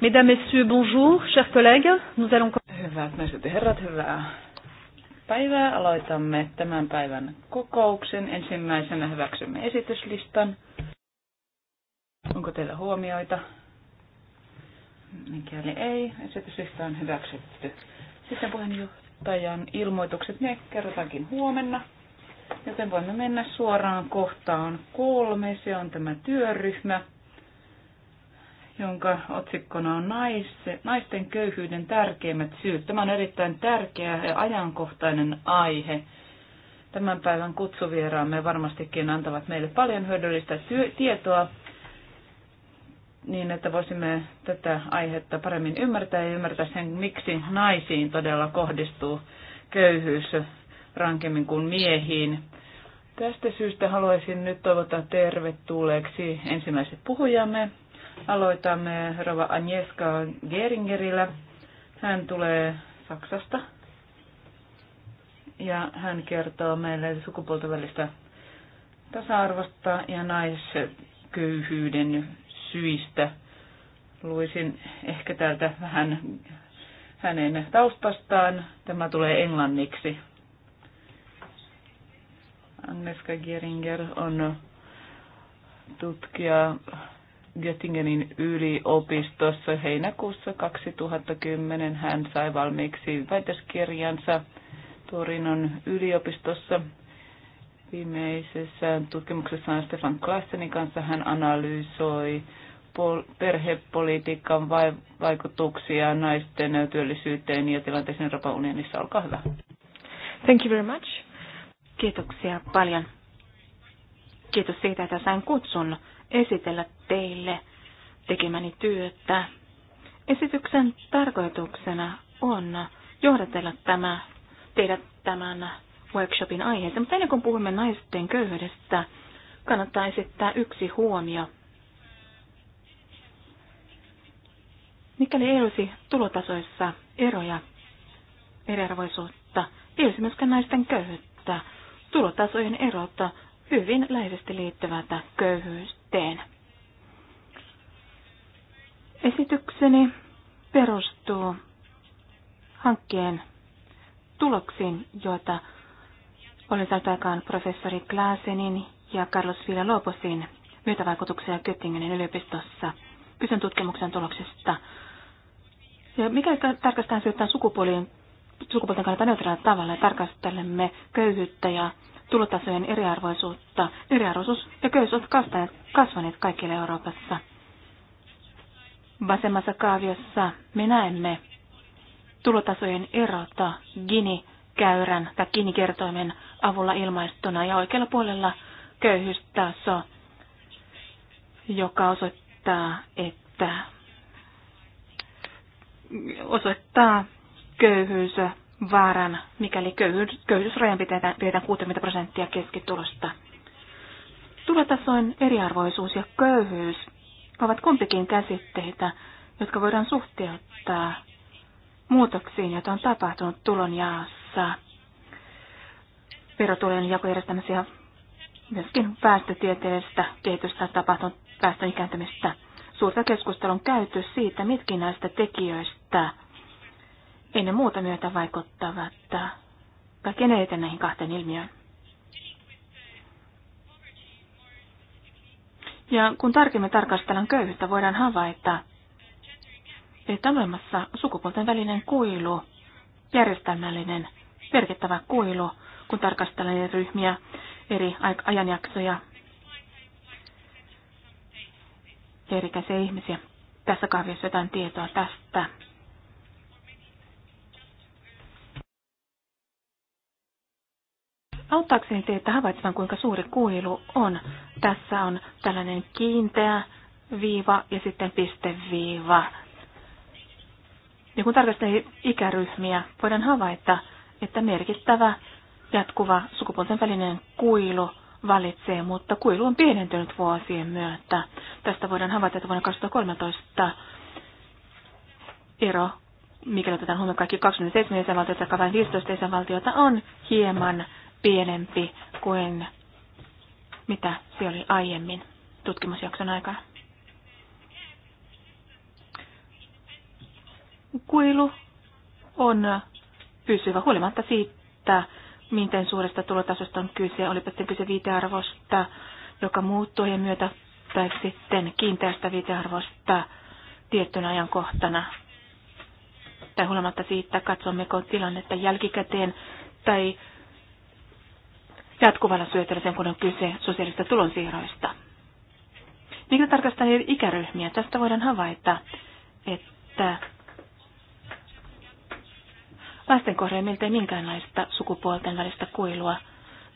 Mesdames, Messieurs, bonjour, chers collègues. Nous allons... Hyvät naiset ja herrat, hyvää päivää. Aloitamme tämän päivän kokouksen. Ensimmäisenä hyväksymme esityslistan. Onko teillä huomioita? Mikäli ei, esityslista on hyväksytty. Sitten puheenjohtajan ilmoitukset, ne kerrotaankin huomenna. Joten voimme mennä suoraan kohtaan kolme, se on tämä työryhmä, jonka otsikkona on naisten köyhyyden tärkeimmät syyt. Tämä on erittäin tärkeä ja ajankohtainen aihe. Tämän päivän kutsuvieraamme varmastikin antavat meille paljon hyödyllistä tietoa niin, että voisimme tätä aihetta paremmin ymmärtää ja ymmärtää sen, miksi naisiin todella kohdistuu köyhyys rankemmin kuin miehiin. Tästä syystä haluaisin nyt toivottaa tervetulleeksi ensimmäiset puhujamme, Aloitamme Rova Agnieszka Geringerillä. Hän tulee Saksasta ja hän kertoo meille sukupuolten välistä tasa-arvosta ja naisköyhyyden syistä. Luisin ehkä täältä vähän hänen taustastaan. Tämä tulee englanniksi. Agnieszka Geringer on tutkija Göttingenin yliopistossa heinäkuussa 2010 hän sai valmiiksi väitöskirjansa Torinon yliopistossa. Viimeisessä tutkimuksessaan Stefan Klassenin kanssa hän analysoi perhepolitiikan vaikutuksia naisten työllisyyteen ja tilanteeseen Euroopan unionissa. Olkaa hyvä. Thank you very much. Kiitoksia paljon. Kiitos siitä, että sain kutsun esitellä teille tekemäni työtä. Esityksen tarkoituksena on johdatella tämä, tehdä tämän workshopin aiheeseen, mutta ennen kuin puhumme naisten köyhyydestä, kannattaa esittää yksi huomio. Mikäli ei olisi tulotasoissa eroja, eriarvoisuutta, ei olisi myöskään naisten köyhyyttä. Tulotasojen erota, hyvin läheisesti liittyvät köyhyys, aloitteen. Esitykseni perustuu hankkeen tuloksiin, joita olen saanut aikaan professori Glasenin ja Carlos Loposin myötävaikutuksia Göttingenin yliopistossa. Kysyn tutkimuksen tuloksista. Ja mikä tarkastetaan sijoittaa sukupuolien, sukupuolten kannalta neutraalilla tavalla ja tarkastelemme köyhyyttä ja tulotasojen eriarvoisuutta. Eriarvoisuus ja köyhyys ovat kasvaneet kaikille Euroopassa. Vasemmassa kaaviossa me näemme tulotasojen erota Gini-käyrän tai Gini-kertoimen avulla ilmaistuna ja oikealla puolella köyhyystaso, joka osoittaa, että osoittaa köyhyys vaaran, mikäli köyhyysrajan pidetään, pidetään 60 prosenttia keskitulosta. Tulotasoin eriarvoisuus ja köyhyys ovat kumpikin käsitteitä, jotka voidaan suhteuttaa muutoksiin, joita on tapahtunut tulonjaossa, verotulojen jakojärjestelmässä ja myöskin päästötieteellistä kehitystä tapahtunut päästön ikääntymistä. Suurta keskustelun käyty siitä, mitkä näistä tekijöistä ennen muuta myötä vaikuttavat kaikkein eniten näihin kahteen ilmiöön. Ja kun tarkemmin tarkastellaan köyhyyttä, voidaan havaita, että on olemassa sukupuolten välinen kuilu, järjestelmällinen merkittävä kuilu, kun tarkastellaan eri ryhmiä, eri ajanjaksoja ja erikäisiä ihmisiä. Tässä kahviossa jotain tietoa tästä. Auttaakseni teitä havaitsemaan, kuinka suuri kuilu on. Tässä on tällainen kiinteä viiva ja sitten pisteviiva. Ja kun tarkastelee ikäryhmiä, voidaan havaita, että merkittävä jatkuva sukupuolten välinen kuilu valitsee, mutta kuilu on pienentynyt vuosien myötä. Tästä voidaan havaita, että vuonna 2013 ero, mikäli otetaan huomioon kaikki 27 jäsenvaltiota, joka vain 15 jäsenvaltiota on hieman pienempi kuin mitä se oli aiemmin tutkimusjakson aikana. Kuilu on pysyvä huolimatta siitä, miten suuresta tulotasosta on kyse, olipa sitten kyse viitearvosta, joka muuttuu ja myötä, tai sitten kiinteästä viitearvosta tiettynä ajankohtana. Tai huolimatta siitä, katsommeko tilannetta jälkikäteen tai jatkuvalla syötöllä sen, kun on kyse sosiaalista tulonsiirroista. Mikä tarkastaa ikäryhmiä? Tästä voidaan havaita, että lasten kohdalla miltei minkäänlaista sukupuolten välistä kuilua.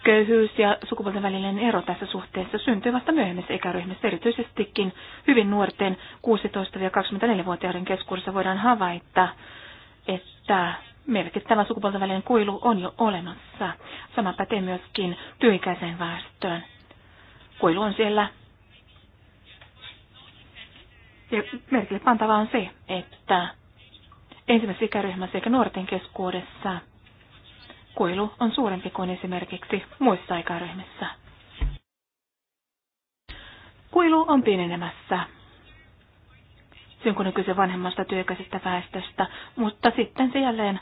Köyhyys ja sukupuolten välinen ero tässä suhteessa syntyy vasta myöhemmissä ikäryhmissä, erityisestikin hyvin nuorten 16-24-vuotiaiden keskuudessa voidaan havaita, että merkittävä sukupuolten välinen kuilu on jo olemassa. Sama pätee myöskin työikäiseen väestöön. Kuilu on siellä. Ja merkille pantavaa on se, että ensimmäisessä ikäryhmässä sekä nuorten keskuudessa kuilu on suurempi kuin esimerkiksi muissa ikäryhmissä. Kuilu on pienenemässä silloin on kyse vanhemmasta työikäisestä väestöstä, mutta sitten se jälleen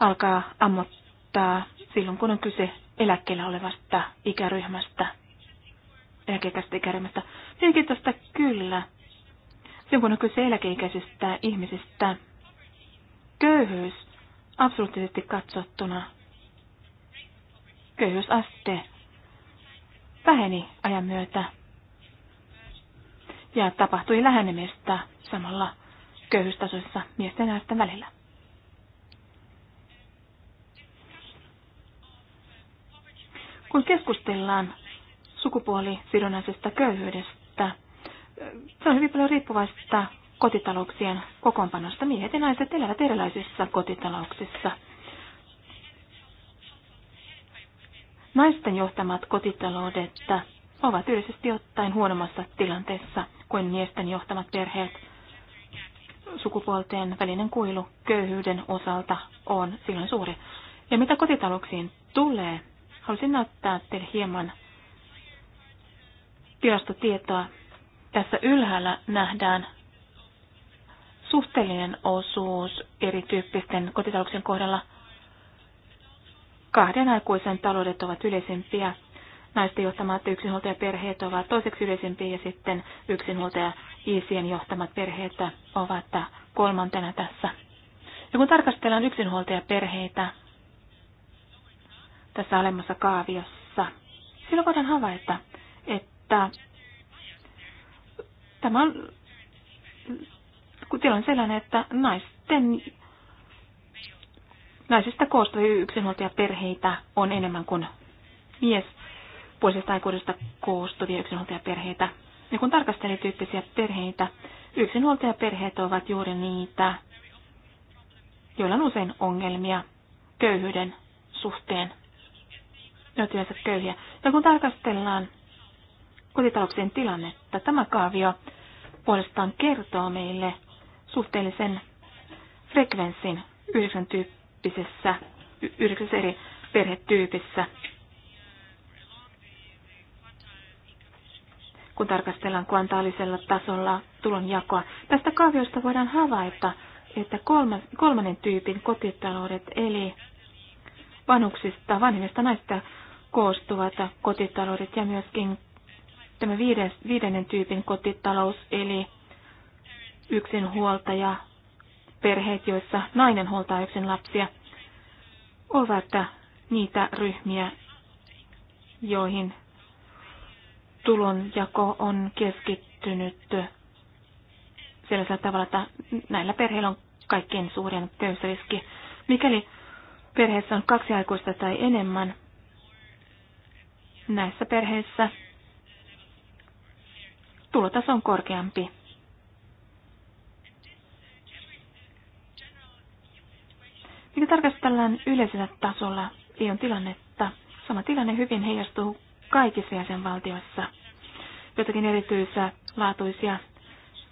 alkaa ammottaa silloin, kun on kyse eläkkeellä olevasta ikäryhmästä, eläkeikäisestä ikäryhmästä. Niin, tästä kyllä. Silloin, kun on kyse eläkeikäisestä ihmisistä, köyhyys absoluuttisesti katsottuna, köyhyysaste väheni ajan myötä ja tapahtui lähenemistä samalla köyhyystasoissa miesten ja naisten välillä. Kun keskustellaan sukupuolisidonnaisesta köyhyydestä, se on hyvin paljon riippuvaista kotitalouksien kokoonpanosta. Miehet ja naiset elävät erilaisissa kotitalouksissa. Naisten johtamat kotitaloudet ovat yleisesti ottaen huonommassa tilanteessa kuin miesten johtamat perheet. Sukupuolten välinen kuilu köyhyyden osalta on silloin suuri. Ja mitä kotitalouksiin tulee, Haluaisin näyttää teille hieman tilastotietoa. Tässä ylhäällä nähdään suhteellinen osuus erityyppisten kotitalouksien kohdalla. Kahden aikuisen taloudet ovat yleisimpiä. Naisten johtamat yksinhuoltajaperheet ovat toiseksi yleisimpiä ja sitten yksinhuoltaja isien johtamat perheet ovat kolmantena tässä. Ja kun tarkastellaan yksinhuoltajaperheitä, tässä alemmassa kaaviossa. Silloin voidaan havaita, että tämä on kun tilanne sellainen, että naisten, naisista koostuvia yksinhuoltaja perheitä on enemmän kuin mies puolisesta aikuisesta koostuvia yksinhuoltajaperheitä. Ja kun tarkastelee tyyppisiä perheitä, yksinhuoltajaperheet ovat juuri niitä, joilla on usein ongelmia köyhyyden suhteen ne ovat yleensä köyhiä. Ja kun tarkastellaan kotitalouksien tilannetta, tämä kaavio puolestaan kertoo meille suhteellisen frekvenssin yhdeksän tyyppisessä, yhdeksässä eri perhetyypissä. kun tarkastellaan kvantaalisella tasolla tulonjakoa. Tästä kaaviosta voidaan havaita, että kolmannen tyypin kotitaloudet, eli vanhuksista, vanhemmista naista koostuvat kotitaloudet ja myöskin tämä viides, viidennen tyypin kotitalous, eli yksinhuoltaja, perheet, joissa nainen huoltaa yksin lapsia, ovat niitä ryhmiä, joihin tulonjako on keskittynyt sellaisella tavalla, että näillä perheillä on kaikkein suurin köysriski. Mikäli perheessä on kaksi aikuista tai enemmän, näissä perheissä tulotaso on korkeampi. Mikä tarkastellaan yleisellä tasolla EUn tilannetta? Sama tilanne hyvin heijastuu kaikissa jäsenvaltioissa. Jotakin erityisiä laatuisia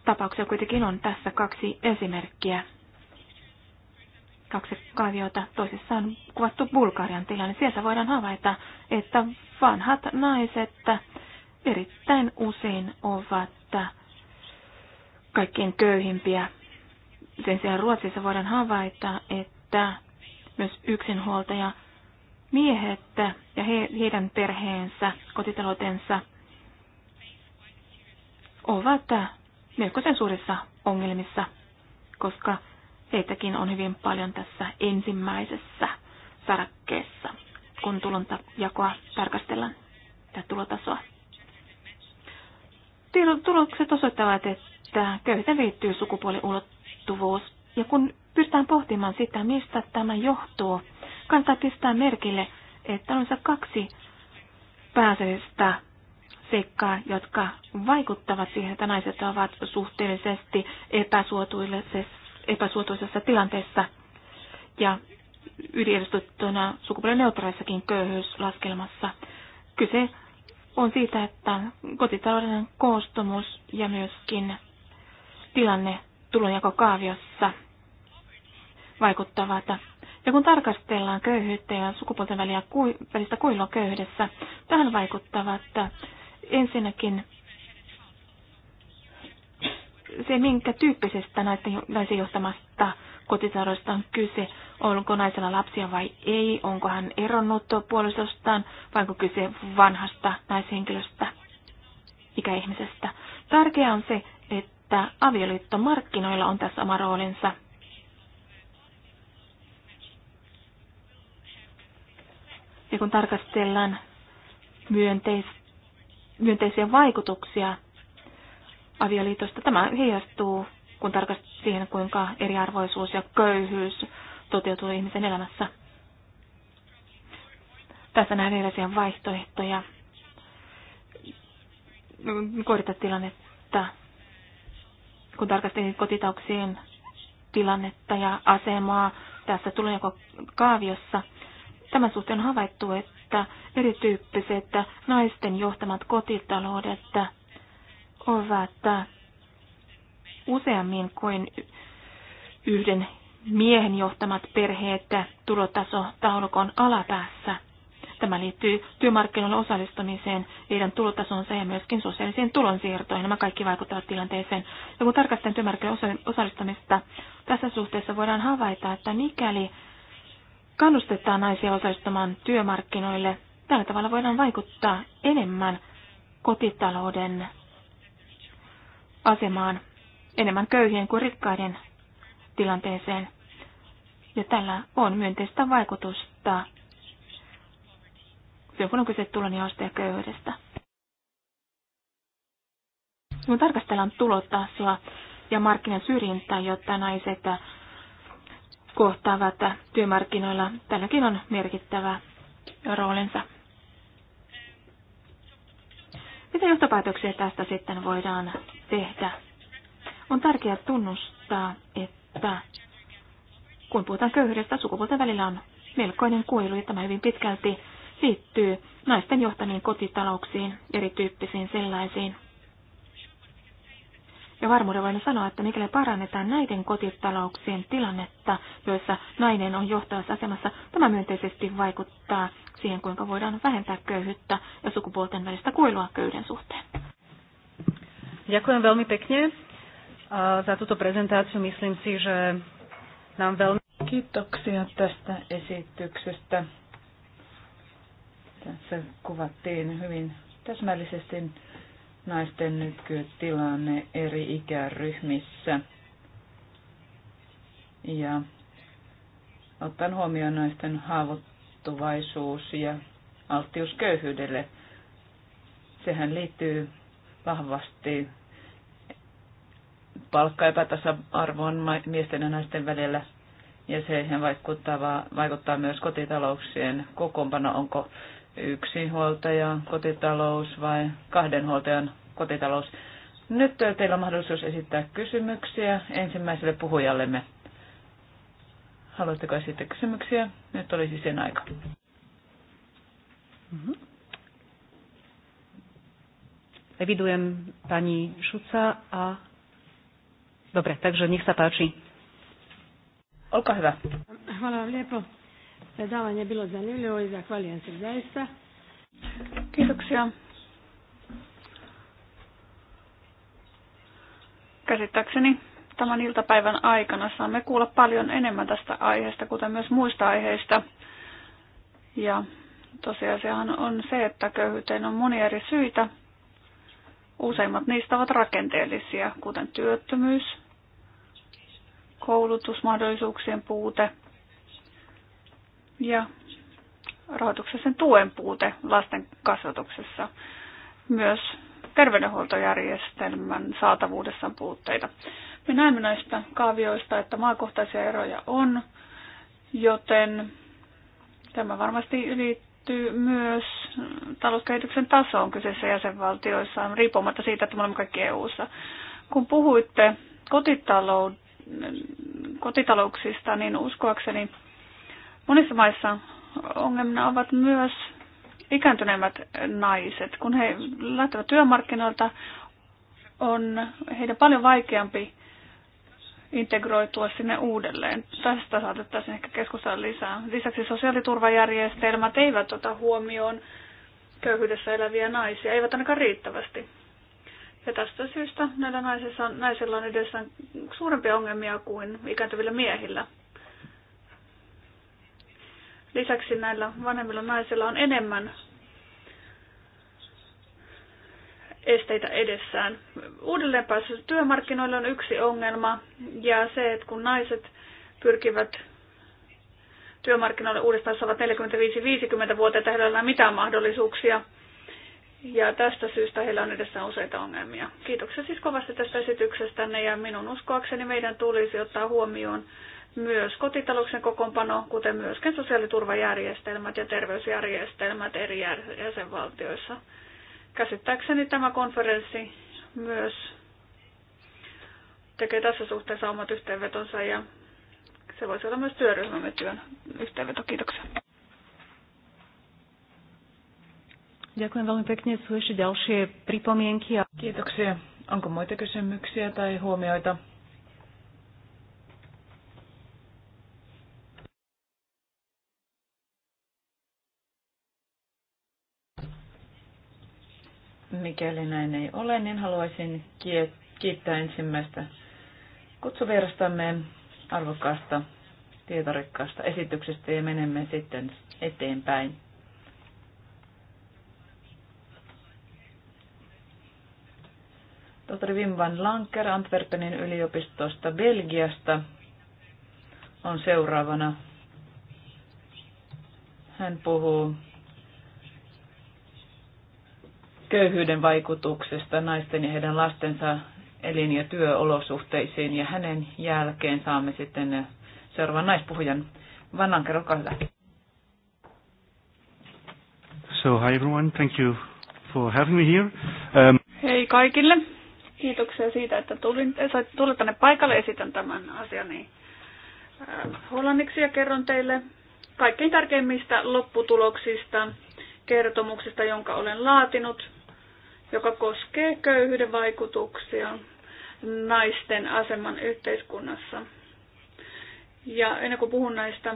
tapauksia kuitenkin on tässä kaksi esimerkkiä kaksi kaaviota. Toisessa on kuvattu Bulgarian tilanne. Sieltä voidaan havaita, että vanhat naiset erittäin usein ovat kaikkein köyhimpiä. Sen sijaan Ruotsissa voidaan havaita, että myös yksinhuoltaja miehet ja he, heidän perheensä, kotitaloutensa ovat melkoisen suurissa ongelmissa, koska Heitäkin on hyvin paljon tässä ensimmäisessä sarakkeessa, kun jakoa tarkastellaan ja tulotasoa. Tulokset osoittavat, että köyhyyteen liittyy sukupuoliulottuvuus. Ja kun pyritään pohtimaan sitä, mistä tämä johtuu, kannattaa pistää merkille, että on se kaksi pääseistä seikkaa, jotka vaikuttavat siihen, että naiset ovat suhteellisesti epäsuotuisessa epäsuotuisessa tilanteessa ja yliedustettuna sukupuolineutraalissakin köyhyyslaskelmassa. Kyse on siitä, että kotitalouden koostumus ja myöskin tilanne tulonjakokaaviossa vaikuttavat. Ja kun tarkastellaan köyhyyttä ja sukupuolten välistä kuilua köyhyydessä, tähän vaikuttavat ensinnäkin se, minkä tyyppisestä naisten, naisen johtamasta kotitaloudesta on kyse, onko naisella lapsia vai ei, onko hän eronnut puolisostaan vai onko kyse vanhasta naishenkilöstä, ikäihmisestä. Tärkeää on se, että avioliittomarkkinoilla on tässä oma roolinsa. Ja kun tarkastellaan myönteis, myönteisiä vaikutuksia avioliitosta. Tämä heijastuu, kun tarkastetaan siihen, kuinka eriarvoisuus ja köyhyys toteutuu ihmisen elämässä. Tässä nähdään erilaisia vaihtoehtoja korjata tilannetta, kun tarkastelin kotitauksien tilannetta ja asemaa tässä tulonjako kaaviossa. Tämän suhteen on havaittu, että erityyppiset naisten johtamat kotitaloudet ovat useammin kuin yhden miehen johtamat perheet tulotaso taulukon alapäässä. Tämä liittyy työmarkkinoille osallistumiseen, heidän tulotasonsa ja myöskin sosiaalisiin tulonsiirtoihin. Nämä kaikki vaikuttavat tilanteeseen. Ja kun tarkastetaan työmarkkinoille osallistumista, tässä suhteessa voidaan havaita, että mikäli kannustetaan naisia osallistumaan työmarkkinoille, tällä tavalla voidaan vaikuttaa enemmän kotitalouden asemaan, enemmän köyhien kuin rikkaiden tilanteeseen. Ja tällä on myönteistä vaikutusta silloin, kun on kyse tulonjaosta ja köyhyydestä. Kun tarkastellaan tulotasoa ja markkinan syrjintää, jotta naiset kohtaavat työmarkkinoilla, tälläkin on merkittävä roolinsa. Mitä johtopäätöksiä tästä sitten voidaan tehdä? On tärkeää tunnustaa, että kun puhutaan köyhyydestä, sukupuolten välillä on melkoinen kuilu ja tämä hyvin pitkälti liittyy naisten johtamiin kotitalouksiin, erityyppisiin sellaisiin. Ja varmuuden voin sanoa, että mikäli parannetaan näiden kotitalouksien tilannetta, joissa nainen on johtavassa asemassa, tämä myönteisesti vaikuttaa siihen, kuinka voidaan vähentää köyhyyttä ja sukupuolten välistä kuilua köyden suhteen. Ďakujem veľmi pekne za túto prezentáciu. Myslím si, že nám veľmi... Kiitoksia tästä esityksestä. Tässä kuvattiin hyvin täsmällisesti naisten nykytilanne eri ikäryhmissä. Ja ottaen huomioon naisten haavoittuvaisuus ja alttius köyhyydelle, sehän liittyy vahvasti palkkaepätasa-arvoon miesten ja naisten välillä. Ja se vaikuttaa, vaikuttaa myös kotitalouksien kokoonpano, onko yksi huoltaja kotitalous vai kahden huoltajan kotitalous. Nyt teillä on mahdollisuus esittää kysymyksiä ensimmäiselle puhujallemme. Haluatteko esittää kysymyksiä? Nyt olisi sen aika. Mm-hmm. Widuję pani Schutza a... takže nech sa páči. Olkaa hyvä. Hvala vam Predavanje je bilo zanimljivo i zahvaljujem se zaista. Kiitoksia. Käsittääkseni tämän iltapäivän aikana saamme kuulla paljon enemmän tästä aiheesta, kuten myös muista aiheista. Ja tosiasiahan on se, että köyhyyteen on monia eri syitä. Useimmat niistä ovat rakenteellisia, kuten työttömyys, koulutusmahdollisuuksien puute – ja rahoituksessa tuen puute lasten kasvatuksessa. Myös terveydenhuoltojärjestelmän saatavuudessa on puutteita. Me näemme näistä kaavioista, että maakohtaisia eroja on, joten tämä varmasti ylittyy myös talouskehityksen tasoon kyseisissä jäsenvaltioissa, riippumatta siitä, että me olemme kaikki EU-ssa. Kun puhuitte kotitalou- kotitalouksista, niin uskoakseni Monissa maissa ongelmina ovat myös ikääntyneimmät naiset. Kun he lähtevät työmarkkinoilta, on heidän paljon vaikeampi integroitua sinne uudelleen. Tästä saatettaisiin ehkä keskustella lisää. Lisäksi sosiaaliturvajärjestelmät eivät ota huomioon köyhyydessä eläviä naisia, eivät ainakaan riittävästi. Ja tästä syystä näillä naisilla on, naisilla on edessään suurempia ongelmia kuin ikääntyvillä miehillä – Lisäksi näillä vanhemmilla naisilla on enemmän esteitä edessään. Uudelleenpääsy työmarkkinoille on yksi ongelma ja se, että kun naiset pyrkivät työmarkkinoille uudestaan saavat 45-50 vuotta, että heillä ei ole mitään mahdollisuuksia. Ja tästä syystä heillä on edessä useita ongelmia. Kiitoksia siis kovasti tästä esityksestänne ja minun uskoakseni meidän tulisi ottaa huomioon myös kotitalouksen kokoonpano, kuten myöskin sosiaaliturvajärjestelmät ja terveysjärjestelmät eri jäsenvaltioissa. Käsittääkseni tämä konferenssi myös tekee tässä suhteessa omat yhteenvetonsa ja se voisi olla myös työryhmämme työn yhteenveto. Kiitoksia. Ďakujem veľmi pekne. Sú ešte ďalšie pripomienky. Kiitoksia. Onko muita kysymyksiä tai huomioita? Mikäli näin ei ole, niin haluaisin kiittää ensimmäistä kutsuvierastamme arvokkaasta tietorikkaasta esityksestä ja menemme sitten eteenpäin. Tohtori Wim van Lanker Antwerpenin yliopistosta Belgiasta on seuraavana. Hän puhuu köyhyyden vaikutuksesta naisten ja heidän lastensa elin- ja työolosuhteisiin. Ja hänen jälkeen saamme sitten seuraavan naispuhujan. Vannan, kerro hyvä. So, hi everyone. Thank you for having me here. Um... Hei kaikille. Kiitoksia siitä, että tulin, tulla tänne paikalle. Esitän tämän asiani äh, hollanniksi ja kerron teille kaikkein tärkeimmistä lopputuloksista kertomuksesta, jonka olen laatinut joka koskee köyhyyden vaikutuksia naisten aseman yhteiskunnassa. Ja ennen kuin puhun näistä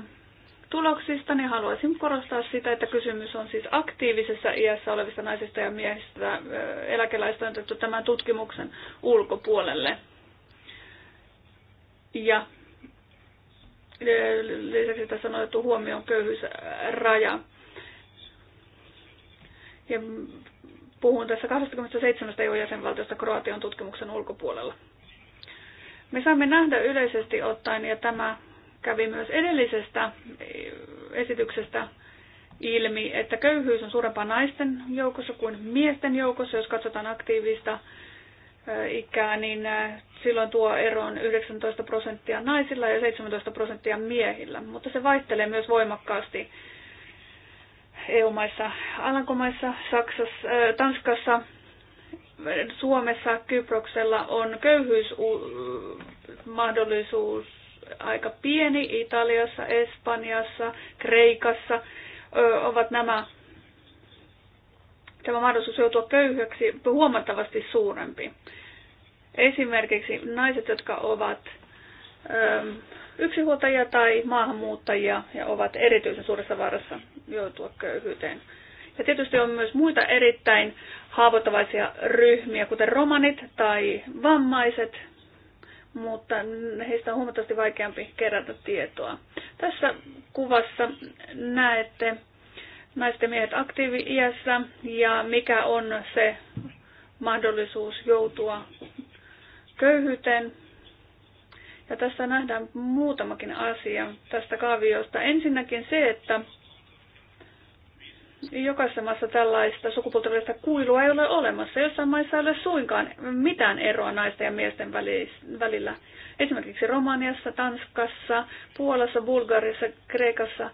tuloksista, niin haluaisin korostaa sitä, että kysymys on siis aktiivisessa iässä olevista naisista ja miehistä. Eläkeläistä on otettu tämän tutkimuksen ulkopuolelle. Ja lisäksi tässä on otettu huomioon köyhyysraja. Ja Puhun tässä 27 EU-jäsenvaltiosta Kroatian tutkimuksen ulkopuolella. Me saamme nähdä yleisesti ottaen, ja tämä kävi myös edellisestä eh, esityksestä ilmi, että köyhyys on suurempaa naisten joukossa kuin miesten joukossa. Jos katsotaan aktiivista eh, ikää, niin eh, silloin tuo ero on 19 prosenttia naisilla ja 17 prosenttia miehillä, mutta se vaihtelee myös voimakkaasti EU-maissa, Alankomaissa, Saksassa, äh, Tanskassa, Suomessa, Kyproksella on köyhyysmahdollisuus aika pieni, Italiassa, Espanjassa, Kreikassa ovat nämä tämä mahdollisuus joutua köyhäksi huomattavasti suurempi. Esimerkiksi naiset, jotka ovat yksinhuoltajia tai maahanmuuttajia ja ovat erityisen suuressa vaarassa joutua köyhyyteen. Ja tietysti on myös muita erittäin haavoittavaisia ryhmiä, kuten romanit tai vammaiset, mutta heistä on huomattavasti vaikeampi kerätä tietoa. Tässä kuvassa näette naisten miehet aktiivi-iässä ja mikä on se mahdollisuus joutua köyhyyteen ja tässä nähdään muutamakin asia tästä kaaviosta. Ensinnäkin se, että jokaisessa maassa tällaista sukupuolta kuilua ei ole olemassa. Jossain maissa ei ole suinkaan mitään eroa naisten ja miesten välillä. Esimerkiksi Romaniassa, Tanskassa, Puolassa, Bulgariassa, Kreikassa,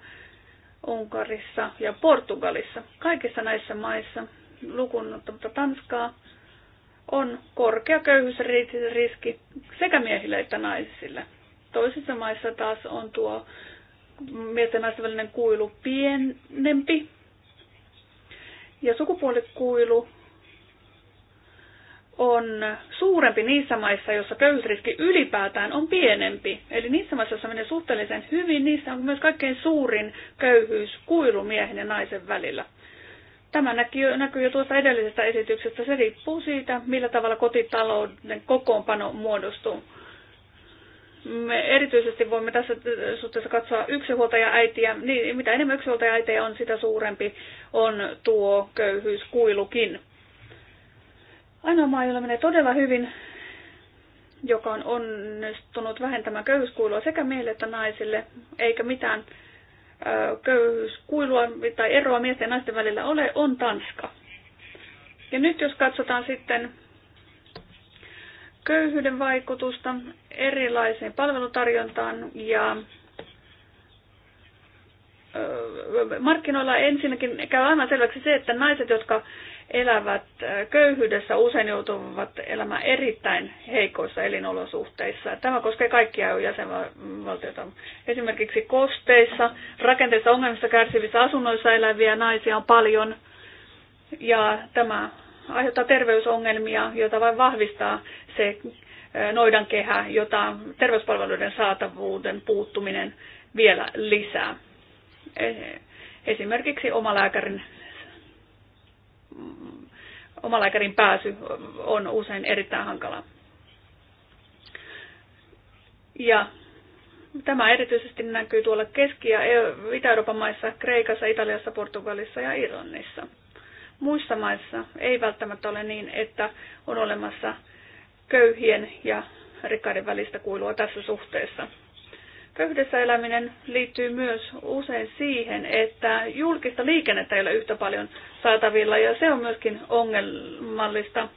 Unkarissa ja Portugalissa. Kaikissa näissä maissa, lukuun Tanskaa, on korkea köyhyysriski sekä miehillä että naisilla. Toisissa maissa taas on tuo miesten ja välinen kuilu pienempi. Ja sukupuolikuilu on suurempi niissä maissa, joissa köyhyysriski ylipäätään on pienempi. Eli niissä maissa, joissa menee suhteellisen hyvin, niissä on myös kaikkein suurin köyhyyskuilu miehen ja naisen välillä. Tämä näkyy, näkyy jo tuosta edellisestä esityksestä. Se riippuu siitä, millä tavalla kotitalouden kokoonpano muodostuu. Me erityisesti voimme tässä suhteessa katsoa yksinhuoltaja-äitiä. Niin, mitä enemmän yksinhuoltaja-äitejä on, sitä suurempi on tuo köyhyyskuilukin. Ainoa maa, jolla menee todella hyvin, joka on onnistunut vähentämään köyhyyskuilua sekä miehille että naisille, eikä mitään köyhyyskuilua tai eroa miesten ja naisten välillä ole, on Tanska. Ja nyt jos katsotaan sitten köyhyyden vaikutusta erilaiseen palvelutarjontaan ja markkinoilla ensinnäkin käy aivan selväksi se, että naiset, jotka elävät äh, köyhyydessä usein joutuvat elämään erittäin heikoissa elinolosuhteissa. Tämä koskee kaikkia jäsenvaltioita. Esimerkiksi kosteissa, rakenteissa ongelmista kärsivissä asunnoissa eläviä naisia on paljon. Ja tämä aiheuttaa terveysongelmia, jota vain vahvistaa se äh, noidan kehä, jota terveyspalveluiden saatavuuden puuttuminen vielä lisää. E- esimerkiksi omalääkärin omalääkärin pääsy on usein erittäin hankalaa. Ja tämä erityisesti näkyy tuolla Keski- ja e- Itä-Euroopan maissa, Kreikassa, Italiassa, Portugalissa ja Irlannissa. Muissa maissa ei välttämättä ole niin, että on olemassa köyhien ja rikkaiden välistä kuilua tässä suhteessa. Pöydässä eläminen liittyy myös usein siihen, että julkista liikennettä ei ole yhtä paljon saatavilla ja se on myöskin ongelmallista,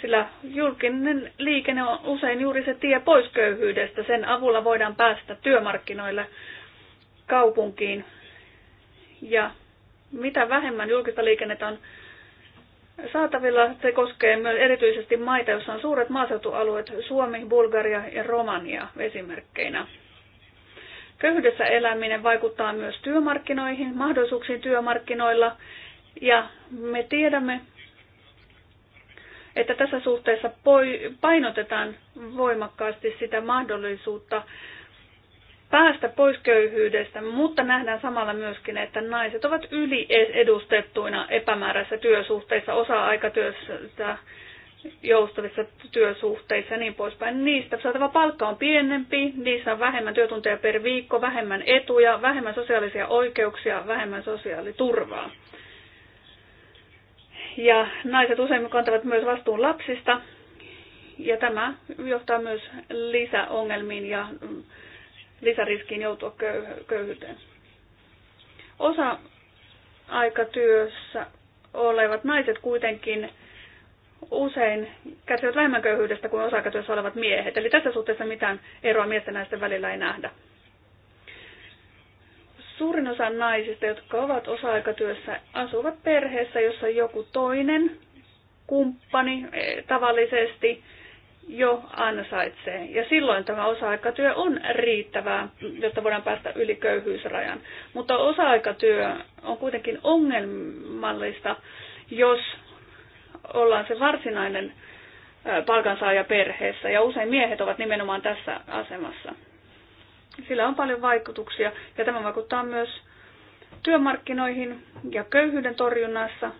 sillä julkinen liikenne on usein juuri se tie pois köyhyydestä. Sen avulla voidaan päästä työmarkkinoille kaupunkiin ja mitä vähemmän julkista liikennettä on, saatavilla. Se koskee myös erityisesti maita, joissa on suuret maaseutualueet, Suomi, Bulgaria ja Romania esimerkkeinä. Köyhyydessä eläminen vaikuttaa myös työmarkkinoihin, mahdollisuuksiin työmarkkinoilla ja me tiedämme, että tässä suhteessa painotetaan voimakkaasti sitä mahdollisuutta päästä pois köyhyydestä, mutta nähdään samalla myöskin, että naiset ovat yliedustettuina epämääräisissä työsuhteissa, osa-aikatyössä, joustavissa työsuhteissa ja niin poispäin. Niistä saatava palkka on pienempi, niissä on vähemmän työtunteja per viikko, vähemmän etuja, vähemmän sosiaalisia oikeuksia, vähemmän sosiaaliturvaa. Ja naiset useimmin kantavat myös vastuun lapsista, ja tämä johtaa myös lisäongelmiin ja lisäriskiin joutua köyhyyteen. Osa aikatyössä olevat naiset kuitenkin usein kärsivät vähemmän köyhyydestä kuin osa-aikatyössä olevat miehet. Eli tässä suhteessa mitään eroa miesten ja naisten välillä ei nähdä. Suurin osa naisista, jotka ovat osa-aikatyössä, asuvat perheessä, jossa joku toinen kumppani eh, tavallisesti jo ansaitsee. Ja silloin tämä osa-aikatyö on riittävää, jotta voidaan päästä yli köyhyysrajan. Mutta osa-aikatyö on kuitenkin ongelmallista, jos ollaan se varsinainen palkansaaja perheessä. Ja usein miehet ovat nimenomaan tässä asemassa. Sillä on paljon vaikutuksia ja tämä vaikuttaa myös työmarkkinoihin ja köyhyyden torjunnassa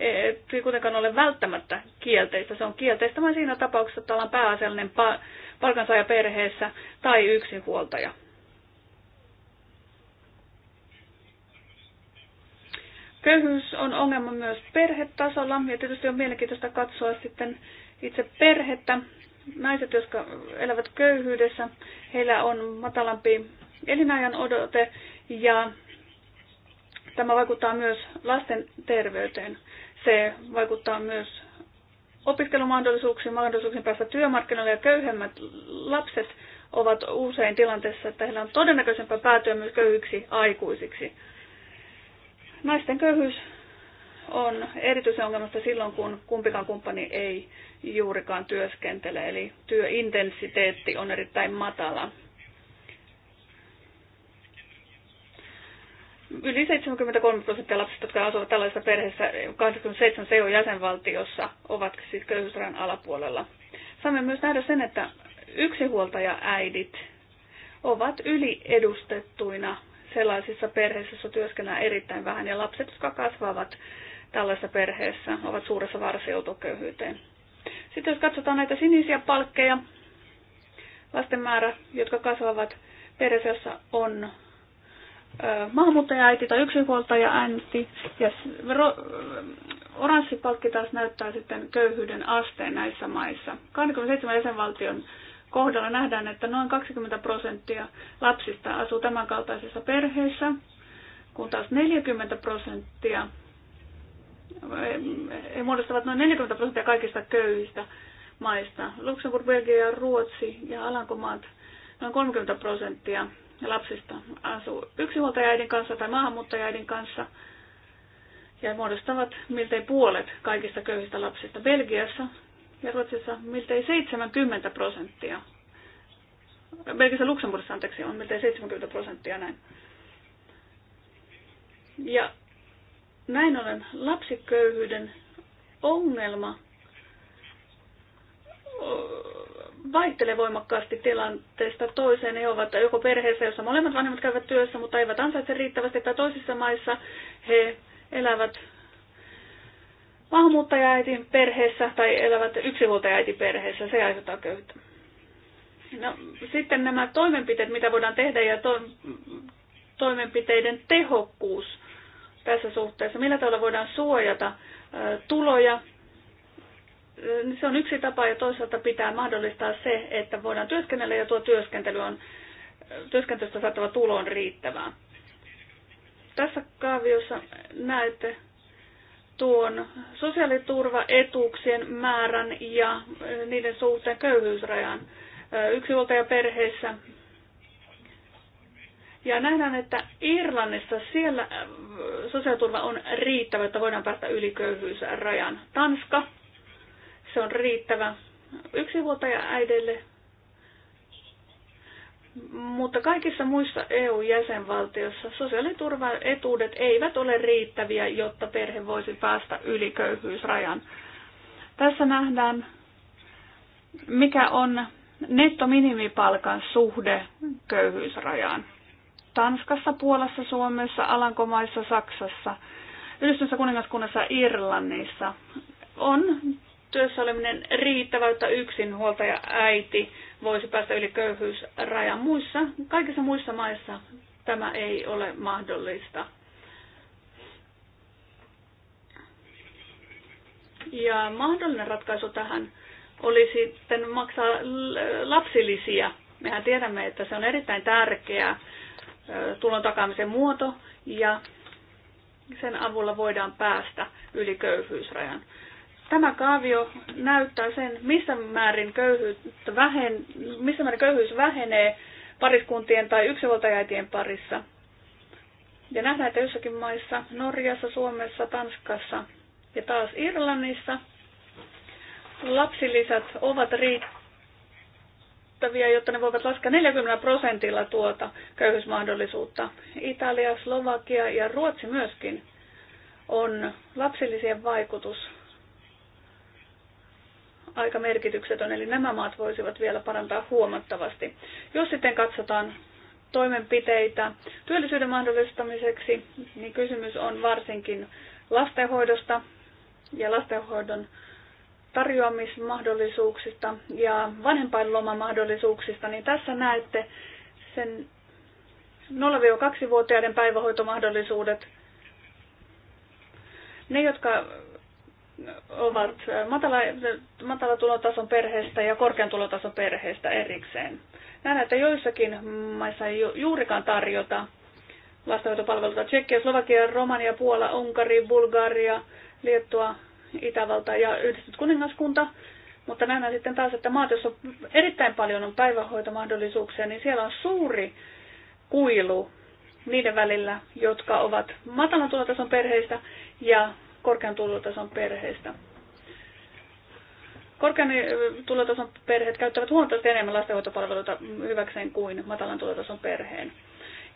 ei kuitenkaan ole välttämättä kielteistä. Se on kielteistä vain siinä tapauksessa, että ollaan pääasiallinen palkansaaja perheessä tai yksinhuoltaja. Köyhyys on ongelma myös perhetasolla ja tietysti on mielenkiintoista katsoa sitten itse perhettä. Naiset, jotka elävät köyhyydessä, heillä on matalampi elinajan odote ja tämä vaikuttaa myös lasten terveyteen. Se vaikuttaa myös opiskelumahdollisuuksiin, mahdollisuuksiin päästä työmarkkinoille ja köyhemmät lapset ovat usein tilanteessa, että heillä on todennäköisempää päätyä myös köyhyksi aikuisiksi. Naisten köyhyys on erityisen ongelmasta silloin, kun kumpikaan kumppani ei juurikaan työskentele, eli työintensiteetti on erittäin matala. Yli 73 prosenttia lapsista, jotka asuvat tällaisessa perheessä 27 EU-jäsenvaltiossa, ovat siis köyhyysrajan alapuolella. Saamme myös nähdä sen, että yksinhuoltaja-äidit ovat yliedustettuina sellaisissa perheissä, joissa työskennellään erittäin vähän, ja lapset, jotka kasvavat tällaisessa perheessä, ovat suuressa vaarassa joutua köyhyyteen. Sitten jos katsotaan näitä sinisiä palkkeja, lasten määrä, jotka kasvavat perheessä, jossa on maahanmuuttaja-äiti tai yksinhuoltaja-äiti. Ja oranssi palkki taas näyttää sitten köyhyyden asteen näissä maissa. 27 jäsenvaltion kohdalla nähdään, että noin 20 prosenttia lapsista asuu tämänkaltaisessa perheissä, kun taas 40 prosenttia he muodostavat noin 40 prosenttia kaikista köyhistä maista. Luxemburg, Belgia, Ruotsi ja Alankomaat noin 30 prosenttia lapsista asuu yksinhuoltajaäidin kanssa tai maahanmuuttajaäidin kanssa ja muodostavat miltei puolet kaikista köyhistä lapsista. Belgiassa ja Ruotsissa miltei 70 prosenttia. Belgiassa Luxemburgissa, anteeksi, on miltei 70 prosenttia näin. Ja näin ollen lapsiköyhyyden ongelma vaihtelee voimakkaasti tilanteesta toiseen. He ovat joko perheessä, jossa molemmat vanhemmat käyvät työssä, mutta eivät ansaitse riittävästi, tai toisissa maissa he elävät maahanmuuttajaäitin perheessä tai elävät yksinhuoltajaäitin perheessä. Se aiheuttaa köyhyyttä. No, sitten nämä toimenpiteet, mitä voidaan tehdä ja to- toimenpiteiden tehokkuus tässä suhteessa. Millä tavalla voidaan suojata tuloja se on yksi tapa ja toisaalta pitää mahdollistaa se, että voidaan työskennellä ja tuo työskentely on, työskentelystä saatava tulo on riittävää. Tässä kaaviossa näette tuon sosiaaliturvaetuuksien määrän ja niiden suhteen köyhyysrajan yksinhuoltajaperheissä. Ja nähdään, että Irlannissa siellä sosiaaliturva on riittävä, että voidaan päästä yli köyhyysrajan. Tanska se on riittävä yksinhuoltaja äidelle. Mutta kaikissa muissa EU-jäsenvaltioissa sosiaaliturvaetuudet eivät ole riittäviä, jotta perhe voisi päästä yli köyhyysrajan. Tässä nähdään, mikä on nettominimipalkan suhde köyhyysrajaan. Tanskassa, Puolassa, Suomessa, Alankomaissa, Saksassa, Yhdistyneessä kuningaskunnassa ja Irlannissa on työssä oleminen riittävä, että yksin äiti voisi päästä yli köyhyysrajan. Muissa, kaikissa muissa maissa tämä ei ole mahdollista. Ja mahdollinen ratkaisu tähän oli sitten maksaa lapsilisiä. Mehän tiedämme, että se on erittäin tärkeä tulon takaamisen muoto ja sen avulla voidaan päästä yli köyhyysrajan. Tämä kaavio näyttää sen, missä määrin, köyhyyttä vähen, missä määrin köyhyys vähenee pariskuntien tai yksinhuoltajäitien parissa. Ja nähdään, että jossakin maissa, Norjassa, Suomessa, Tanskassa ja taas Irlannissa, lapsilisät ovat riittäviä, jotta ne voivat laskea 40 prosentilla tuota köyhyysmahdollisuutta. Italia, Slovakia ja Ruotsi myöskin on lapsilisien vaikutus aika merkityksetön, eli nämä maat voisivat vielä parantaa huomattavasti. Jos sitten katsotaan toimenpiteitä työllisyyden mahdollistamiseksi, niin kysymys on varsinkin lastenhoidosta ja lastenhoidon tarjoamismahdollisuuksista ja vanhempainlomamahdollisuuksista, niin tässä näette sen 0-2-vuotiaiden päivähoitomahdollisuudet. Ne, jotka ovat matala, matala tulotason perheestä ja korkean tulotason perheestä erikseen. Näen, että joissakin maissa ei juurikaan tarjota vastaanotopalveluita. Tsekkiä, Slovakia, Romania, Puola, Unkari, Bulgaria, Liettua, Itävalta ja yhdistetty kuningaskunta. Mutta nähdään sitten taas, että maat, joissa erittäin paljon on päivähoitomahdollisuuksia, niin siellä on suuri kuilu niiden välillä, jotka ovat matalan tulotason perheistä ja korkean tulotason perheistä. Korkean eh, tulotason perheet käyttävät huomattavasti enemmän lastenhoitopalveluita hyväkseen kuin matalan tulotason perheen.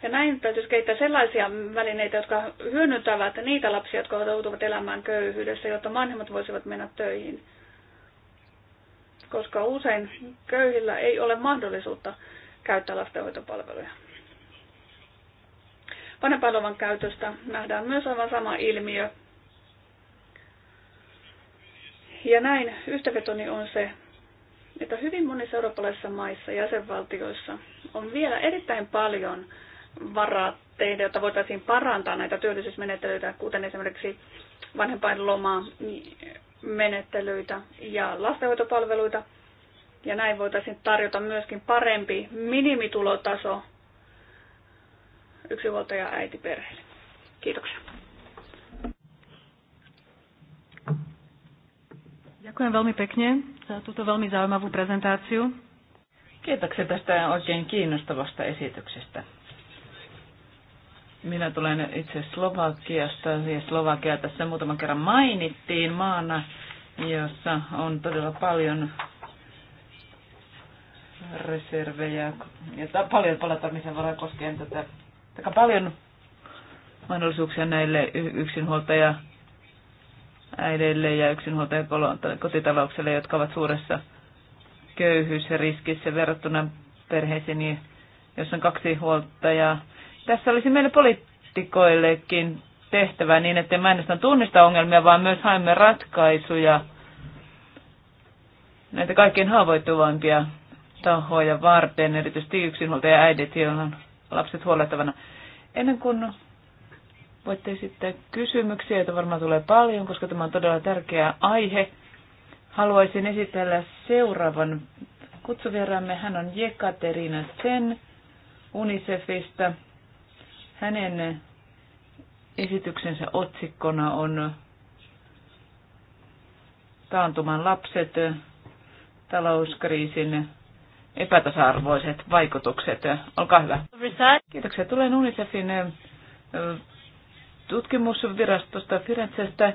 Ja näin täytyisi kehittää sellaisia välineitä, jotka hyödyntävät niitä lapsia, jotka joutuvat elämään köyhyydessä, jotta vanhemmat voisivat mennä töihin. Koska usein köyhillä ei ole mahdollisuutta käyttää lastenhoitopalveluja. Vanhempainluvan käytöstä nähdään myös aivan sama ilmiö ja näin yhteenvetoni on se, että hyvin monissa eurooppalaisissa maissa ja jäsenvaltioissa on vielä erittäin paljon varaa tehdä, jotta voitaisiin parantaa näitä työllisyysmenettelyitä, kuten esimerkiksi vanhempainlomaa, menettelyitä ja lastenhoitopalveluita. Ja näin voitaisiin tarjota myöskin parempi minimitulotaso yksinhuoltaja äitiperheelle. Kiitoksia. Ďakujem veľmi pekne za túto veľmi zaujímavú prezentáciu. Kiitoksia tästä oikein kiinnostavasta esityksestä. Minä tulen itse Slovakiasta ja Slovakia tässä muutaman kerran mainittiin maana, jossa on todella paljon reservejä ja paljon palatamisen varaa koskien tätä, paljon mahdollisuuksia näille yksinhuoltaja äideille ja kotitalouksille, jotka ovat suuressa riskissä verrattuna perheisiin, jos on kaksi huoltajaa. Tässä olisi meille poliitikoillekin tehtävä niin, että me ainoastaan tunnista ongelmia, vaan myös haemme ratkaisuja näitä kaikkein haavoittuvampia tahoja varten, erityisesti yksinhuoltaja äidit, joilla on lapset huolettavana. Ennen kuin Voitte esittää kysymyksiä, joita varmaan tulee paljon, koska tämä on todella tärkeä aihe. Haluaisin esitellä seuraavan kutsuvieraamme. Hän on Jekaterina Sen Unicefista. Hänen esityksensä otsikkona on taantuman lapset, talouskriisin epätasa-arvoiset vaikutukset. Olkaa hyvä. Kiitoksia. Tulen Unicefin tutkimusvirastosta Firenzestä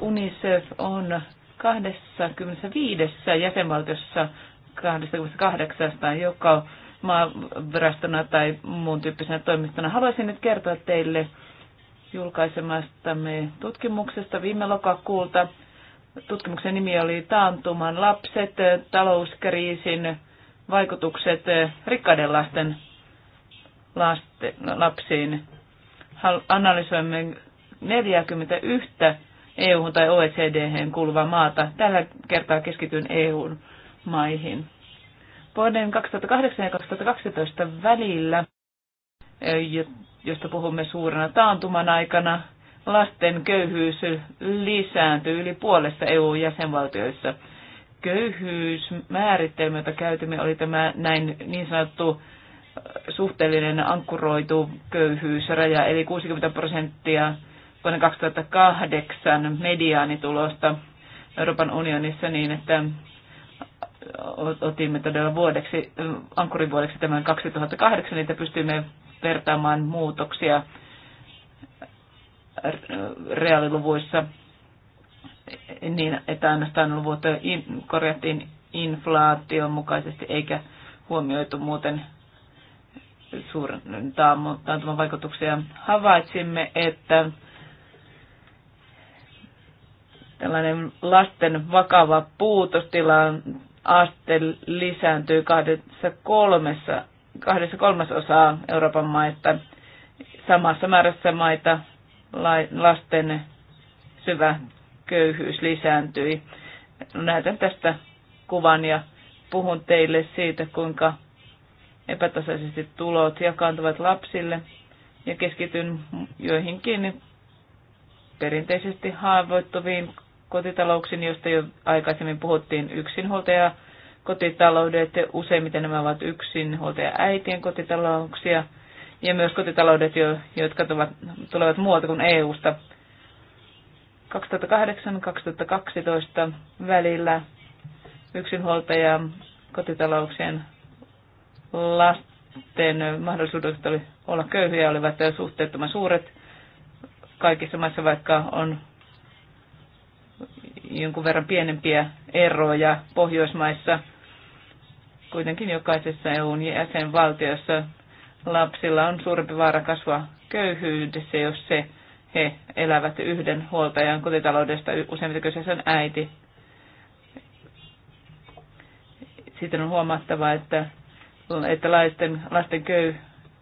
UNICEF on 25 jäsenvaltiossa 28, joka maavirastona tai muun tyyppisenä toimistona. Haluaisin nyt kertoa teille julkaisemastamme tutkimuksesta viime lokakuulta. Tutkimuksen nimi oli Taantuman lapset, talouskriisin vaikutukset rikkaiden lasten lasten, lapsiin analysoimme 41 EU- tai OECD-hen kuuluvaa maata. Tällä kertaa keskityn EU-maihin. Vuoden 2008 ja 2012 välillä, e, josta puhumme suurena taantuman aikana, lasten köyhyys lisääntyi yli puolessa EU-jäsenvaltioissa. Köyhyysmääritelmä, jota käytimme, oli tämä näin niin sanottu suhteellinen ankkuroitu köyhyysraja, eli 60 prosenttia vuonna 2008 mediaanitulosta Euroopan unionissa niin, että otimme todella vuodeksi, ankkurin vuodeksi tämän 2008, niin että pystyimme vertaamaan muutoksia reaaliluvuissa niin, että ainoastaan luvut korjattiin inflaation mukaisesti eikä huomioitu muuten suuren tämän vaikutuksia havaitsimme, että tällainen lasten vakava puutostilan aste lisääntyy kahdessa, kolmessa, kahdessa kolmasosaa Euroopan maista. Samassa määrässä maita lasten syvä köyhyys lisääntyi. Näytän tästä kuvan ja puhun teille siitä, kuinka epätasaisesti tulot jakaantuvat lapsille ja keskityn joihinkin perinteisesti haavoittuviin kotitalouksiin, joista jo aikaisemmin puhuttiin yksinhuoltaja kotitaloudet, useimmiten nämä ovat yksinhuoltaja äitien kotitalouksia ja myös kotitaloudet, jotka tulevat muualta kuin EU-sta. 2008-2012 välillä yksinhuoltaja kotitalouksien lasten mahdollisuudet oli olla köyhiä olivat suhteettoman suuret kaikissa maissa, vaikka on jonkun verran pienempiä eroja Pohjoismaissa. Kuitenkin jokaisessa EUn jäsenvaltiossa lapsilla on suurempi vaara kasvaa köyhyydessä, jos se he elävät yhden huoltajan kotitaloudesta, useimmiten kyseessä on äiti. Sitten on huomattava, että että lasten, lasten köy,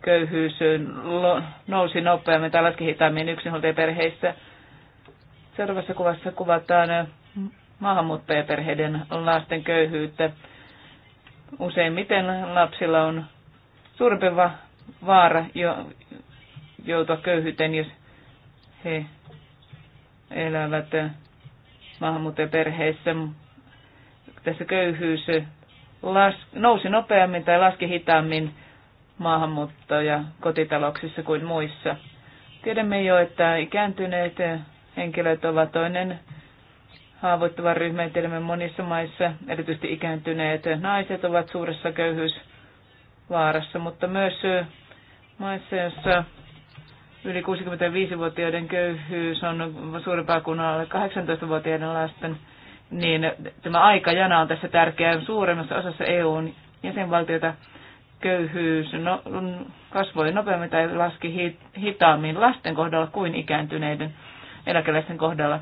köyhyys nousi nopeammin tai laski hitaammin yksinhuoltajaperheissä. Seuraavassa kuvassa kuvataan maahanmuuttajaperheiden lasten köyhyyttä. Useimmiten lapsilla on suurempi vaara jo, joutua köyhyyteen, jos he elävät maahanmuuttajaperheissä. Tässä köyhyys las, nousi nopeammin tai laski hitaammin maahanmuuttaja kotitalouksissa kuin muissa. Tiedämme jo, että ikääntyneet henkilöt ovat toinen haavoittuva ryhmä. Tiedämme monissa maissa, erityisesti ikääntyneet naiset ovat suuressa köyhyysvaarassa, mutta myös maissa, joissa yli 65-vuotiaiden köyhyys on suurempaa kuin alle 18-vuotiaiden lasten niin tämä aikajana on tässä tärkeä. Suuremmassa osassa EUn jäsenvaltioita köyhyys no, kasvoi nopeammin tai laski hitaammin lasten kohdalla kuin ikääntyneiden eläkeläisten kohdalla.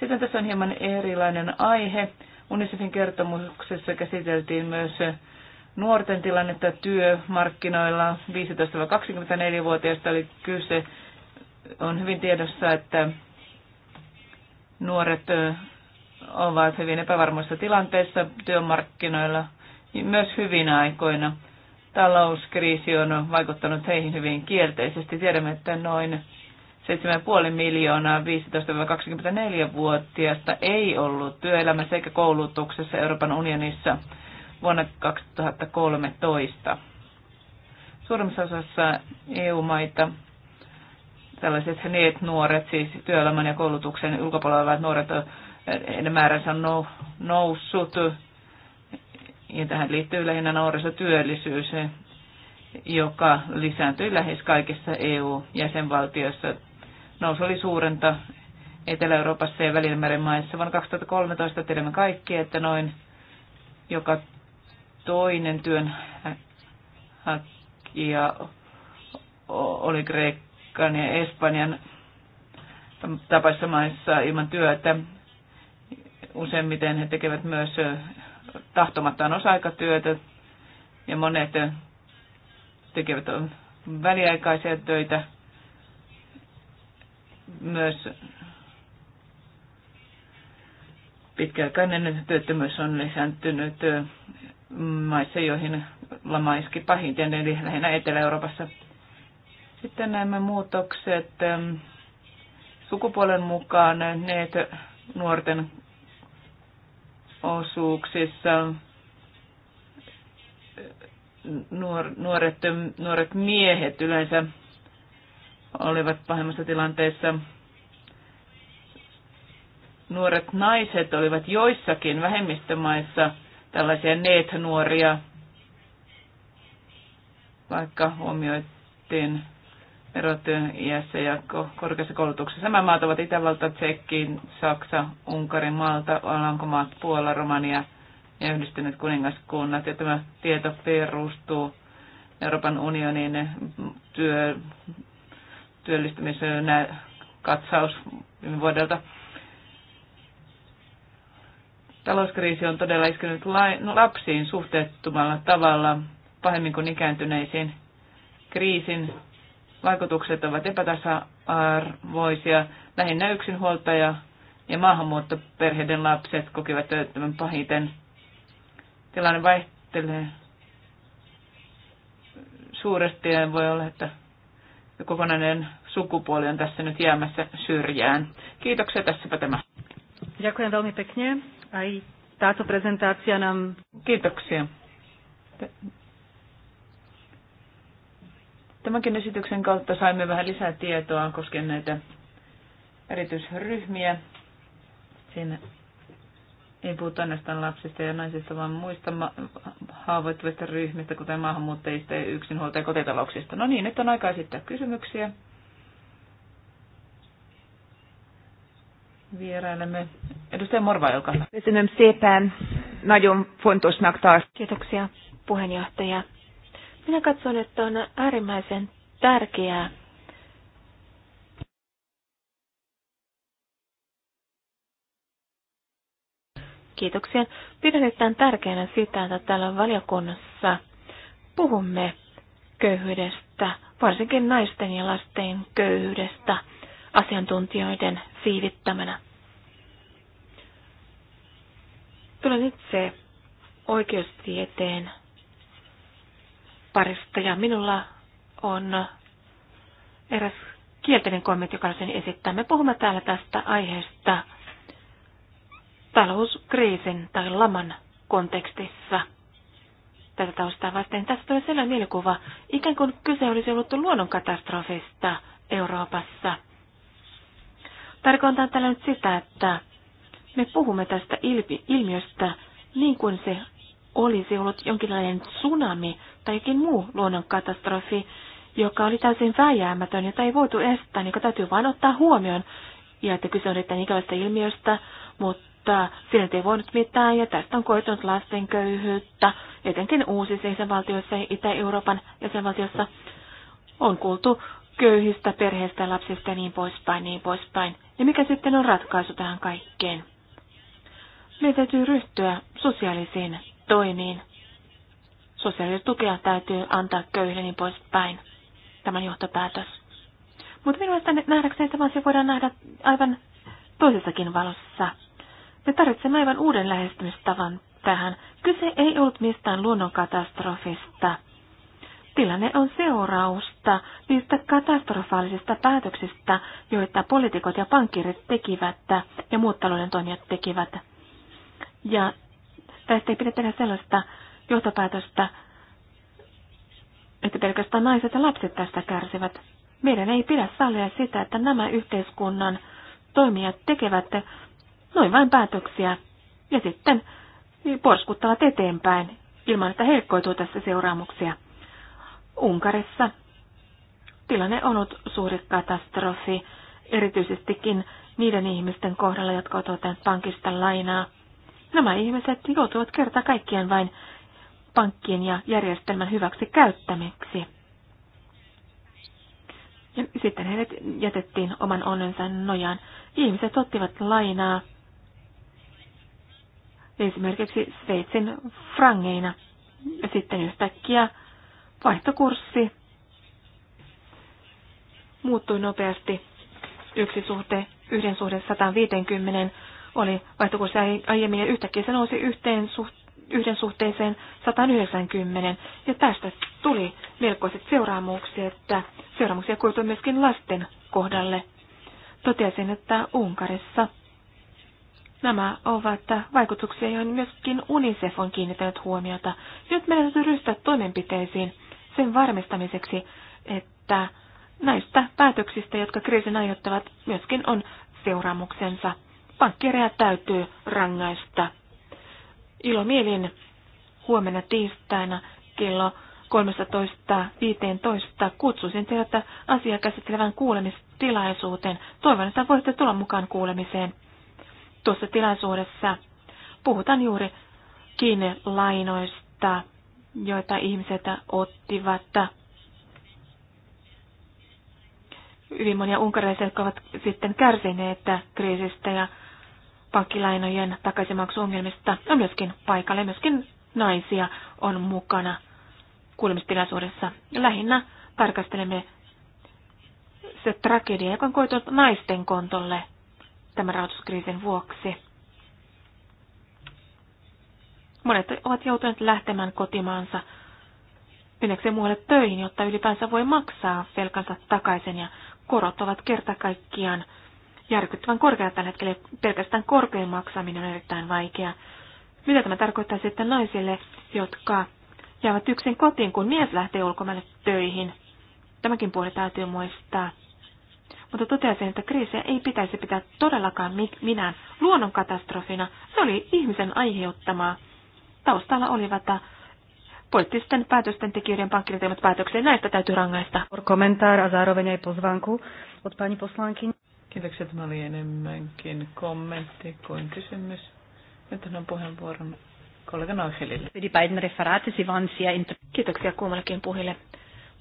Sitten tässä on hieman erilainen aihe. Unicefin kertomuksessa käsiteltiin myös nuorten tilannetta työmarkkinoilla. 15-24-vuotiaista oli kyse. On hyvin tiedossa, että nuoret ovat hyvin epävarmoissa tilanteissa työmarkkinoilla, niin myös hyvinä aikoina. Talouskriisi on vaikuttanut heihin hyvin kielteisesti. Tiedämme, että noin 7,5 miljoonaa 15-24-vuotiaista ei ollut työelämässä eikä koulutuksessa Euroopan unionissa vuonna 2013. Suurimmassa osassa EU-maita tällaiset neet nuoret, siis työelämän ja koulutuksen ulkopuolella olevat nuoret heidän määränsä on noussut. Ja tähän liittyy lähinnä nuorisotyöllisyys, joka lisääntyi lähes kaikissa EU-jäsenvaltioissa. Nousu oli suurenta Etelä-Euroopassa ja Välimeren maissa. Vuonna 2013 tiedämme kaikki, että noin joka toinen työnhakija oli Kreikan ja Espanjan tapaisissa maissa ilman työtä. Useimmiten he tekevät myös tahtomattaan osa-aikatyötä ja monet tekevät väliaikaisia töitä myös pitkäaikainen työttömyys on lisääntynyt maissa, joihin lama iski pahiten, eli lähinnä Etelä-Euroopassa. Sitten näemme muutokset sukupuolen mukaan. Ne nuorten osuuksissa nuor, nuoret, nuoret miehet yleensä olivat pahimmassa tilanteessa. Nuoret naiset olivat joissakin vähemmistömaissa tällaisia neet-nuoria, vaikka huomioitiin erot iässä ja korkeassa koulutuksessa. Nämä maat ovat Itävalta, Tsekki, Saksa, Unkari, Malta, Alankomaat, Puola, Romania ja yhdistyneet kuningaskunnat. Ja tämä tieto perustuu Euroopan unionin työ, työllistämisen katsaus viime vuodelta. Talouskriisi on todella iskenyt no, lapsiin suhteettomalla tavalla pahemmin kuin ikääntyneisiin. Kriisin vaikutukset ovat epätasa-arvoisia. Lähinnä yksinhuoltaja ja maahanmuuttoperheiden lapset kokivat työttömän pahiten. Tilanne vaihtelee suuresti ja voi olla, että kokonainen sukupuoli on tässä nyt jäämässä syrjään. Kiitoksia, tässäpä tämä. Ďakujem Kiitoksia. Tämänkin esityksen kautta saimme vähän lisää tietoa koskien näitä erityisryhmiä. Siinä ei puhuta ainoastaan lapsista ja naisista, vaan muista haavoittuvista ryhmistä, kuten maahanmuuttajista ja yksinhuolta- ja kotitalouksista. No niin, nyt on aika esittää kysymyksiä. Vierailemme. Edustaja Morva, olkaa hyvä. Köszönöm szépen. Kiitoksia puheenjohtaja minä katson, että on äärimmäisen tärkeää Kiitoksia. Pidän erittäin tärkeänä sitä, että täällä valiokunnassa puhumme köyhyydestä, varsinkin naisten ja lasten köyhyydestä asiantuntijoiden siivittämänä. Tulen itse oikeustieteen parista. Ja minulla on eräs kielteinen kommentti, joka sen esittää. Me puhumme täällä tästä aiheesta talouskriisin tai laman kontekstissa. Tätä taustaa vasten tässä tulee sellainen mielikuva, ikään kuin kyse olisi ollut luonnonkatastrofista Euroopassa. Tarkoitan tällä nyt sitä, että me puhumme tästä ilmiöstä niin kuin se olisi ollut jonkinlainen tsunami, tai jokin muu luonnonkatastrofi, joka oli täysin vääjäämätön, jota ei voitu estää, niin täytyy vain ottaa huomioon. Ja että kyse on erittäin ikävästä ilmiöstä, mutta sillä ei voinut mitään, ja tästä on koitunut lasten köyhyyttä, etenkin uusissa jäsenvaltioissa ja Itä-Euroopan jäsenvaltiossa on kuultu köyhistä perheistä, lapsista ja niin poispäin, niin poispäin. Ja mikä sitten on ratkaisu tähän kaikkeen? Meidän täytyy ryhtyä sosiaalisiin toimiin. Sosiaalista tukea täytyy antaa köyhille niin poispäin. Tämän johtopäätös. Mutta minun mielestäni nähdäkseni tämä asia voidaan nähdä aivan toisessakin valossa. Me tarvitsemme aivan uuden lähestymistavan tähän. Kyse ei ollut mistään luonnonkatastrofista. Tilanne on seurausta niistä katastrofaalisista päätöksistä, joita poliitikot ja pankkirit tekivät ja muut talouden toimijat tekivät. Ja tästä ei pidä tehdä sellaista johtopäätöstä, että pelkästään naiset ja lapset tästä kärsivät. Meidän ei pidä sallia sitä, että nämä yhteiskunnan toimijat tekevät noin vain päätöksiä ja sitten porskuttavat eteenpäin ilman, että heikkoituu tässä seuraamuksia. Unkarissa tilanne on ollut suuri katastrofi, erityisestikin niiden ihmisten kohdalla, jotka ovat ottaneet pankista lainaa. Nämä ihmiset joutuvat kerta kaikkien vain pankkien ja järjestelmän hyväksi käyttämiksi. Ja sitten heidät jätettiin oman onnensa nojaan. Ihmiset ottivat lainaa esimerkiksi Sveitsin frangeina. Ja sitten yhtäkkiä vaihtokurssi muuttui nopeasti. Yksi suhte, yhden suhde 150 oli vaihtokurssi aiemmin ja yhtäkkiä se nousi yhteen suhteen yhden suhteeseen 190, ja tästä tuli melkoiset seuraamukset, että seuraamuksia koitui myöskin lasten kohdalle. Totesin, että Unkarissa nämä ovat vaikutuksia, joihin myöskin UNICEF on kiinnittänyt huomiota. Nyt meidän täytyy ryhtyä toimenpiteisiin sen varmistamiseksi, että näistä päätöksistä, jotka kriisin aiheuttavat, myöskin on seuraamuksensa. Pankkireja täytyy rangaista ilo mielin huomenna tiistaina kello 13.15 kutsuisin teidät asiaa käsittelevän kuulemistilaisuuteen. Toivon, että voitte tulla mukaan kuulemiseen. Tuossa tilaisuudessa puhutaan juuri kiinnelainoista, joita ihmiset ottivat. Hyvin monia unkareisia, jotka ovat sitten kärsineet kriisistä ja pankkilainojen takaisinmaksuongelmista on myöskin paikalle. Myöskin naisia on mukana kuulemistilaisuudessa. Lähinnä tarkastelemme se tragedia, joka on koitunut naisten kontolle tämän rahoituskriisin vuoksi. Monet ovat joutuneet lähtemään kotimaansa yleensä muualle töihin, jotta ylipäänsä voi maksaa velkansa takaisin ja korot ovat kerta kaikkiaan järkyttävän korkealla tällä hetkellä. Pelkästään korkojen maksaminen on erittäin vaikea. Mitä tämä tarkoittaa sitten naisille, jotka jäävät yksin kotiin, kun mies lähtee ulkomaille töihin? Tämäkin puoli täytyy muistaa. Mutta toteaisin, että kriisiä ei pitäisi pitää todellakaan minään luonnonkatastrofina. Se oli ihmisen aiheuttamaa. Taustalla olivat äh, poliittisten päätösten tekijöiden pankkiritelmat päätöksiä. Näistä täytyy rangaista. Kommentaar a zároveň aj pozvánku od pani poslankin. Kiitoksia, että oli enemmänkin kommentti kuin kysymys. Nyt on puheenvuoron kollega Neuchelille. Kiitoksia kummallekin puhille.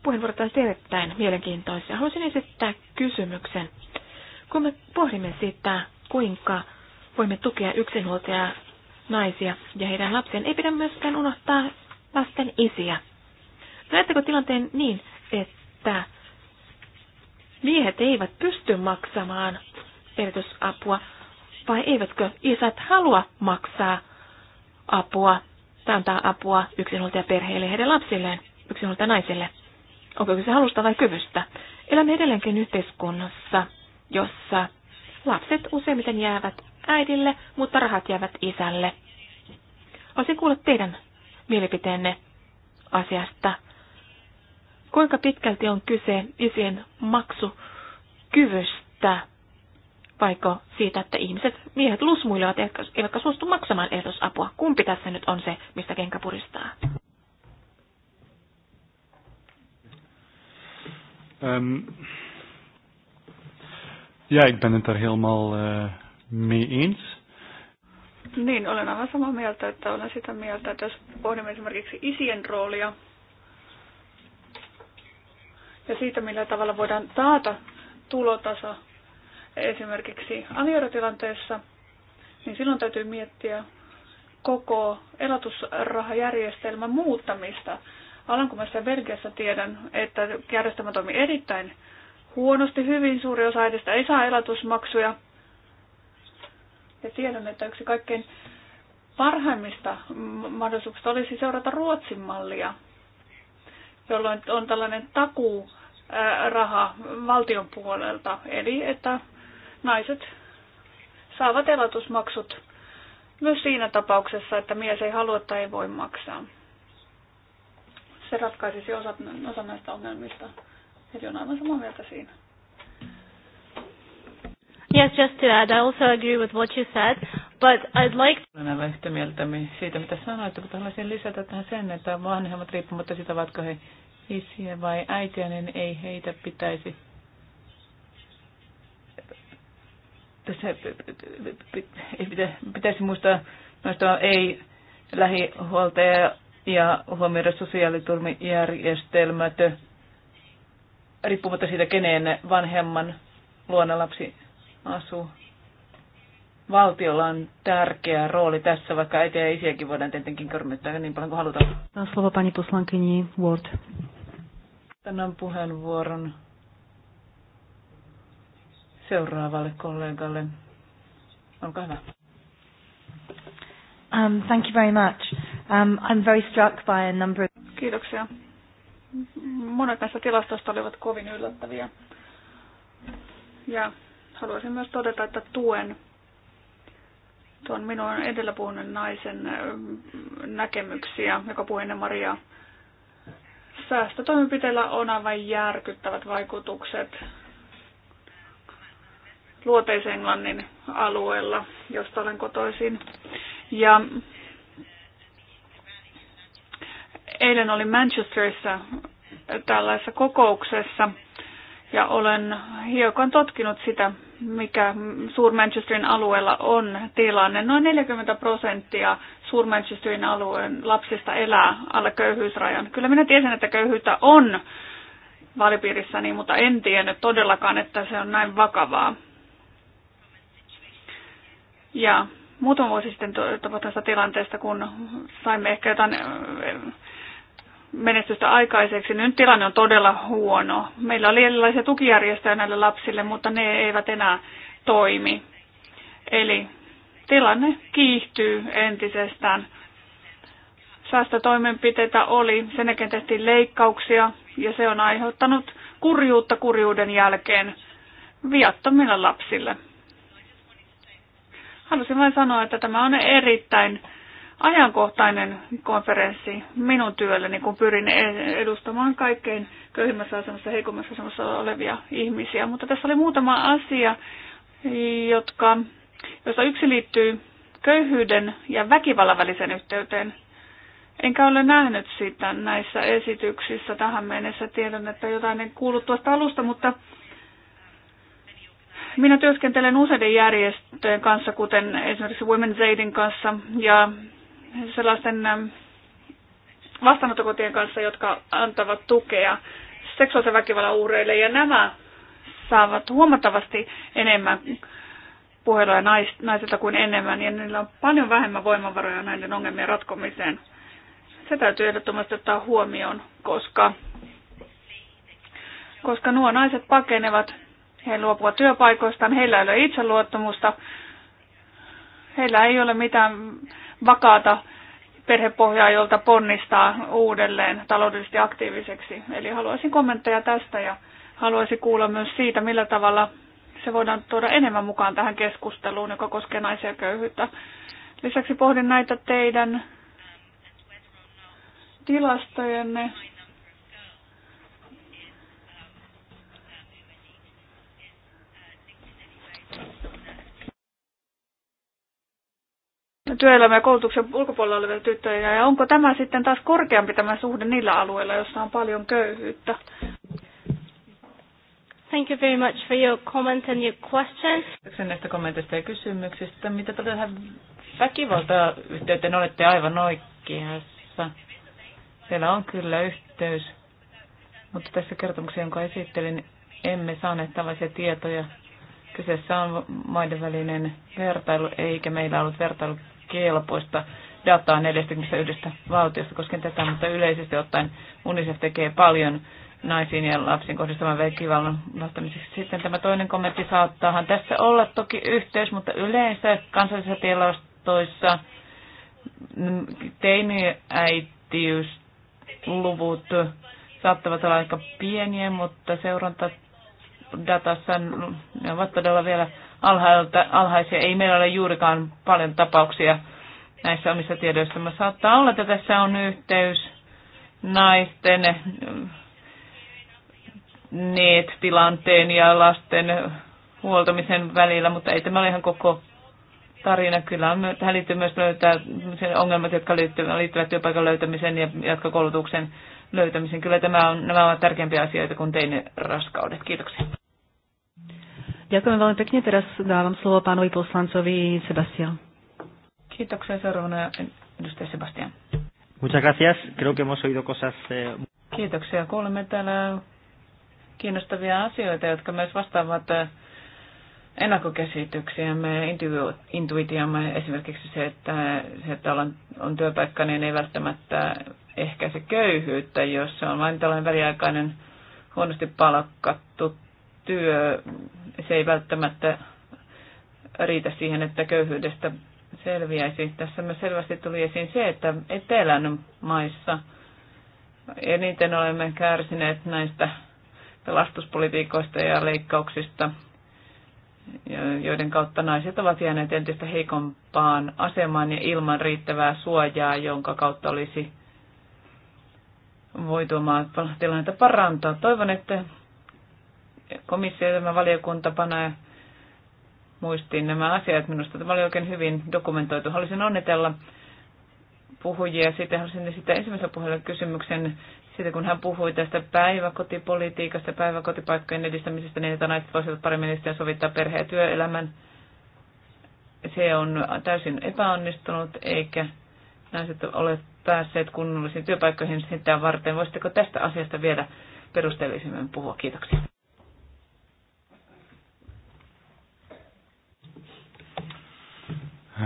Puheenvuoro taas erittäin mielenkiintoisia. Haluaisin esittää kysymyksen. Kun me pohdimme sitä, kuinka voimme tukea yksinhuoltajia naisia ja heidän lapsiaan, ei pidä myöskään unohtaa lasten isiä. Näettekö tilanteen niin, että miehet eivät pysty maksamaan eritysapua, vai eivätkö isät halua maksaa apua antaa apua yksinhuoltaja perheelle ja heidän lapsilleen, yksinhuoltaja naisille? Onko kyse halusta vai kyvystä? Elämme edelleenkin yhteiskunnassa, jossa lapset useimmiten jäävät äidille, mutta rahat jäävät isälle. Olisin kuulla teidän mielipiteenne asiasta. Kuinka pitkälti on kyse isien maksukyvystä, vaiko siitä, että ihmiset, miehet lusmuilevat eivätkä suostu maksamaan ehdosapua? Kumpi tässä nyt on se, mistä kenkä puristaa? Um, ja, ik ben het er helemaal uh, mee eens. Niin, olen aivan samaa mieltä, että olen sitä mieltä, että jos pohdimme esimerkiksi isien roolia ja siitä, millä tavalla voidaan taata tulotaso esimerkiksi avioerotilanteessa, niin silloin täytyy miettiä koko elatusrahajärjestelmän muuttamista. Alankomassa ja Belgiassa tiedän, että järjestelmä toimii erittäin huonosti. Hyvin suuri osa edestä ei saa elatusmaksuja. Ja tiedän, että yksi kaikkein parhaimmista mahdollisuuksista olisi seurata Ruotsin mallia, jolloin on tällainen takuu raha valtion puolelta, eli että naiset saavat elatusmaksut myös siinä tapauksessa, että mies ei halua tai ei voi maksaa. Se ratkaisisi osa, osa näistä ongelmista. Eli on aivan samaa mieltä siinä. Yes, just to add, I also agree with what you said, but I'd like... Olen aivan yhtä mieltä siitä, mitä sanoit, mutta haluaisin lisätä tähän sen, että vanhemmat riippumatta siitä, vaikka he isiä vai äitiä, niin ei heitä pitäisi tässä pitäisi muistaa noista ei lähihuoltaja ja huomioida sosiaaliturmijärjestelmät riippumatta siitä, keneen vanhemman luona lapsi asuu. Valtiolla on tärkeä rooli tässä, vaikka äitiä ja isiäkin voidaan tietenkin kormittaa niin paljon kuin halutaan. Taas slovo pani poslankini Ward tämän puheenvuoron seuraavalle kollegalle. Olkaa hyvä. Um, thank you very much. Um, I'm very struck by a number of... Kiitoksia. Monet näistä tilastoista olivat kovin yllättäviä. Ja haluaisin myös todeta, että tuen tuon minun edellä puhuneen naisen näkemyksiä, joka puhui ennen Mariaa säästötoimenpiteillä on aivan järkyttävät vaikutukset Luoteis-Englannin alueella, josta olen kotoisin. Ja eilen olin Manchesterissa tällaisessa kokouksessa ja olen hiukan totkinut sitä, mikä Suur-Manchesterin alueella on tilanne. Noin 40 prosenttia Suur-Manchesterin alueen lapsista elää alle köyhyysrajan. Kyllä minä tiesin, että köyhyyttä on vaalipiirissäni, mutta en tiennyt todellakaan, että se on näin vakavaa. Ja muutama vuosi sitten tapahtuneesta tilanteesta, kun saimme ehkä jotain eh, menestystä aikaiseksi, niin nyt tilanne on todella huono. Meillä oli erilaisia tukijärjestöjä näille lapsille, mutta ne eivät enää toimi. Eli tilanne kiihtyy entisestään. Säästötoimenpiteitä oli, sen jälkeen tehtiin leikkauksia ja se on aiheuttanut kurjuutta kurjuuden jälkeen viattomille lapsille. Halusin vain sanoa, että tämä on erittäin ajankohtainen konferenssi minun työlleni, kun pyrin edustamaan kaikkein köyhimmässä asemassa, heikommassa asemassa olevia ihmisiä. Mutta tässä oli muutama asia, jotka jossa yksi liittyy köyhyyden ja väkivallan välisen yhteyteen. Enkä ole nähnyt sitä näissä esityksissä tähän mennessä. Tiedän, että jotain en kuullut tuosta alusta, mutta minä työskentelen useiden järjestöjen kanssa, kuten esimerkiksi Women's Aidin kanssa ja sellaisten ähm, vastaanottokotien kanssa, jotka antavat tukea seksuaalisen väkivallan uhreille. Ja nämä saavat huomattavasti enemmän puheluja naisilta kuin enemmän, ja niin niillä on paljon vähemmän voimavaroja näiden ongelmien ratkomiseen. Se täytyy ehdottomasti ottaa huomioon, koska, koska nuo naiset pakenevat, he luopuvat työpaikoistaan, heillä ei ole itseluottamusta, heillä ei ole mitään vakaata perhepohjaa, jolta ponnistaa uudelleen taloudellisesti aktiiviseksi. Eli haluaisin kommentteja tästä ja haluaisin kuulla myös siitä, millä tavalla se voidaan tuoda enemmän mukaan tähän keskusteluun, joka koskee naisia köyhyyttä. Lisäksi pohdin näitä teidän tilastojenne työelämä ja koulutuksen ulkopuolella olevia tyttöjä, ja onko tämä sitten taas korkeampi tämä suhde niillä alueilla, joissa on paljon köyhyyttä? Thank you very much for your comment and your question. Kiitoksia näistä kommenteista ja kysymyksistä. Mitä tulee tähän väkivaltayhteyteen, olette aivan oikeassa. Siellä on kyllä yhteys, mutta tässä kertomuksessa, jonka esittelin, emme saaneet tällaisia tietoja. Kyseessä on maiden välinen vertailu, eikä meillä ollut vertailukelpoista dataa 41 valtiosta koskien tätä, mutta yleisesti ottaen UNICEF tekee paljon naisiin ja lapsiin kohdistuvan väkivallan vastamiseksi. Sitten tämä toinen kommentti saattaahan tässä olla toki yhteys, mutta yleensä kansallisissa tilastoissa teiniäitiysluvut saattavat olla aika pieniä, mutta seurantadatassa ne ovat todella vielä alhaalta, alhaisia. Ei meillä ole juurikaan paljon tapauksia näissä omissa tiedoissamme. Saattaa olla, että tässä on yhteys naisten NEET-tilanteen ja lasten huoltamisen välillä, mutta ei tämä ole ihan koko tarina. Kyllä tähän liittyy myös löytää ongelmat, jotka liittyvät, liittyvät työpaikan löytämiseen ja jatkokoulutuksen löytämiseen. Kyllä tämä on, nämä ovat tärkeimpiä asioita kuin tein raskaudet. Kiitoksia. Jatkamme vain pekne. Teraz dávam slovo pánovi poslancovi Sebastian. Kiitoksia seuraavana edustaja Sebastian. Muchas gracias. Creo que hemos oído cosas... Eh, Kiitoksia. Kuulemme täällä kiinnostavia asioita, jotka myös vastaavat äh, ennakkokäsityksiämme, intuitiomme, esimerkiksi se, että, se, että ollaan, on työpaikka, niin ei välttämättä ehkä se köyhyyttä, jos se on vain tällainen väliaikainen huonosti palkattu työ. Se ei välttämättä riitä siihen, että köyhyydestä selviäisi. Tässä myös selvästi tuli esiin se, että etelän maissa eniten olemme kärsineet näistä pelastuspolitiikoista ja leikkauksista, joiden kautta naiset ovat jääneet entistä heikompaan asemaan ja ilman riittävää suojaa, jonka kautta olisi voitu omaa tilannetta parantaa. Toivon, että komissio ja tämä valiokunta panee muistiin nämä asiat. Minusta tämä oli oikein hyvin dokumentoitu. Haluaisin onnitella puhujia. sitten haluaisin sitä ensimmäisellä puheella kysymyksen siitä, kun hän puhui tästä päiväkotipolitiikasta, päiväkotipaikkojen edistämisestä niin, että naiset voisivat paremmin edistää sovittaa perhe- ja työelämän. Se on täysin epäonnistunut, eikä naiset ole päässeet kunnollisiin työpaikkoihin sitä varten. Voisitteko tästä asiasta vielä perusteellisemmin puhua? Kiitoksia.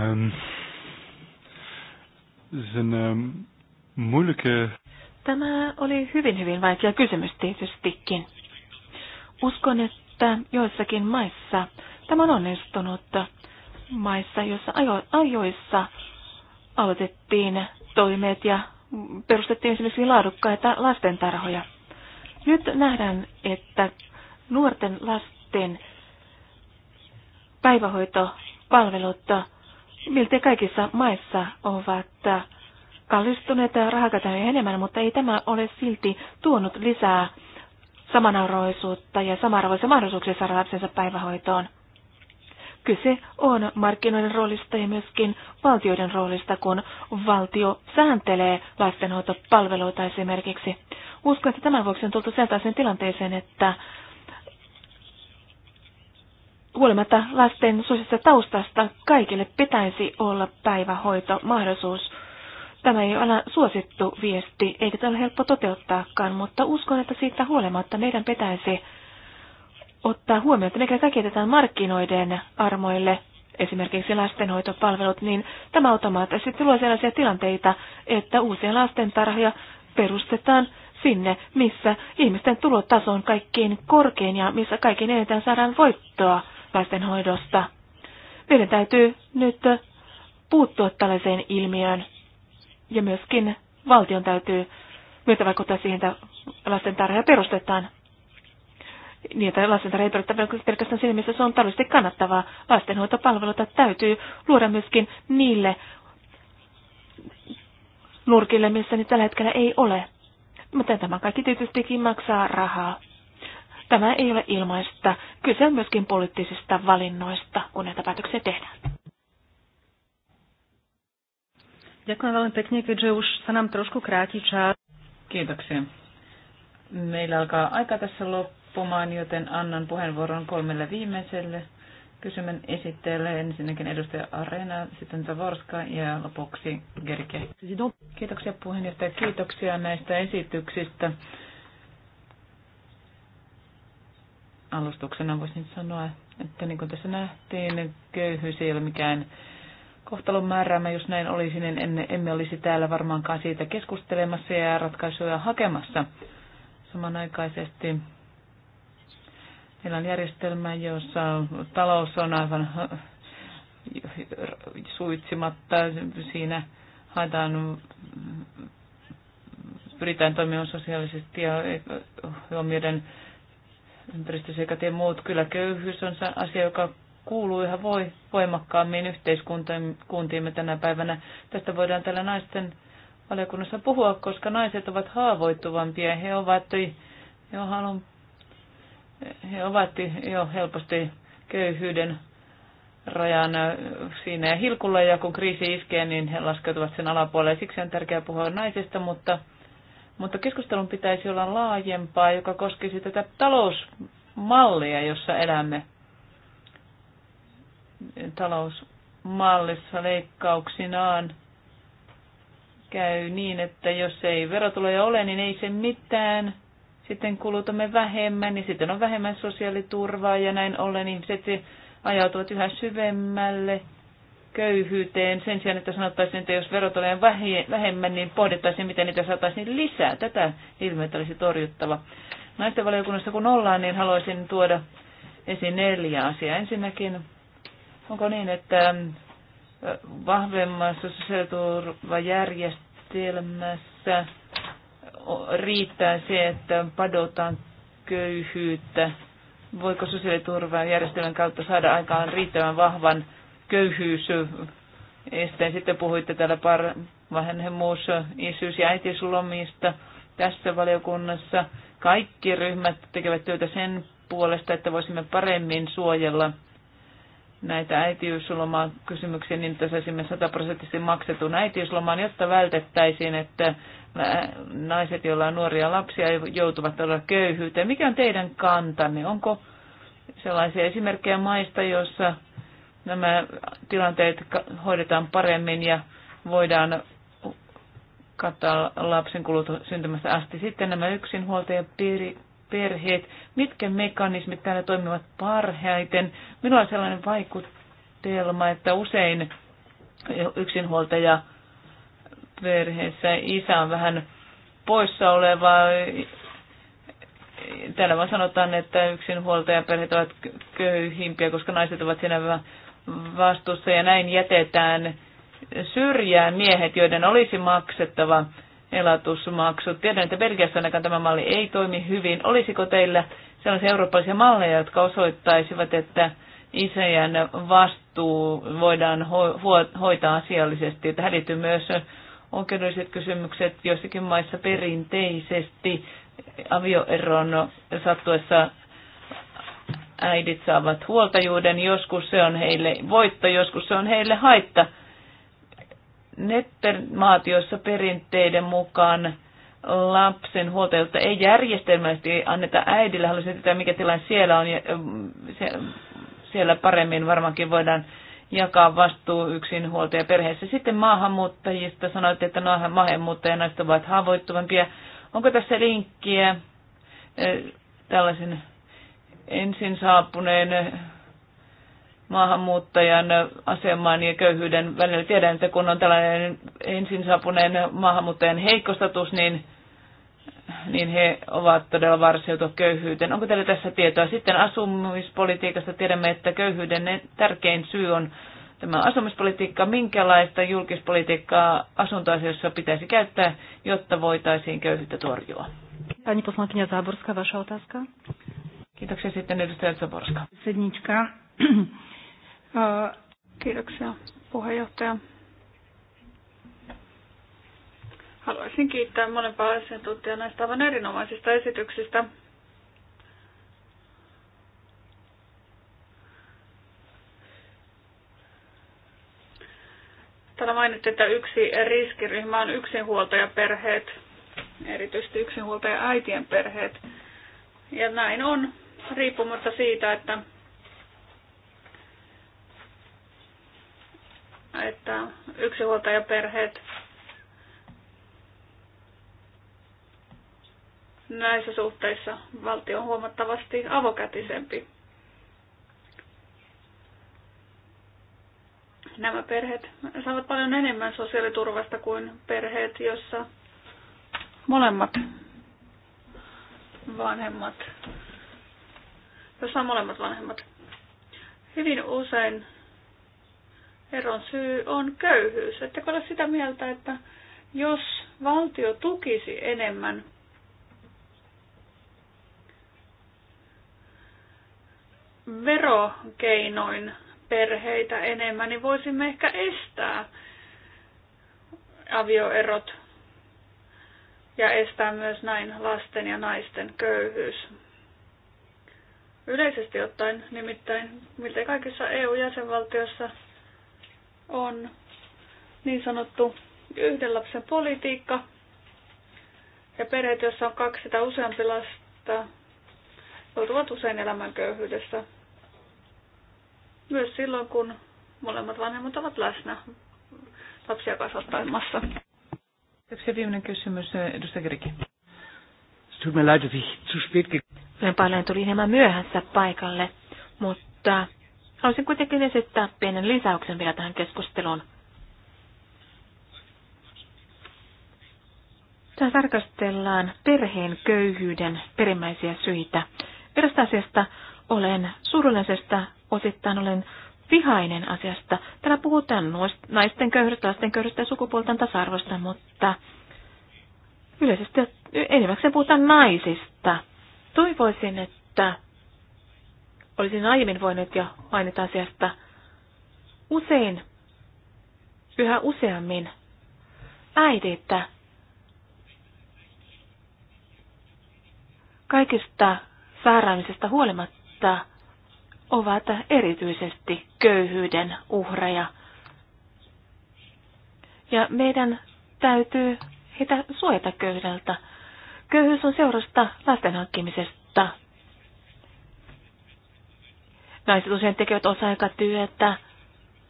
Um. Ehm, tämä oli hyvin, hyvin vaikea kysymys tietystikin. Uskon, että joissakin maissa tämä on onnistunut. Maissa, joissa ajoissa aloitettiin toimet ja perustettiin esimerkiksi laadukkaita lastentarhoja. Nyt nähdään, että nuorten lasten päivähoitopalvelut miltei kaikissa maissa ovat kallistuneet ja enemmän, mutta ei tämä ole silti tuonut lisää samanarvoisuutta ja samanarvoisia mahdollisuuksia saada lapsensa päivähoitoon. Kyse on markkinoiden roolista ja myöskin valtioiden roolista, kun valtio sääntelee lastenhoitopalveluita esimerkiksi. Uskon, että tämän vuoksi on tultu sellaiseen tilanteeseen, että huolimatta lasten sosiaalista taustasta kaikille pitäisi olla mahdollisuus. Tämä ei ole suosittu viesti, eikä tämä ole helppo toteuttaakaan, mutta uskon, että siitä huolimatta meidän pitäisi ottaa huomioon, että mikä kaikki markkinoiden armoille, esimerkiksi lastenhoitopalvelut, niin tämä automaattisesti luo sellaisia tilanteita, että uusia lastentarhoja perustetaan sinne, missä ihmisten tulotaso on kaikkein korkein ja missä kaikkein eniten saadaan voittoa – väestönhoidosta. Meidän täytyy nyt puuttua tällaiseen ilmiöön ja myöskin valtion täytyy vaikuttaa siihen, että lastentarhoja perustetaan. Niin, että lastentarhoja ei perusteta pelkästään siinä, missä se on taloudellisesti kannattavaa. Lastenhoitopalveluita täytyy luoda myöskin niille nurkille, missä niitä tällä hetkellä ei ole. Mutta tämä kaikki tietystikin maksaa rahaa. Tämä ei ole ilmaista. Kyse on myöskin poliittisista valinnoista, kun näitä päätöksiä tehdään. Kiitoksia. Meillä alkaa aika tässä loppumaan, joten annan puheenvuoron kolmelle viimeiselle kysymän esittäjälle. Ensinnäkin edustaja Arena, sitten Tavorska ja lopuksi Gerke. Kiitoksia puheenjohtaja. Kiitoksia näistä esityksistä. alustuksena voisin sanoa, että niin kuin tässä nähtiin, köyhyys ei ole mikään kohtalon määräämä. Jos näin olisi, niin emme, emme olisi täällä varmaankaan siitä keskustelemassa ja ratkaisuja hakemassa. Samanaikaisesti meillä on järjestelmä, jossa talous on aivan suitsimatta. Siinä haetaan pyritään toimimaan sosiaalisesti ja huomioiden ympäristöseikat ja muut. Kyllä köyhyys on se asia, joka kuuluu ihan voi, voimakkaammin yhteiskuntiimme tänä päivänä. Tästä voidaan täällä naisten valiokunnassa puhua, koska naiset ovat haavoittuvampia. He ovat jo, halun, he ovat jo helposti köyhyyden rajan siinä ja hilkulla, ja kun kriisi iskee, niin he laskeutuvat sen alapuolelle. Siksi on tärkeää puhua naisista, mutta mutta keskustelun pitäisi olla laajempaa, joka koskisi tätä talousmallia, jossa elämme. Talousmallissa leikkauksinaan käy niin, että jos ei verotuloja ole, niin ei se mitään. Sitten kulutamme vähemmän, niin sitten on vähemmän sosiaaliturvaa ja näin ollen ihmiset ajautuvat yhä syvemmälle köyhyyteen sen sijaan, että sanottaisiin, että jos verot on vähemmän, niin pohdittaisiin, miten niitä saataisiin lisää. Tätä ilmiötä olisi torjuttava. Naisten valiokunnassa kun ollaan, niin haluaisin tuoda esiin neljä asiaa. Ensinnäkin, onko niin, että vahvemmassa sosiaaliturvajärjestelmässä riittää se, että padotaan köyhyyttä? Voiko sosiaaliturvajärjestelmän kautta saada aikaan riittävän vahvan köyhyys esteen. Sitten puhuitte täällä par- vanhemmuus, isyys- ja äitiyslomista tässä valiokunnassa. Kaikki ryhmät tekevät työtä sen puolesta, että voisimme paremmin suojella näitä äitiyslomaa kysymyksiä, niin että saisimme sataprosenttisesti maksetun äitiyslomaan, jotta vältettäisiin, että naiset, joilla on nuoria lapsia, joutuvat olla köyhyyteen. Mikä on teidän kantanne? Onko sellaisia esimerkkejä maista, joissa nämä tilanteet hoidetaan paremmin ja voidaan kattaa lapsen kulut syntymästä asti. Sitten nämä yksinhuoltajan perheet, mitkä mekanismit täällä toimivat parhaiten. Minulla on sellainen vaikutelma, että usein yksinhuoltaja perheessä isä on vähän poissa oleva. Täällä vaan sanotaan, että yksinhuoltajaperheet ovat köyhimpiä, koska naiset ovat siinä vähän vastuussa ja näin jätetään syrjään miehet, joiden olisi maksettava elatusmaksu. Tiedän, että Belgiassa ainakaan tämä malli ei toimi hyvin. Olisiko teillä sellaisia eurooppalaisia malleja, jotka osoittaisivat, että isäjän vastuu voidaan ho- hoitaa asiallisesti? Tähän liittyy myös oikeudelliset kysymykset joissakin maissa perinteisesti avioeron sattuessa äidit saavat huoltajuuden, joskus se on heille voitto, joskus se on heille haitta. Ne joissa perinteiden mukaan lapsen huoltajuutta ei järjestelmällisesti anneta äidille, haluaisin tietää mikä tilanne siellä on, ja siellä paremmin varmaankin voidaan jakaa vastuu yksin huoltaja perheessä. Sitten maahanmuuttajista sanoit, että maahanmuuttajanaiset ovat haavoittuvampia. Onko tässä linkkiä tällaisen ensin saapuneen maahanmuuttajan asemaan ja köyhyyden välillä. Tiedän, että kun on tällainen ensin saapuneen maahanmuuttajan heikko status, niin, niin he ovat todella varsiutu köyhyyteen. Onko teillä tässä tietoa? Sitten asumispolitiikasta tiedämme, että köyhyyden tärkein syy on tämä asumispolitiikka. Minkälaista julkispolitiikkaa asuntoasioissa pitäisi käyttää, jotta voitaisiin köyhyyttä torjua? Pani poslankynia Zaborska, vaša Kiitoksia sitten edustaja Zaborska. Sednička. Kiitoksia puheenjohtaja. Haluaisin kiittää monempaa asiantuntijaa näistä aivan erinomaisista esityksistä. Täällä mainittiin, että yksi riskiryhmä on yksinhuoltajaperheet, erityisesti yksinhuoltaja äitien perheet. Ja näin on riippumatta siitä, että, että yksinhuoltajaperheet näissä suhteissa valtio on huomattavasti avokätisempi. Nämä perheet saavat paljon enemmän sosiaaliturvasta kuin perheet, joissa molemmat vanhemmat jossa on molemmat vanhemmat. Hyvin usein eron syy on köyhyys. Että ole sitä mieltä, että jos valtio tukisi enemmän verokeinoin perheitä enemmän, niin voisimme ehkä estää avioerot ja estää myös näin lasten ja naisten köyhyys. Yleisesti ottaen nimittäin miltä kaikissa EU-jäsenvaltioissa on niin sanottu yhden lapsen politiikka ja perheet, joissa on kaksi tai useampi lasta, joutuvat usein elämän köyhyydessä. Myös silloin, kun molemmat vanhemmat ovat läsnä lapsia kasvattamassa. Kiitoksia. Viimeinen kysymys, edustaja Kirki. tut mir leid, dass ich zu spät Minun paljon tuli hieman myöhässä paikalle, mutta haluaisin kuitenkin esittää pienen lisäyksen vielä tähän keskusteluun. Tässä tarkastellaan perheen köyhyyden perimmäisiä syitä. Erästä asiasta olen surullisesta, osittain olen vihainen asiasta. Täällä puhutaan naisten köyhyydestä, lasten köyhyydestä ja sukupuolten tasa-arvosta, mutta yleisesti e- enimmäkseen puhutaan naisista – Toivoisin, että olisin aiemmin voinut jo mainita asiasta usein, yhä useammin äidiltä kaikista sairaamisesta huolimatta ovat erityisesti köyhyyden uhreja. Ja meidän täytyy heitä suojata köyhdeltä. Köyhyys on seurasta lasten hankkimisesta. Naiset usein tekevät osa-aikatyötä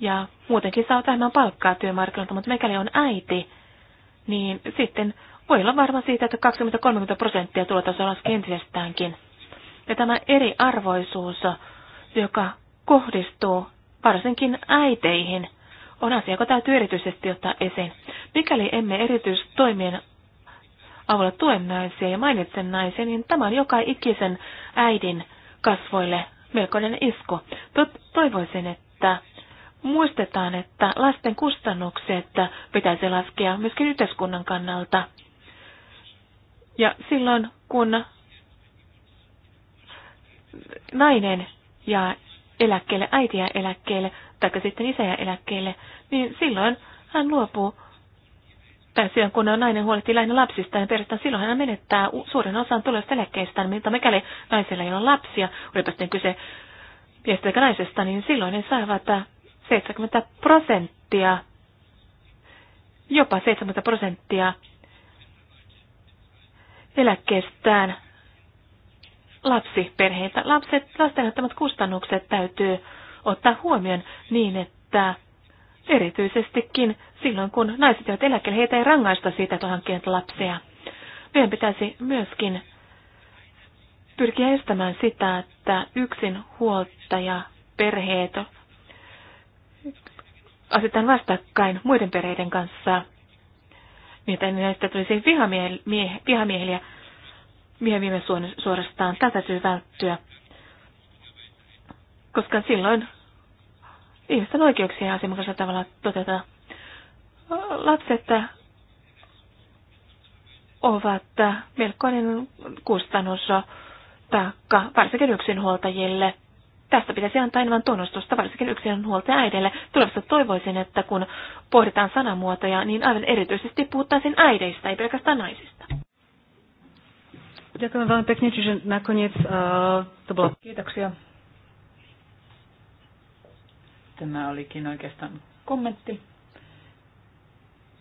ja muutenkin saa vähemmän palkkaa työmarkkinoilta, mutta mikäli on äiti, niin sitten voi olla varma siitä, että 20-30 prosenttia tulotaso laskee entisestäänkin. Ja tämä eriarvoisuus, joka kohdistuu varsinkin äiteihin, on asia, joka täytyy erityisesti ottaa esiin. Mikäli emme erityistoimien avulla tuen naisia ja mainitsen naisia, niin tämä on joka ikisen äidin kasvoille melkoinen isku. Toivoisin, että muistetaan, että lasten kustannukset pitäisi laskea myöskin yhteiskunnan kannalta. Ja silloin, kun nainen ja eläkkeelle, äiti ja eläkkeelle, tai sitten isä ja eläkkeelle, niin silloin hän luopuu tai silloin kun nainen huolehtii lähinnä lapsista ja niin perheestään, silloin hän menettää suuren osan tuloista eläkkeestään, niin, mutta mikäli naisella ei ole lapsia, olipa sitten kyse miestä eikä naisesta, niin silloin ne saavat 70 äh, prosenttia, jopa 70 prosenttia eläkkeestään lapsiperheitä. Lapset, lasten kustannukset täytyy ottaa huomioon niin, että Erityisestikin silloin, kun naiset ovat eläkkeelle, heitä ei rangaista siitä, että on lapsia. Meidän pitäisi myöskin pyrkiä estämään sitä, että yksin huoltaja perheet asetetaan vastakkain muiden perheiden kanssa. Niitä näistä tulisi vihamiehiä mie, viime suorastaan. Tätä täytyy välttyä, koska silloin ihmisten oikeuksia asianmukaisella tavalla toteuttaa, Lapset äh, ovat äh, melkoinen kustannus äh, taakka varsinkin yksinhuoltajille. Tästä pitäisi antaa enemmän tunnustusta varsinkin yksinhuoltaja äidille. Tulevassa toivoisin, että kun pohditaan sanamuotoja, niin aivan erityisesti puhuttaisiin äideistä, ei pelkästään naisista. Ďakujem veľmi pekne, čiže nakoniec uh, to bolo. Kiitoksia. Tämä olikin oikeastaan kommentti.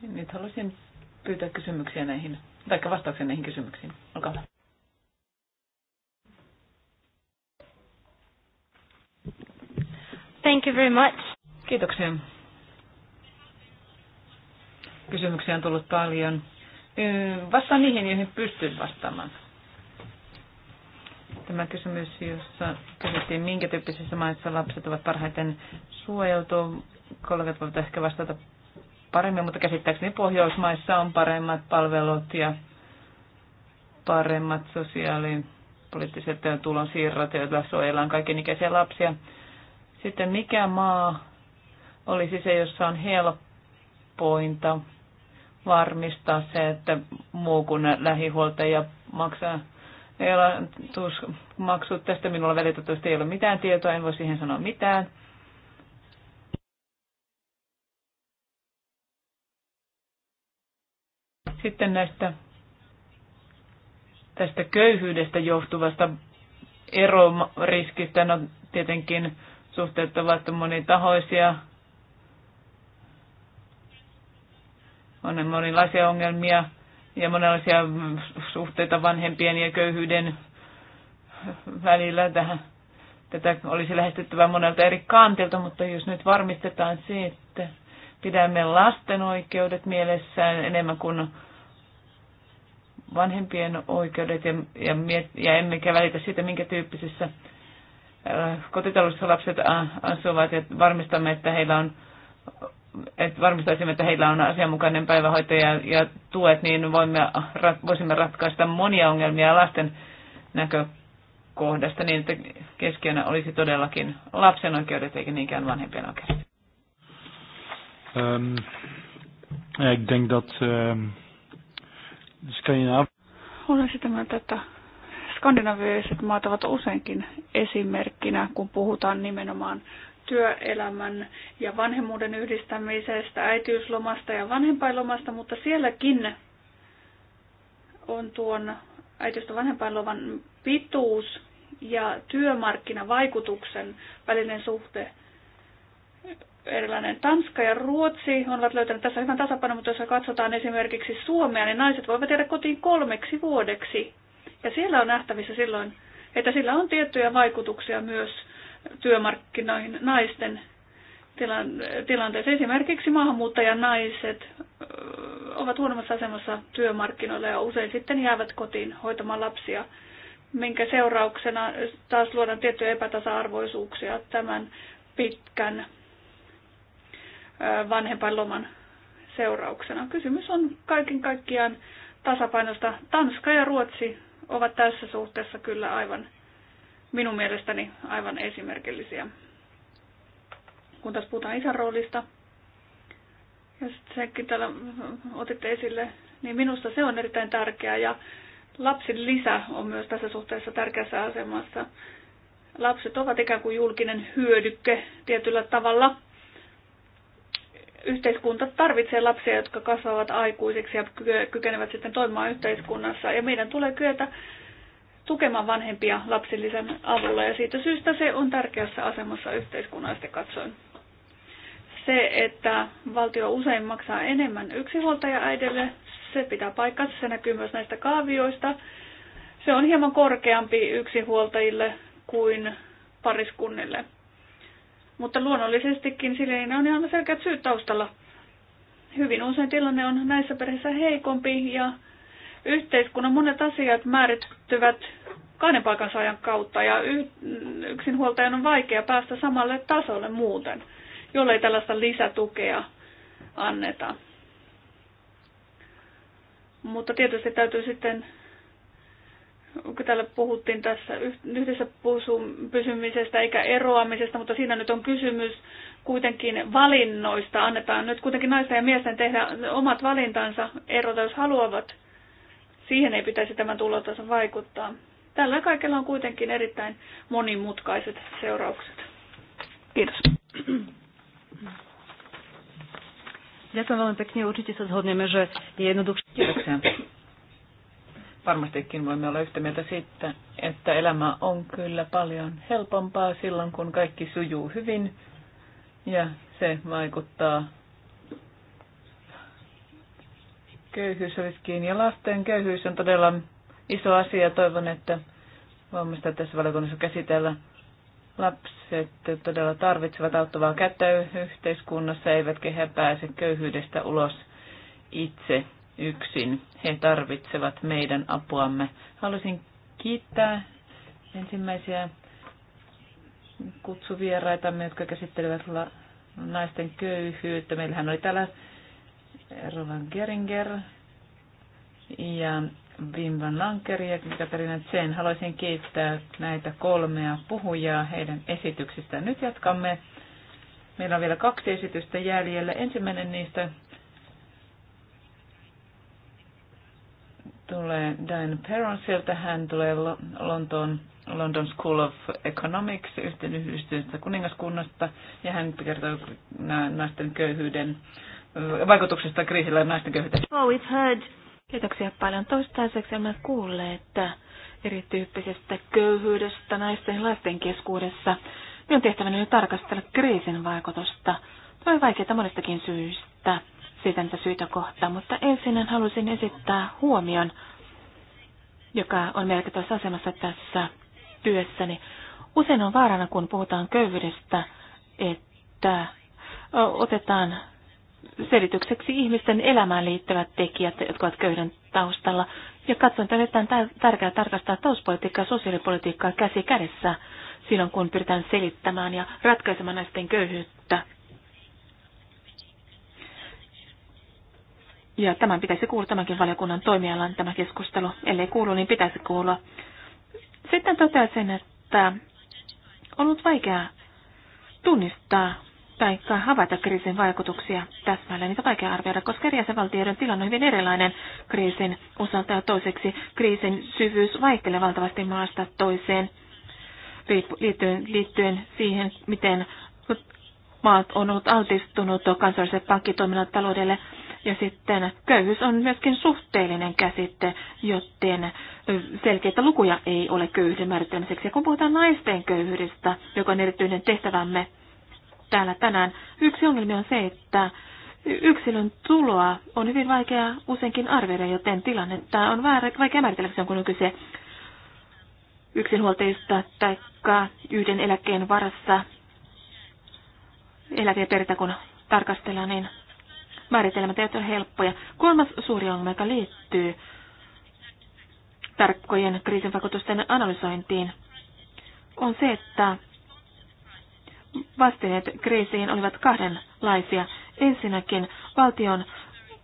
Nyt haluaisin pyytää kysymyksiä näihin, tai vastauksia näihin kysymyksiin. Olkaa hyvä. Thank you very much. Kiitoksia. Kysymyksiä on tullut paljon. Vastaan niihin, joihin pystyn vastaamaan. Tämä kysymys, jossa kysyttiin, minkä tyyppisissä maissa lapset ovat parhaiten suojeltu. Kollegat voivat ehkä vastata paremmin, mutta käsittääkseni Pohjoismaissa on paremmat palvelut ja paremmat sosiaalipoliittiset tulonsiirrot, joilla suojellaan kaikenikäisiä lapsia. Sitten mikä maa olisi se, jossa on helpointa varmistaa se, että muu kuin lähihuoltaja maksaa maksut Tästä minulla välitettävästi ei ole mitään tietoa, en voi siihen sanoa mitään. Sitten näistä tästä köyhyydestä johtuvasta eroriskistä, no tietenkin suhteet ovat monitahoisia, on monenlaisia ongelmia ja monenlaisia suhteita vanhempien ja köyhyyden välillä. Tähän, tätä olisi lähestyttävä monelta eri kantilta, mutta jos nyt varmistetaan se, että pidämme lasten oikeudet mielessään enemmän kuin vanhempien oikeudet ja, ja, ja emmekä välitä siitä, minkä tyyppisissä äh, kotitaloudessa lapset asuvat ja varmistamme, että heillä on että varmistaisimme, että heillä on asianmukainen päivähoito ja, ja tuet, niin voimme, rat, voisimme ratkaista monia ongelmia lasten näkökohdasta niin, että keskiönä olisi todellakin lapsen oikeudet eikä niinkään vanhempien oikeudet. Um, ik denk dat um, Olen sitä mieltä, että skandinaaviset maat ovat useinkin esimerkkinä, kun puhutaan nimenomaan työelämän ja vanhemmuuden yhdistämisestä, äitiyslomasta ja vanhempainlomasta, mutta sielläkin on tuon äitiys- ja vanhempainloman pituus ja työmarkkinavaikutuksen välinen suhte erilainen. Tanska ja Ruotsi ovat löytäneet tässä hyvän tasapainon, mutta jos katsotaan esimerkiksi Suomea, niin naiset voivat jäädä kotiin kolmeksi vuodeksi. Ja siellä on nähtävissä silloin, että sillä on tiettyjä vaikutuksia myös työmarkkinoihin naisten tilanteessa. Esimerkiksi maahanmuuttajanaiset ovat huonommassa asemassa työmarkkinoilla ja usein sitten jäävät kotiin hoitamaan lapsia, minkä seurauksena taas luodaan tiettyjä epätasa-arvoisuuksia tämän pitkän vanhempainloman seurauksena. Kysymys on kaiken kaikkiaan tasapainosta. Tanska ja Ruotsi ovat tässä suhteessa kyllä aivan minun mielestäni aivan esimerkillisiä. Kun taas puhutaan isän roolista, ja senkin täällä otitte esille, niin minusta se on erittäin tärkeää ja lapsen lisä on myös tässä suhteessa tärkeässä asemassa. Lapset ovat ikään kuin julkinen hyödykke tietyllä tavalla. Yhteiskunta tarvitsee lapsia, jotka kasvavat aikuisiksi ja kykenevät sitten toimimaan yhteiskunnassa. Ja meidän tulee kyetä tukemaan vanhempia lapsillisen avulla ja siitä syystä se on tärkeässä asemassa yhteiskunnallisesti katsoen. Se, että valtio usein maksaa enemmän yksinhuoltaja-äidille, se pitää paikkansa, se näkyy myös näistä kaavioista. Se on hieman korkeampi yksinhuoltajille kuin pariskunnille. Mutta luonnollisestikin sillä on ihan selkeät syyt taustalla. Hyvin usein tilanne on näissä perheissä heikompi ja Yhteiskunnan monet asiat määrittyvät kahden palkansaajan kautta ja yksinhuoltajan on vaikea päästä samalle tasolle muuten, jollei tällaista lisätukea anneta. Mutta tietysti täytyy sitten, kun täällä puhuttiin tässä yhdessä pysymisestä eikä eroamisesta, mutta siinä nyt on kysymys kuitenkin valinnoista. Annetaan nyt kuitenkin naisten ja miesten tehdä omat valintansa erota, jos haluavat. Siihen ei pitäisi tämän tulotason vaikuttaa. Tällä kaikella on kuitenkin erittäin monimutkaiset seuraukset. Kiitos. Ďakujem veľmi pekne. Určite sa zhodneme, že je jednoduchšie. Kiitoksia. Varmastikin voimme olla yhtä mieltä siitä, että elämä on kyllä paljon helpompaa silloin, kun kaikki sujuu hyvin ja se vaikuttaa köyhyysriskiin. Ja lasten köyhyys on todella iso asia. Toivon, että voimme sitä tässä valiokunnassa käsitellä. Lapset todella tarvitsevat auttavaa kättä yhteiskunnassa, eivätkä he pääse köyhyydestä ulos itse yksin. He tarvitsevat meidän apuamme. Haluaisin kiittää ensimmäisiä kutsuvieraitamme, jotka käsittelevät naisten köyhyyttä. Meillähän oli täällä Roland Geringer ja Wim van Lanker ja Katarina Tsen. Haluaisin kiittää näitä kolmea puhujaa heidän esityksistään. Nyt jatkamme. Meillä on vielä kaksi esitystä jäljellä. Ensimmäinen niistä tulee Dan Peronsilta. Hän tulee Lontoon London School of Economics yhteen yhdistyneestä kuningaskunnasta ja hän kertoo naisten köyhyyden vaikutuksesta kriisillä ja naisten köyhyyteen. Oh, we've heard. Kiitoksia paljon. Toistaiseksi emme kuulleet että erityyppisestä köyhyydestä naisten ja lasten keskuudessa. Minun tehtäväni on tarkastella kriisin vaikutusta. Tämä on vaikeaa monestakin syystä, siitä niitä syitä kohtaa, mutta ensin halusin esittää huomion, joka on merkittävässä asemassa tässä työssäni. Usein on vaarana, kun puhutaan köyhyydestä, että otetaan selitykseksi ihmisten elämään liittyvät tekijät, jotka ovat köyhyyden taustalla. Ja katson, että on erittäin tärkeää tarkastaa talouspolitiikkaa ja sosiaalipolitiikkaa käsi kädessä silloin, kun pyritään selittämään ja ratkaisemaan naisten köyhyyttä. Ja tämän pitäisi kuulua tämänkin valiokunnan toimialan tämä keskustelu. Ellei kuulu, niin pitäisi kuulla. Sitten toteaisin, että on ollut vaikea tunnistaa tai havaita kriisin vaikutuksia täsmälleen. Niitä on vaikea arvioida, koska eri jäsenvaltioiden tilanne on hyvin erilainen kriisin osalta ja toiseksi kriisin syvyys vaihtelee valtavasti maasta toiseen liittyen, liittyen siihen, miten maat on ollut altistunut kansalliset pankkitoiminnan taloudelle. Ja sitten köyhyys on myöskin suhteellinen käsite, joten selkeitä lukuja ei ole köyhyyden määrittämiseksi. Ja kun puhutaan naisten köyhyydestä, joka on erityinen tehtävämme, täällä tänään. Yksi ongelmia on se, että yksilön tuloa on hyvin vaikea useinkin arvioida, joten tilannetta on vaikea määritellä, kun on kyse yksinhuoltajista tai yhden eläkkeen varassa perintä, kun tarkastellaan, niin määritelmät eivät ole helppoja. Kolmas suuri ongelma, joka liittyy tarkkojen kriisinvakuutusten analysointiin, on se, että vastineet kriisiin olivat kahdenlaisia. Ensinnäkin valtion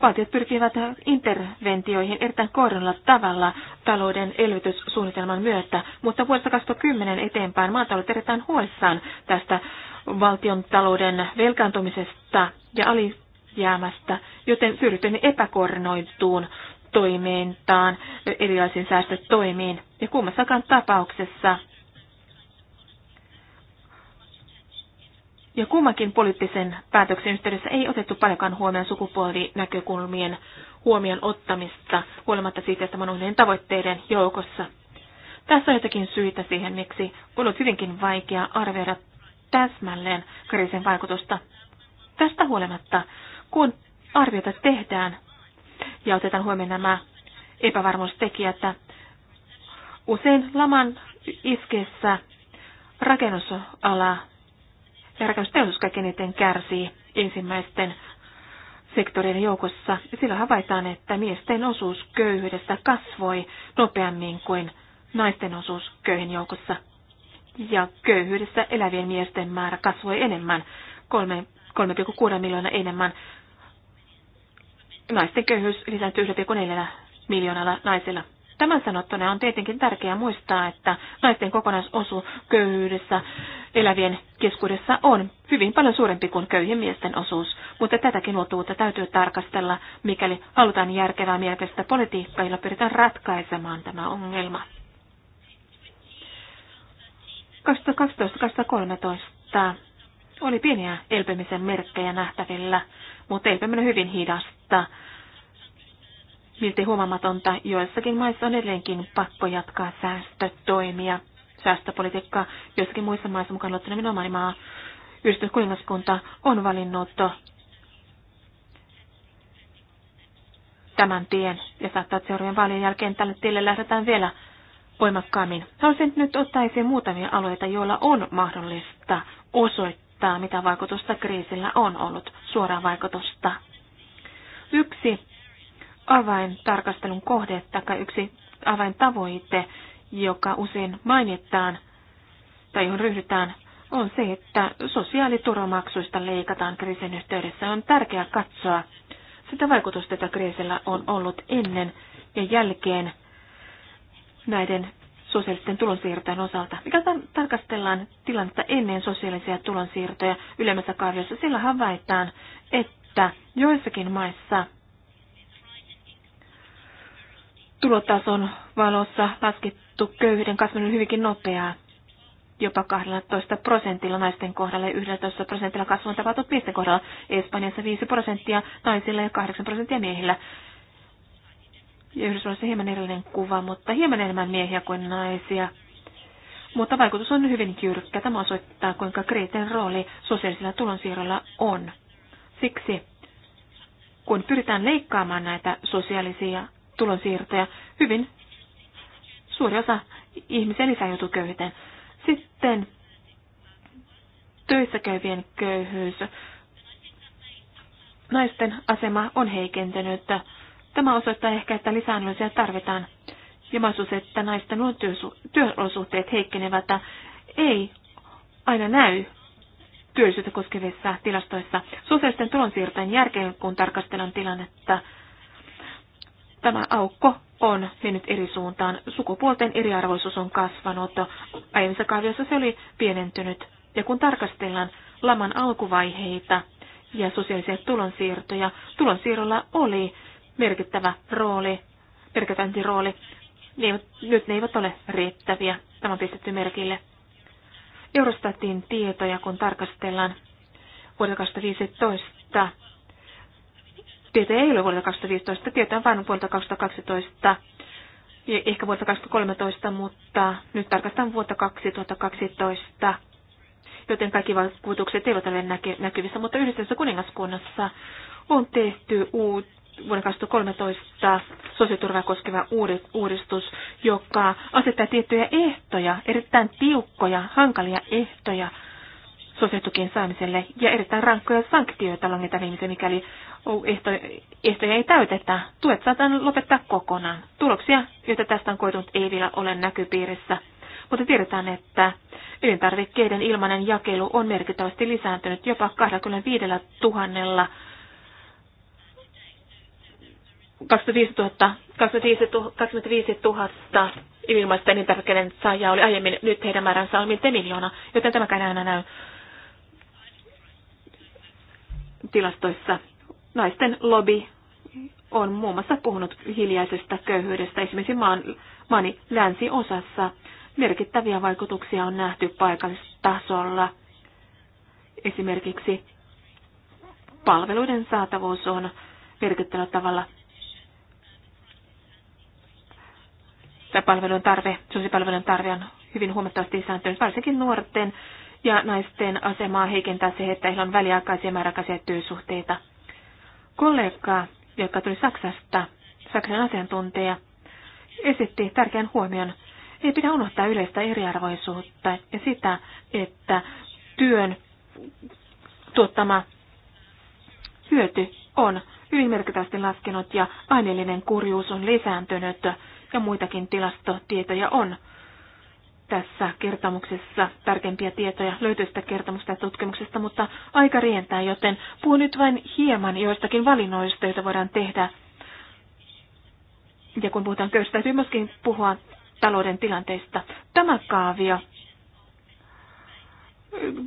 Valtiot pyrkivät interventioihin erittäin kohdalla tavalla talouden elvytyssuunnitelman myötä, mutta vuodesta 2010 eteenpäin maataloudet erittäin huolissaan tästä valtion talouden velkaantumisesta ja alijäämästä, joten syrjityin epäkoordinoituun toimeentaan erilaisiin säästötoimiin. Ja kummassakaan tapauksessa Ja kummankin poliittisen päätöksen yhteydessä ei otettu paljonkaan huomioon sukupuolinäkökulmien huomioon ottamista, huolimatta siitä, että monuiden tavoitteiden joukossa. Tässä on jotakin syitä siihen, miksi on ollut hyvinkin vaikea arvioida täsmälleen kriisin vaikutusta. Tästä huolimatta, kun arviota tehdään ja otetaan huomioon nämä epävarmuustekijät, usein laman iskessä rakennusala ja rakennusteollisuus kaiken eniten kärsii ensimmäisten sektorien joukossa. Sillä havaitaan, että miesten osuus köyhyydestä kasvoi nopeammin kuin naisten osuus köyhien joukossa. Ja köyhyydessä elävien miesten määrä kasvoi enemmän, 3,6 miljoonaa enemmän. Naisten köyhyys lisääntyi 1,4 miljoonalla naisella. Tämän sanottuna on tietenkin tärkeää muistaa, että naisten kokonaisosu köyhyydessä elävien keskuudessa on hyvin paljon suurempi kuin köyhien miesten osuus, mutta tätäkin luotuutta täytyy tarkastella, mikäli halutaan järkevää mielestä politiikkaa, jolla pyritään ratkaisemaan tämä ongelma. 2012-2013 oli pieniä elpymisen merkkejä nähtävillä, mutta elpyminen hyvin hidasta miltei huomaamatonta. Joissakin maissa on edelleenkin pakko jatkaa säästötoimia, Säästöpolitiikka Joissakin muissa maissa, mukaan luottuna minun omani maa, yhdistyskuningaskunta on valinnut tämän tien ja saattaa, seuraavien vaalien jälkeen tälle tielle lähdetään vielä voimakkaammin. Haluaisin nyt ottaa esiin muutamia alueita, joilla on mahdollista osoittaa, mitä vaikutusta kriisillä on ollut, suoraa vaikutusta. Yksi avaintarkastelun kohde tai yksi avaintavoite, joka usein mainitaan tai johon ryhdytään, on se, että sosiaaliturvamaksuista leikataan kriisin yhteydessä. On tärkeää katsoa sitä vaikutusta, jota kriisillä on ollut ennen ja jälkeen näiden sosiaalisten tulonsiirtojen osalta. Mikä tarkastellaan tilannetta ennen sosiaalisia tulonsiirtoja ylemmässä kaaviossa, sillä havaitaan, että joissakin maissa – tulotason valossa laskettu köyhyyden kasvanut hyvinkin nopeaa. Jopa 12 prosentilla naisten kohdalla ja 11 prosentilla kasvun tapahtunut miesten kohdalla. Espanjassa 5 prosenttia naisilla ja 8 prosenttia miehillä. Ja Yhdysvalloissa hieman erillinen kuva, mutta hieman enemmän miehiä kuin naisia. Mutta vaikutus on hyvin jyrkkä. Tämä osoittaa, kuinka kriitin rooli sosiaalisilla tulonsiirroilla on. Siksi kun pyritään leikkaamaan näitä sosiaalisia tulonsiirtoja. Hyvin suuri osa ihmisiä lisää joutuu köyhyyteen. Sitten töissä käyvien köyhyys. Naisten asema on heikentynyt. Tämä osoittaa ehkä, että lisäännöllisiä tarvitaan. Ja mahdollisuus, että naisten työolosuhteet heikkenevät, ei aina näy työllisyyttä koskevissa tilastoissa. Sosiaalisten tulonsiirtojen järkeen, kun tarkastellaan tilannetta, Tämä aukko on mennyt eri suuntaan. Sukupuolten eriarvoisuus on kasvanut. Aiemmissa kaaviossa se oli pienentynyt. Ja kun tarkastellaan laman alkuvaiheita ja sosiaalisia tulonsiirtoja, tulonsiirrolla oli merkittävä rooli, merkittävämpi rooli. nyt ne eivät ole riittäviä. Tämä on pistetty merkille. Eurostatin tietoja, kun tarkastellaan vuodelta 2015 Tietoja ei ole vuodelta 2015, tietoja on vain vuodelta 2012 ja ehkä vuodelta 2013, mutta nyt tarkastan vuotta 2012 joten kaikki vaikutukset eivät ole näkyvissä, mutta yhdessä kuningaskunnassa on tehty uut, vuoden 2013 sosiaaliturvaa koskeva uudistus, joka asettaa tiettyjä ehtoja, erittäin tiukkoja, hankalia ehtoja sosiaalitukien saamiselle ja erittäin rankkoja sanktioita langetaan ihmisille, mikäli ehto, ehtoja ei täytetä. Tuet saatetaan lopettaa kokonaan. Tuloksia, joita tästä on koitunut, ei vielä ole näkypiirissä. Mutta tiedetään, että elintarvikkeiden ilmainen jakelu on merkittävästi lisääntynyt jopa 25 000 25 000, 25 000 ilmaista elintarvikkeiden saajaa oli aiemmin, nyt heidän määränsä on miltei miljoona, joten tämäkään aina näy tilastoissa. Naisten lobby on muun muassa puhunut hiljaisesta köyhyydestä. Esimerkiksi maan, maani länsiosassa merkittäviä vaikutuksia on nähty paikallistasolla. Esimerkiksi palveluiden saatavuus on merkittävällä tavalla tämä palvelun tarve, sosiaalipalvelun tarve on hyvin huomattavasti lisääntynyt, varsinkin nuorten ja naisten asemaa heikentää se, että heillä on väliaikaisia määräaikaisia työsuhteita. Kollega, joka tuli Saksasta, Saksan asiantuntija, esitti tärkeän huomion. Ei pidä unohtaa yleistä eriarvoisuutta ja sitä, että työn tuottama hyöty on hyvin merkittävästi laskenut ja aineellinen kurjuus on lisääntynyt ja muitakin tilastotietoja on tässä kertomuksessa tarkempia tietoja löytyistä sitä kertomusta ja tutkimuksesta, mutta aika rientää, joten puhun nyt vain hieman joistakin valinnoista, joita voidaan tehdä. Ja kun puhutaan köystä, täytyy myöskin puhua talouden tilanteista. Tämä kaavio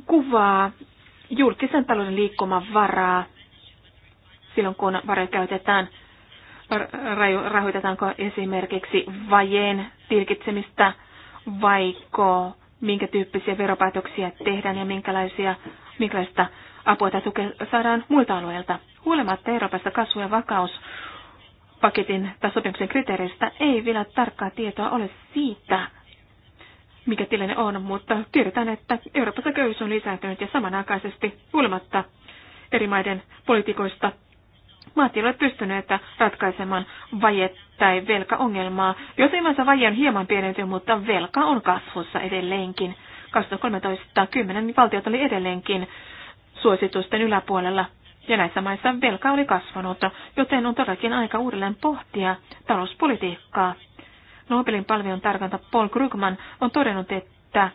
kuvaa julkisen talouden varaa, silloin, kun varoja käytetään rahoitetaanko esimerkiksi vajeen tilkitsemistä – vaiko minkä tyyppisiä veropäätöksiä tehdään ja minkälaisia, minkälaista apua tai tukea saadaan muilta alueilta. Huolimatta Euroopasta kasvu- ja vakauspaketin tai sopimuksen kriteereistä ei vielä tarkkaa tietoa ole siitä, mikä tilanne on, mutta tiedetään, että Euroopassa köyhyys on lisääntynyt ja samanaikaisesti huolimatta eri maiden politikoista Maat eivät pystyneet ratkaisemaan vaje- tai velkaongelmaa. Jotimansa vaje on hieman pienentynyt, mutta velka on kasvussa edelleenkin. 2013 2010 valtiot oli edelleenkin suositusten yläpuolella ja näissä maissa velka oli kasvanut, joten on todellakin aika uudelleen pohtia talouspolitiikkaa. Nobelin palvion tarkanta Paul Krugman on todennut, että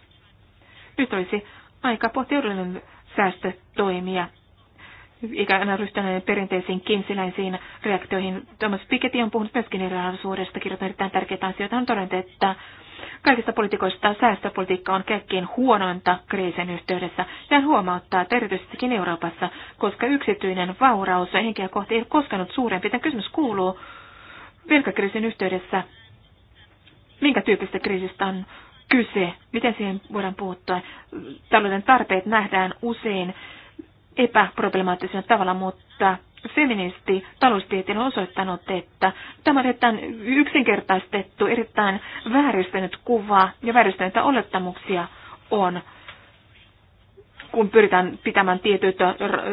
nyt olisi aika pohtia uudelleen säästötoimia eikä enää ryhtyä perinteisiin kinsiläisiin reaktioihin. Thomas Piketty on puhunut myöskin erilaisuudesta, kirjoittanut erittäin tärkeitä asioita. Hän on todennut, että kaikista poliitikoista säästöpolitiikka on kaikkein huonointa kriisin yhteydessä. Ja huomauttaa, että erityisestikin Euroopassa, koska yksityinen vauraus ja henkeä kohti ei ole koskenut suurempi. Tämä kysymys kuuluu velkakriisin yhteydessä, minkä tyyppistä kriisistä on kyse, miten siihen voidaan puuttua. Talouden tarpeet nähdään usein epäproblemaattisena tavalla, mutta feministi taloustieteen on osoittanut, että tämä on erittäin yksinkertaistettu, erittäin vääristynyt kuva ja vääristyneitä olettamuksia on kun pyritään pitämään tietyt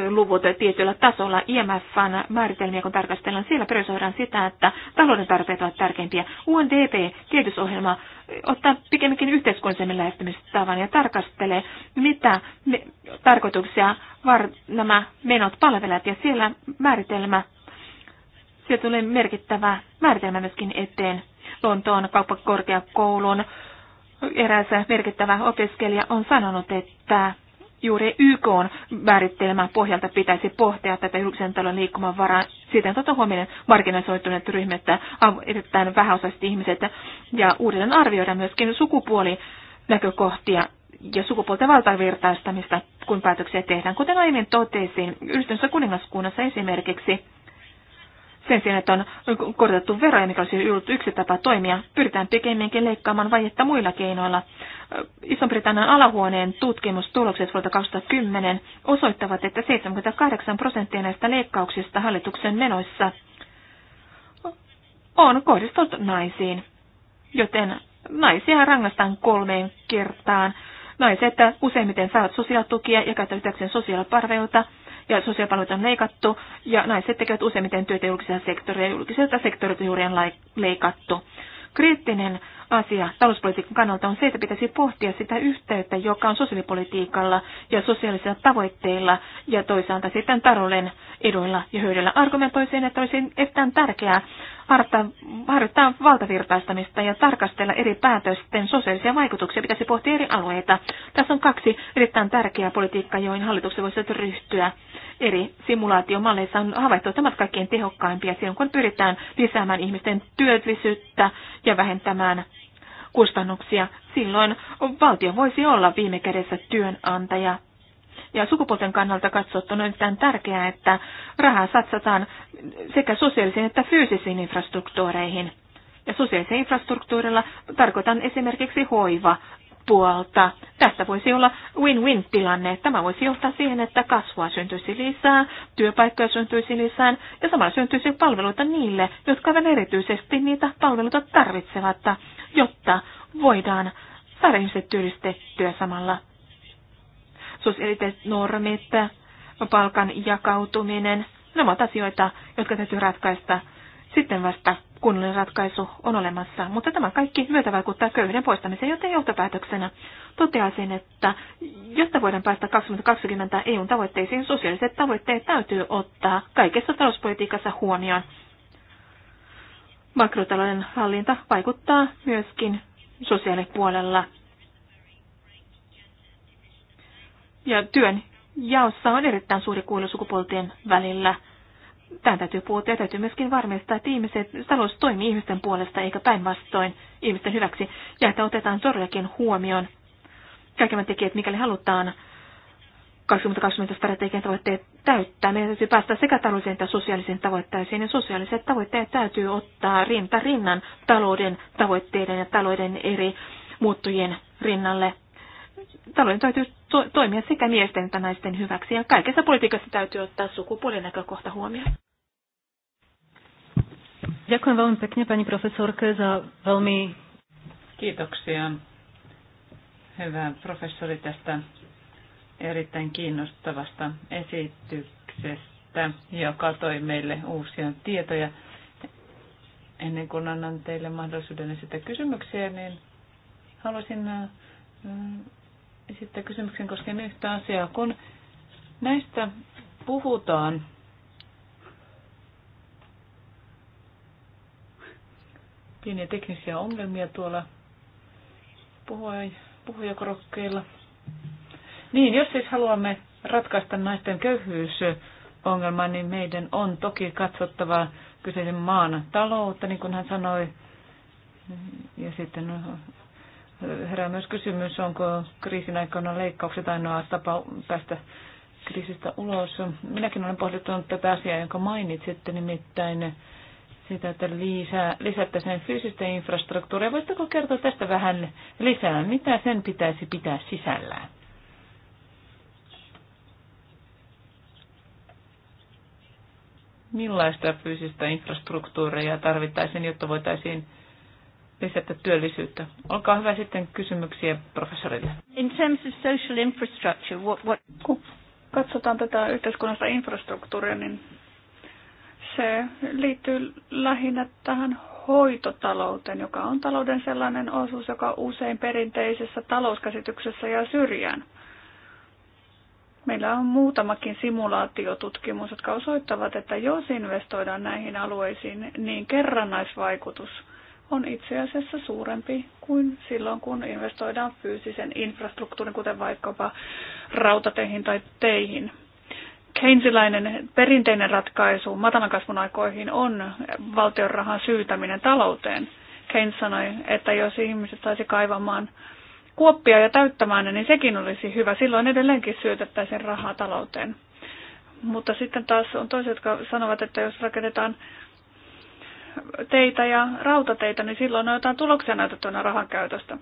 luvut tietyllä tasolla IMFn määritelmiä, kun tarkastellaan, siellä perusoidaan sitä, että talouden tarpeet ovat tärkeimpiä. UNDP, tietysohjelma, ottaa pikemminkin yhteiskunnallisen lähestymistavan ja tarkastelee, mitä me, tarkoituksia var, nämä menot palvelevat, ja siellä määritelmä, siellä tulee merkittävä määritelmä myöskin eteen Lontoon kauppakorkeakoulun eräs merkittävä opiskelija on sanonut, että juuri YK on määrittelemään pohjalta pitäisi pohtia tätä julkisen talouden liikkumavaraa. Siitä on totta huomioon marginalisoituneet ryhmät, erittäin vähäosaiset ihmiset ja uudelleen arvioida myöskin sukupuolinäkökohtia ja sukupuolten valtavirtaistamista, kun päätöksiä tehdään. Kuten aiemmin totesin, yhdistyneessä kuningaskunnassa esimerkiksi sen sijaan, että on korotettu veroja, mikä olisi ollut yksi tapa toimia, pyritään pikemminkin leikkaamaan vajetta muilla keinoilla. Iso-Britannian alahuoneen tutkimustulokset vuodelta 2010 osoittavat, että 78 prosenttia näistä leikkauksista hallituksen menoissa on kohdistunut naisiin, joten naisia rangaistaan kolmeen kertaan. Naiset useimmiten saavat sosiaalitukia ja käyttävät sosiaalipalveluita ja sosiaalipalveluita on leikattu ja naiset tekevät useimmiten työtä julkisella sektorilla ja julkiselta sektorilta juuri on leikattu. Kriittinen asia talouspolitiikan kannalta on se, että pitäisi pohtia sitä yhteyttä, joka on sosiaalipolitiikalla ja sosiaalisilla tavoitteilla ja toisaalta sitten talouden eduilla ja hyödyllä Argumentoi sen, että olisi erittäin tärkeää harjoittaa, valtavirtaistamista ja tarkastella eri päätösten sosiaalisia vaikutuksia. Pitäisi pohtia eri alueita. Tässä on kaksi erittäin tärkeää politiikkaa, joihin hallituksen voisi ryhtyä. Eri simulaatiomalleissa on havaittu, että ovat kaikkein tehokkaimpia silloin, kun pyritään lisäämään ihmisten työllisyyttä ja vähentämään kustannuksia, silloin valtio voisi olla viime kädessä työnantaja. Ja sukupuolten kannalta katsottuna on erittäin tärkeää, että rahaa satsataan sekä sosiaalisiin että fyysisiin infrastruktuureihin. Ja sosiaalisella infrastruktuurilla tarkoitan esimerkiksi hoiva, puolta. Tästä voisi olla win-win-tilanne. Tämä voisi johtaa siihen, että kasvua syntyisi lisää, työpaikkoja syntyisi lisää ja samalla syntyisi palveluita niille, jotka ovat erityisesti niitä palveluita tarvitsevat jotta voidaan saada ihmiset työllistettyä samalla. Sosiaaliset normit, palkan jakautuminen, ne ovat asioita, jotka täytyy ratkaista sitten vasta kunnollinen ratkaisu on olemassa, mutta tämä kaikki myötä vaikuttaa köyhyyden poistamiseen, joten johtopäätöksenä toteaisin, että jotta voidaan päästä 2020 EUn tavoitteisiin, sosiaaliset tavoitteet täytyy ottaa kaikessa talouspolitiikassa huomioon makrotalouden hallinta vaikuttaa myöskin sosiaalipuolella. Ja työn jaossa on erittäin suuri kuilu sukupuolten välillä. Tämä täytyy puhua ja täytyy myöskin varmistaa, että ihmiset, talous toimii ihmisten puolesta eikä päinvastoin ihmisten hyväksi ja että otetaan todellakin huomioon kaikemmat tekijät, mikäli halutaan 2020 strategian tavoitteet täyttää. Meidän täytyy päästä sekä taloudelliseen että sosiaalisiin tavoitteisiin, ja sosiaaliset tavoitteet täytyy ottaa rinta rinnan talouden tavoitteiden ja talouden eri muuttujien rinnalle. Talouden täytyy to- toimia sekä miesten että naisten hyväksi, ja kaikessa politiikassa täytyy ottaa näkökohta huomioon. Ďakujem veľmi pekne pani profesorke za veľmi... Kiitoksia, hyvä professori, tästä erittäin kiinnostavasta esityksestä, joka toi meille uusia tietoja. Ennen kuin annan teille mahdollisuuden esittää kysymyksiä, niin haluaisin äh, äh, esittää kysymyksen koskien yhtä asiaa. Kun näistä puhutaan, pieniä teknisiä ongelmia tuolla puhujakorokkeilla. Puhuja niin, jos siis haluamme ratkaista naisten köyhyysongelman, niin meidän on toki katsottava kyseisen maan taloutta, niin kuin hän sanoi. Ja sitten no, herää myös kysymys, onko kriisin aikana leikkaukset ainoa tapa päästä kriisistä ulos. Minäkin olen pohdittanut tätä asiaa, jonka mainitsitte, nimittäin sitä, että lisää, sen fyysistä infrastruktuuria. Voisitteko kertoa tästä vähän lisää? Mitä sen pitäisi pitää sisällään? millaista fyysistä infrastruktuuria tarvittaisiin, jotta voitaisiin lisätä työllisyyttä. Olkaa hyvä sitten kysymyksiä professorille. In terms of social infrastructure, what, what... Kun katsotaan tätä yhteiskunnallista infrastruktuuria, niin se liittyy lähinnä tähän hoitotalouteen, joka on talouden sellainen osuus, joka usein perinteisessä talouskäsityksessä jää syrjään. Meillä on muutamakin simulaatiotutkimus, jotka osoittavat, että jos investoidaan näihin alueisiin, niin kerrannaisvaikutus on itse asiassa suurempi kuin silloin, kun investoidaan fyysisen infrastruktuurin, kuten vaikkapa rautateihin tai teihin. Keynesilainen perinteinen ratkaisu matalan kasvun aikoihin on valtion rahan syytäminen talouteen. Keynes sanoi, että jos ihmiset saisi kaivamaan kuoppia ja täyttämään ne, niin sekin olisi hyvä. Silloin edelleenkin syötettäisiin rahaa talouteen. Mutta sitten taas on toiset, jotka sanovat, että jos rakennetaan teitä ja rautateitä, niin silloin on jotain tuloksia näytettynä rahan käytöstä.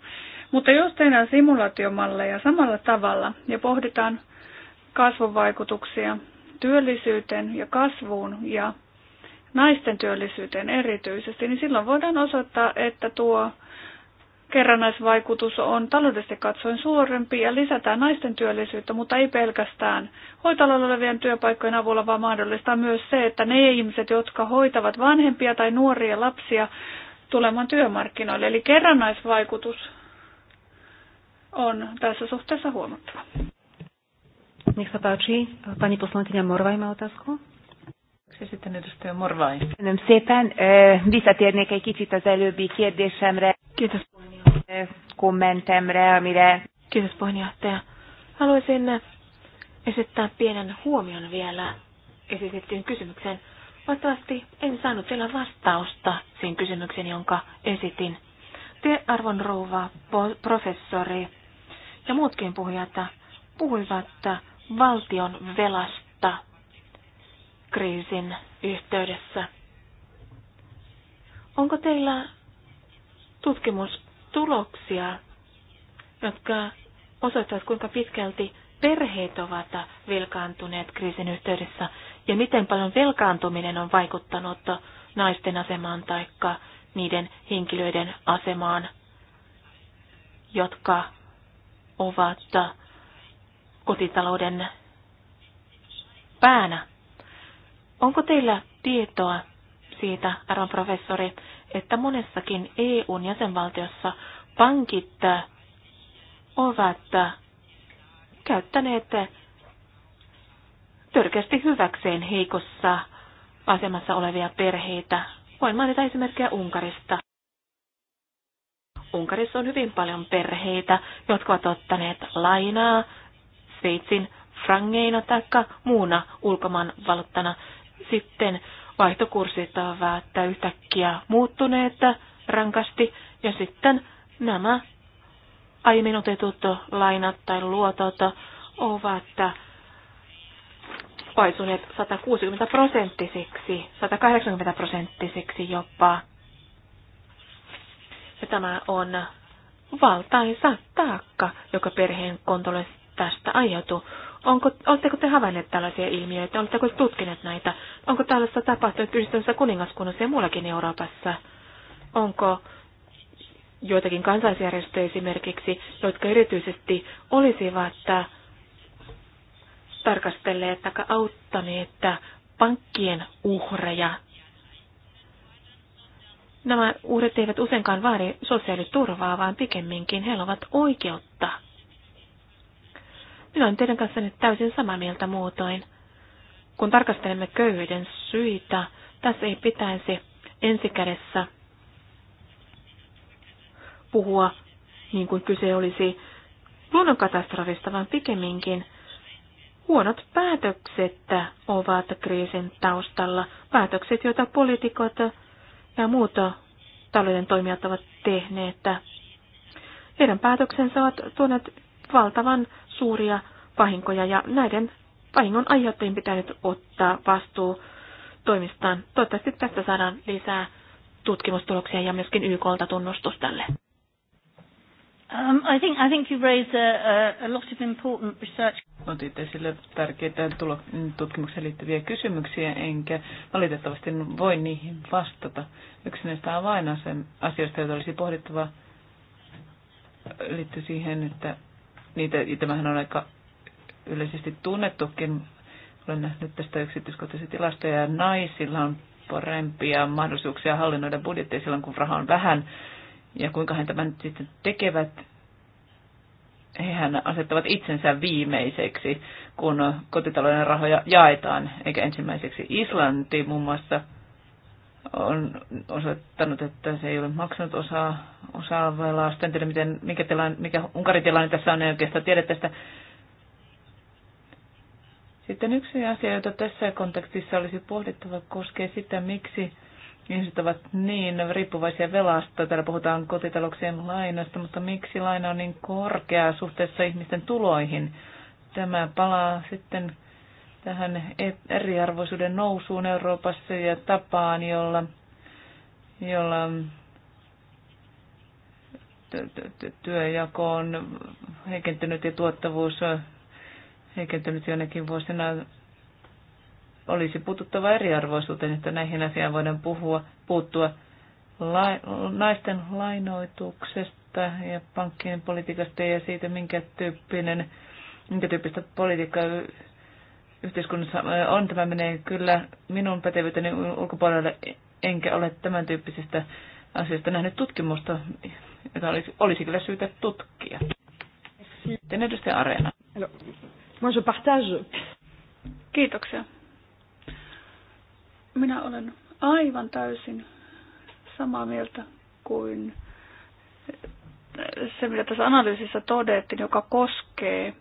Mutta jos tehdään simulaatiomalleja samalla tavalla ja pohditaan kasvuvaikutuksia työllisyyteen ja kasvuun ja naisten työllisyyteen erityisesti, niin silloin voidaan osoittaa, että tuo kerrannaisvaikutus on taloudellisesti katsoen suurempi ja lisätään naisten työllisyyttä, mutta ei pelkästään hoitoalalla olevien työpaikkojen avulla, vaan mahdollistaa myös se, että ne ihmiset, jotka hoitavat vanhempia tai nuoria lapsia, tulemaan työmarkkinoille. Eli kerrannaisvaikutus on tässä suhteessa huomattava. Miksi päätsi, Pani poslankyňa Morvai má sitten edustaja Morvai. Köszönöm szépen. Visszatérnék egy kicsit az előbbi kérdésemre. Kiitos kommentemre, mire... Kiitos puheenjohtaja. Haluaisin esittää pienen huomion vielä esitettyyn kysymykseen. Vastaavasti en saanut vielä vastausta siihen kysymykseen, jonka esitin. Te, arvon rouva, professori ja muutkin puhujat puhuivat valtion velasta kriisin yhteydessä. Onko teillä tutkimus tuloksia, jotka osoittavat, kuinka pitkälti perheet ovat velkaantuneet kriisin yhteydessä ja miten paljon velkaantuminen on vaikuttanut naisten asemaan tai niiden henkilöiden asemaan, jotka ovat kotitalouden päänä. Onko teillä tietoa siitä, arvon professori, että monessakin EUn jäsenvaltiossa pankit ovat käyttäneet törkeästi hyväkseen heikossa asemassa olevia perheitä. Voin mainita esimerkkejä Unkarista. Unkarissa on hyvin paljon perheitä, jotka ovat ottaneet lainaa Sveitsin frangeina tai muuna ulkomaan valuuttana. Sitten vaihtokurssit ovat yhtäkkiä muuttuneet rankasti ja sitten nämä aiemmin otetut lainat tai luotot ovat paisuneet 160 prosenttisiksi, 180 prosenttisiksi jopa. Ja tämä on valtaisa taakka, joka perheen kontolle tästä aiheutuu. Onko, oletteko te havainneet tällaisia ilmiöitä? Oletteko tutkineet näitä? Onko tällaista tapahtunut yhdistyneessä kuningaskunnassa ja muullakin Euroopassa? Onko joitakin kansalaisjärjestöjä esimerkiksi, jotka erityisesti olisivat äh, tarkastelleet tai auttaneet äh, pankkien uhreja. Nämä uhrit eivät useinkaan vaadi sosiaaliturvaa, vaan pikemminkin heillä ovat oikeutta minä olen teidän kanssanne täysin samaa mieltä muutoin. Kun tarkastelemme köyhyyden syitä, tässä ei pitäisi ensikädessä puhua niin kuin kyse olisi luonnonkatastrofista, vaan pikemminkin huonot päätökset ovat kriisin taustalla. Päätökset, joita poliitikot ja muut talouden toimijat ovat tehneet. Heidän päätöksensä ovat tuoneet valtavan suuria vahinkoja ja näiden vahingon aiheuttajien pitää nyt ottaa vastuu toimistaan. Toivottavasti tästä saadaan lisää tutkimustuloksia ja myöskin YKlta tunnustus tälle. Um, I think I think you raise a, a, a lot of important research. Otit esille tärkeitä tulo, tutkimukseen liittyviä kysymyksiä, enkä valitettavasti voi niihin vastata. Yksi näistä avainasioista, joita olisi pohdittava, liittyy siihen, että niitä, tämähän on aika yleisesti tunnettukin. Olen nähnyt tästä yksityiskohtaisia tilastoja ja naisilla on parempia mahdollisuuksia hallinnoida budjettia silloin, kun raha on vähän. Ja kuinka he tämän sitten tekevät, hehän asettavat itsensä viimeiseksi, kun kotitalouden rahoja jaetaan, eikä ensimmäiseksi Islanti muun muassa – on osoittanut, että se ei ole maksanut osaa, osaa velasta. En tiedä, miten, mikä, tilanne, mikä Unkarin tilanne tässä on, ei oikeastaan tiedä tästä. Sitten yksi asia, jota tässä kontekstissa olisi pohdittava, koskee sitä, miksi ihmiset ovat niin riippuvaisia velasta. Täällä puhutaan kotitalouksien lainasta, mutta miksi laina on niin korkea suhteessa ihmisten tuloihin? Tämä palaa sitten tähän eriarvoisuuden nousuun Euroopassa ja tapaan, jolla, jolla työjako on heikentynyt ja tuottavuus on heikentynyt jonnekin vuosina olisi puututtava eriarvoisuuteen, että näihin asiaan voidaan puhua, puuttua la, naisten lainoituksesta ja pankkien politiikasta ja siitä, minkä, tyyppinen, minkä tyyppistä politiikkaa yhteiskunnassa on. Tämä menee kyllä minun pätevyyteni ulkopuolelle, enkä ole tämän tyyppisestä asiasta nähnyt tutkimusta, jota olisi, olisi kyllä syytä tutkia. Sitten edustaja Areena. Moi, je partage. Kiitoksia. Minä olen aivan täysin samaa mieltä kuin se, mitä tässä analyysissä todettiin, joka koskee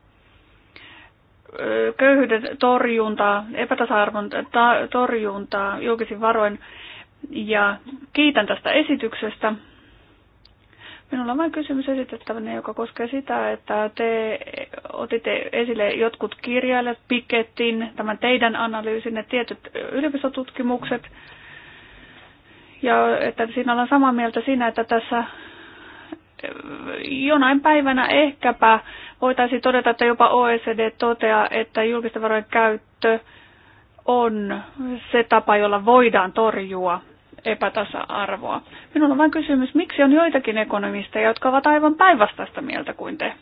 köyhyyden torjuntaa, epätasa-arvon ta- torjuntaa julkisin varoin. Ja kiitän tästä esityksestä. Minulla on vain kysymys esitettävänä, joka koskee sitä, että te otitte esille jotkut kirjailijat, Pikettin, tämän teidän analyysinne, tietyt yliopistotutkimukset. Ja että siinä ollaan samaa mieltä siinä, että tässä jonain päivänä ehkäpä voitaisiin todeta, että jopa OECD toteaa, että julkisten varojen käyttö on se tapa, jolla voidaan torjua epätasa-arvoa. Minulla on vain kysymys, miksi on joitakin ekonomisteja, jotka ovat aivan päinvastaista mieltä kuin te?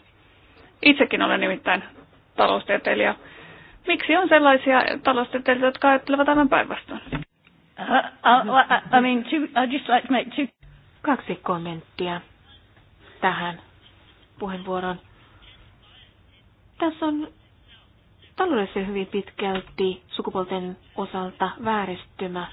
Itsekin olen nimittäin taloustieteilijä. Miksi on sellaisia taloustieteilijöitä, jotka ajattelevat aivan päinvastoin? Uh, uh, uh, I, mean, just like to make two... Kaksi kommenttia tähän puheenvuoron. Tässä on taloudessa hyvin pitkälti sukupuolten osalta vääristymä.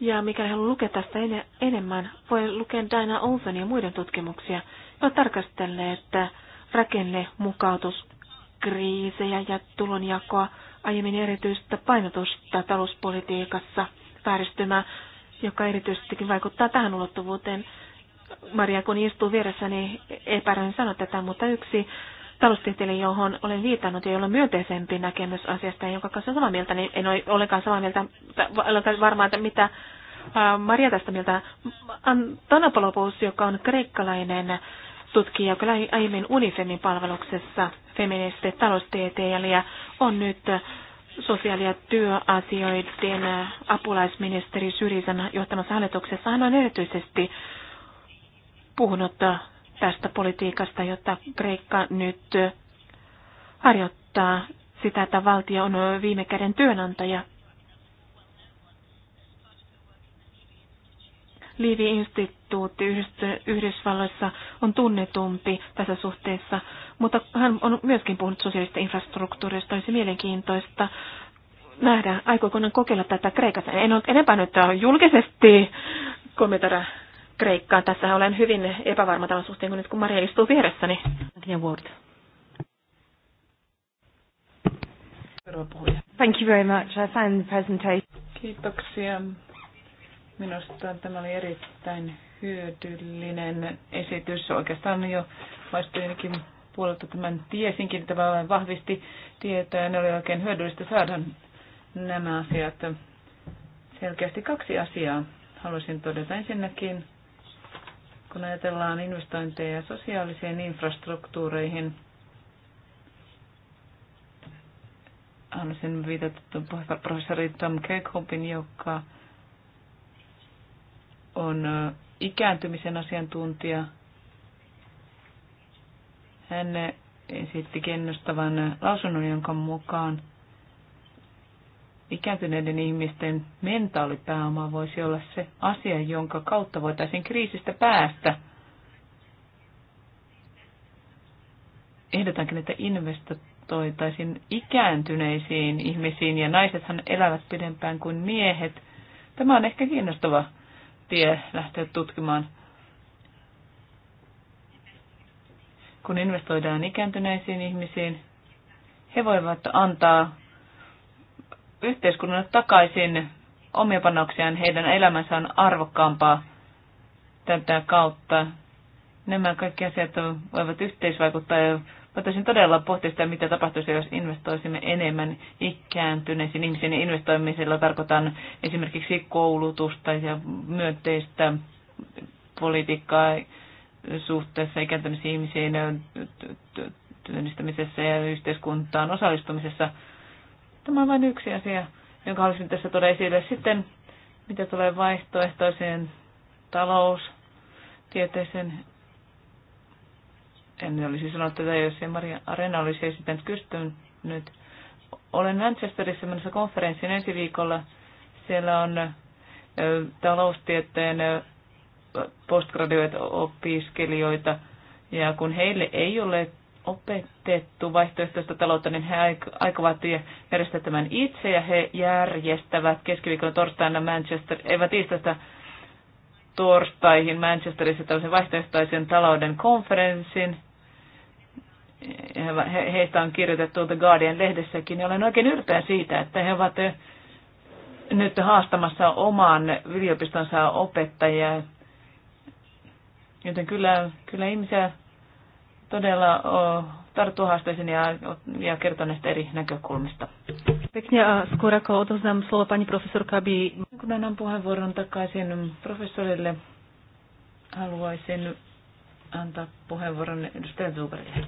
Ja mikäli haluaa lukea tästä en- enemmän, voi lukea Dina Olsen ja muiden tutkimuksia, jotka tarkastelleet että rakennemukautuskriisejä ja tulonjakoa, aiemmin erityistä painotusta talouspolitiikassa, vääristymää joka erityisestikin vaikuttaa tähän ulottuvuuteen. Maria, kun istuu vieressäni, niin epäröin sanoa tätä, mutta yksi taloustieteilijä, johon olen viitannut ja jolla on myönteisempi näkemys asiasta, jonka kanssa on samaa mieltä, niin en ole ollenkaan samaa mieltä, olen varmaan, että mitä Maria tästä mieltä. Antonopoulos, joka on kreikkalainen tutkija, joka aiemmin Unifemin palveluksessa feministi taloustieteilijä, on nyt sosiaali- ja työasioiden apulaisministeri Syrisen johtamassa hallituksessa. Hän on erityisesti puhunut tästä politiikasta, jotta Kreikka nyt harjoittaa sitä, että valtio on viime käden työnantaja Liivi-instituutti Yhdysvalloissa on tunnetumpi tässä suhteessa, mutta hän on myöskin puhunut sosiaalista infrastruktuurista. Olisi mielenkiintoista nähdä, aikoiko hän kokeilla tätä Kreikassa. En ole enempää nyt julkisesti kommentoida Kreikkaa. Tässä olen hyvin epävarma tämän suhteen, kun nyt kun Maria istuu vieressäni. Thank you very much. I found the presentation. Kiitoksia. Minusta tämä oli erittäin hyödyllinen esitys. Oikeastaan jo vastoinkin puolelta tämän tiesinkin, tämä vahvisti tietoa ja ne oli oikein hyödyllistä saada nämä asiat. Selkeästi kaksi asiaa haluaisin todeta. Ensinnäkin, kun ajatellaan investointeja sosiaalisiin infrastruktuureihin, haluaisin viitata professori Tom Kekhopin, joka on ikääntymisen asiantuntija. Hän esitti kennostavan lausunnon, jonka mukaan ikääntyneiden ihmisten mentaalipääoma voisi olla se asia, jonka kautta voitaisiin kriisistä päästä. Ehdotankin, että investoitaisiin ikääntyneisiin ihmisiin, ja naisethan elävät pidempään kuin miehet. Tämä on ehkä kiinnostava tie lähteä tutkimaan. Kun investoidaan ikääntyneisiin ihmisiin, he voivat antaa yhteiskunnalle takaisin omia panoksiaan. Heidän elämänsä on arvokkaampaa tätä kautta. Nämä kaikki asiat voivat yhteisvaikuttaa ja voitaisin todella pohtia sitä, mitä tapahtuisi, jos investoisimme enemmän ikääntyneisiin ihmisiin. Investoimisella tarkoitan esimerkiksi koulutusta ja myönteistä politiikkaa suhteessa ikääntymisiin ihmisiin työllistämisessä ja yhteiskuntaan osallistumisessa. Tämä on vain yksi asia, jonka haluaisin tässä tuoda esille. Sitten mitä tulee vaihtoehtoiseen talous, tieteeseen, en olisi sanonut tätä, jos ei Maria Arena olisi esittänyt kystynyt. Olen Manchesterissa menossa konferenssin ensi viikolla. Siellä on taloustieteen postgraduate-opiskelijoita, ja kun heille ei ole opetettu vaihtoehtoista taloutta, niin he aikovat järjestää tämän itse, ja he järjestävät keskiviikon torstaina Manchester, eivät tiistaista torstaihin Manchesterissa tällaisen vaihtoehtoisen talouden konferenssin heistä on kirjoitettu The Guardian-lehdessäkin, niin olen oikein ylpeä siitä, että he ovat eh, nyt haastamassa oman yliopistonsa opettajia. Joten kyllä, kyllä ihmisiä todella tarttuu haasteisiin ja, ja kertoo näistä eri näkökulmista. Pekne a skôr ako odovzdám slovo pani profesorka, aby... Kun annan puheenvuoron takaisin professorille, haluaisin antaa puheenvuoron edustajan Zuberille.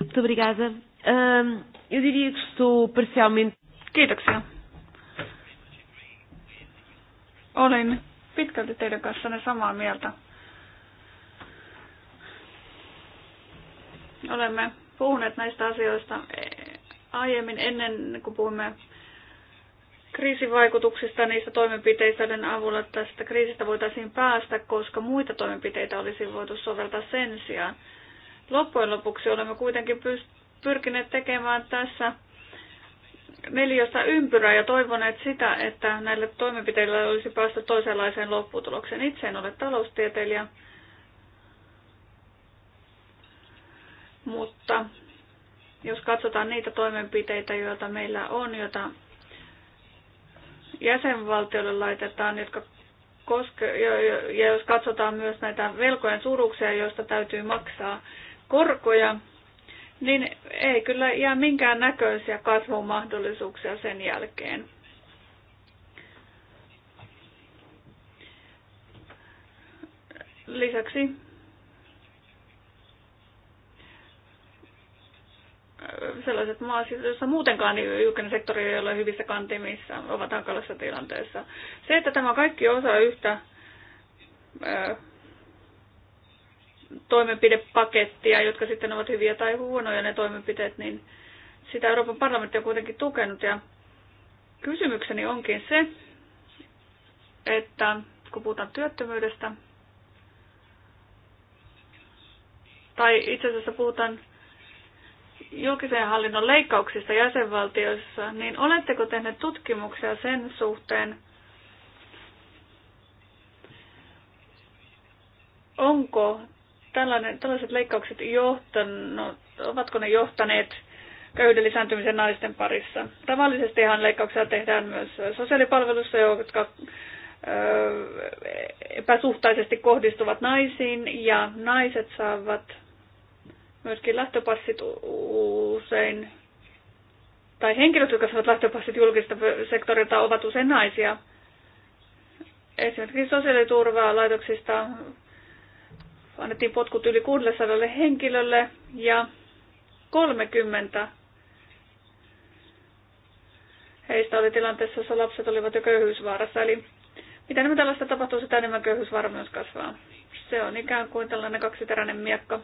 Muito obrigada. Um, eu diria que estou parcialmente... Que Olen pitkälti teidän kanssanne samaa mieltä. Olemme puhuneet näistä asioista eh, aiemmin ennen kuin puhumme kriisivaikutuksista niistä toimenpiteistä, joiden avulla tästä kriisistä voitaisiin päästä, koska muita toimenpiteitä olisi voitu soveltaa sen sijaan. Loppujen lopuksi olemme kuitenkin pyrkineet tekemään tässä neljästä ympyrää ja toivoneet sitä, että näille toimenpiteillä olisi päästä toisenlaiseen lopputulokseen. Itse en ole taloustieteilijä, mutta jos katsotaan niitä toimenpiteitä, joita meillä on, joita jäsenvaltioille laitetaan, jotka koske, ja jos katsotaan myös näitä velkojen suruksia, joista täytyy maksaa, korkoja, niin ei kyllä jää minkään näköisiä kasvumahdollisuuksia sen jälkeen. Lisäksi äh, sellaiset maat, joissa muutenkaan niin julkinen sektori ei ole hyvissä kantimissa, ovat hankalassa tilanteessa. Se, että tämä kaikki osa yhtä äh, toimenpidepakettia, jotka sitten ovat hyviä tai huonoja ne toimenpiteet, niin sitä Euroopan parlamentti on kuitenkin tukenut. Ja kysymykseni onkin se, että kun puhutaan työttömyydestä, tai itse asiassa puhutaan julkisen hallinnon leikkauksista jäsenvaltioissa, niin oletteko tehneet tutkimuksia sen suhteen, onko tällainen, tällaiset leikkaukset johtanut, ovatko ne johtaneet köyhyyden lisääntymisen naisten parissa. Tavallisestihan leikkauksia tehdään myös sosiaalipalvelussa, jotka epäsuhtaisesti kohdistuvat naisiin ja naiset saavat myöskin lähtöpassit usein, tai henkilöt, jotka saavat lähtöpassit julkista sektorilta, ovat usein naisia. Esimerkiksi sosiaaliturvaa laitoksista annettiin potkut yli 600 henkilölle ja 30 heistä oli tilanteessa, jossa lapset olivat jo köyhyysvaarassa. Eli mitä enemmän tällaista tapahtuu, sitä enemmän köyhyysvaara myös kasvaa. Se on ikään kuin tällainen kaksiteräinen miekka,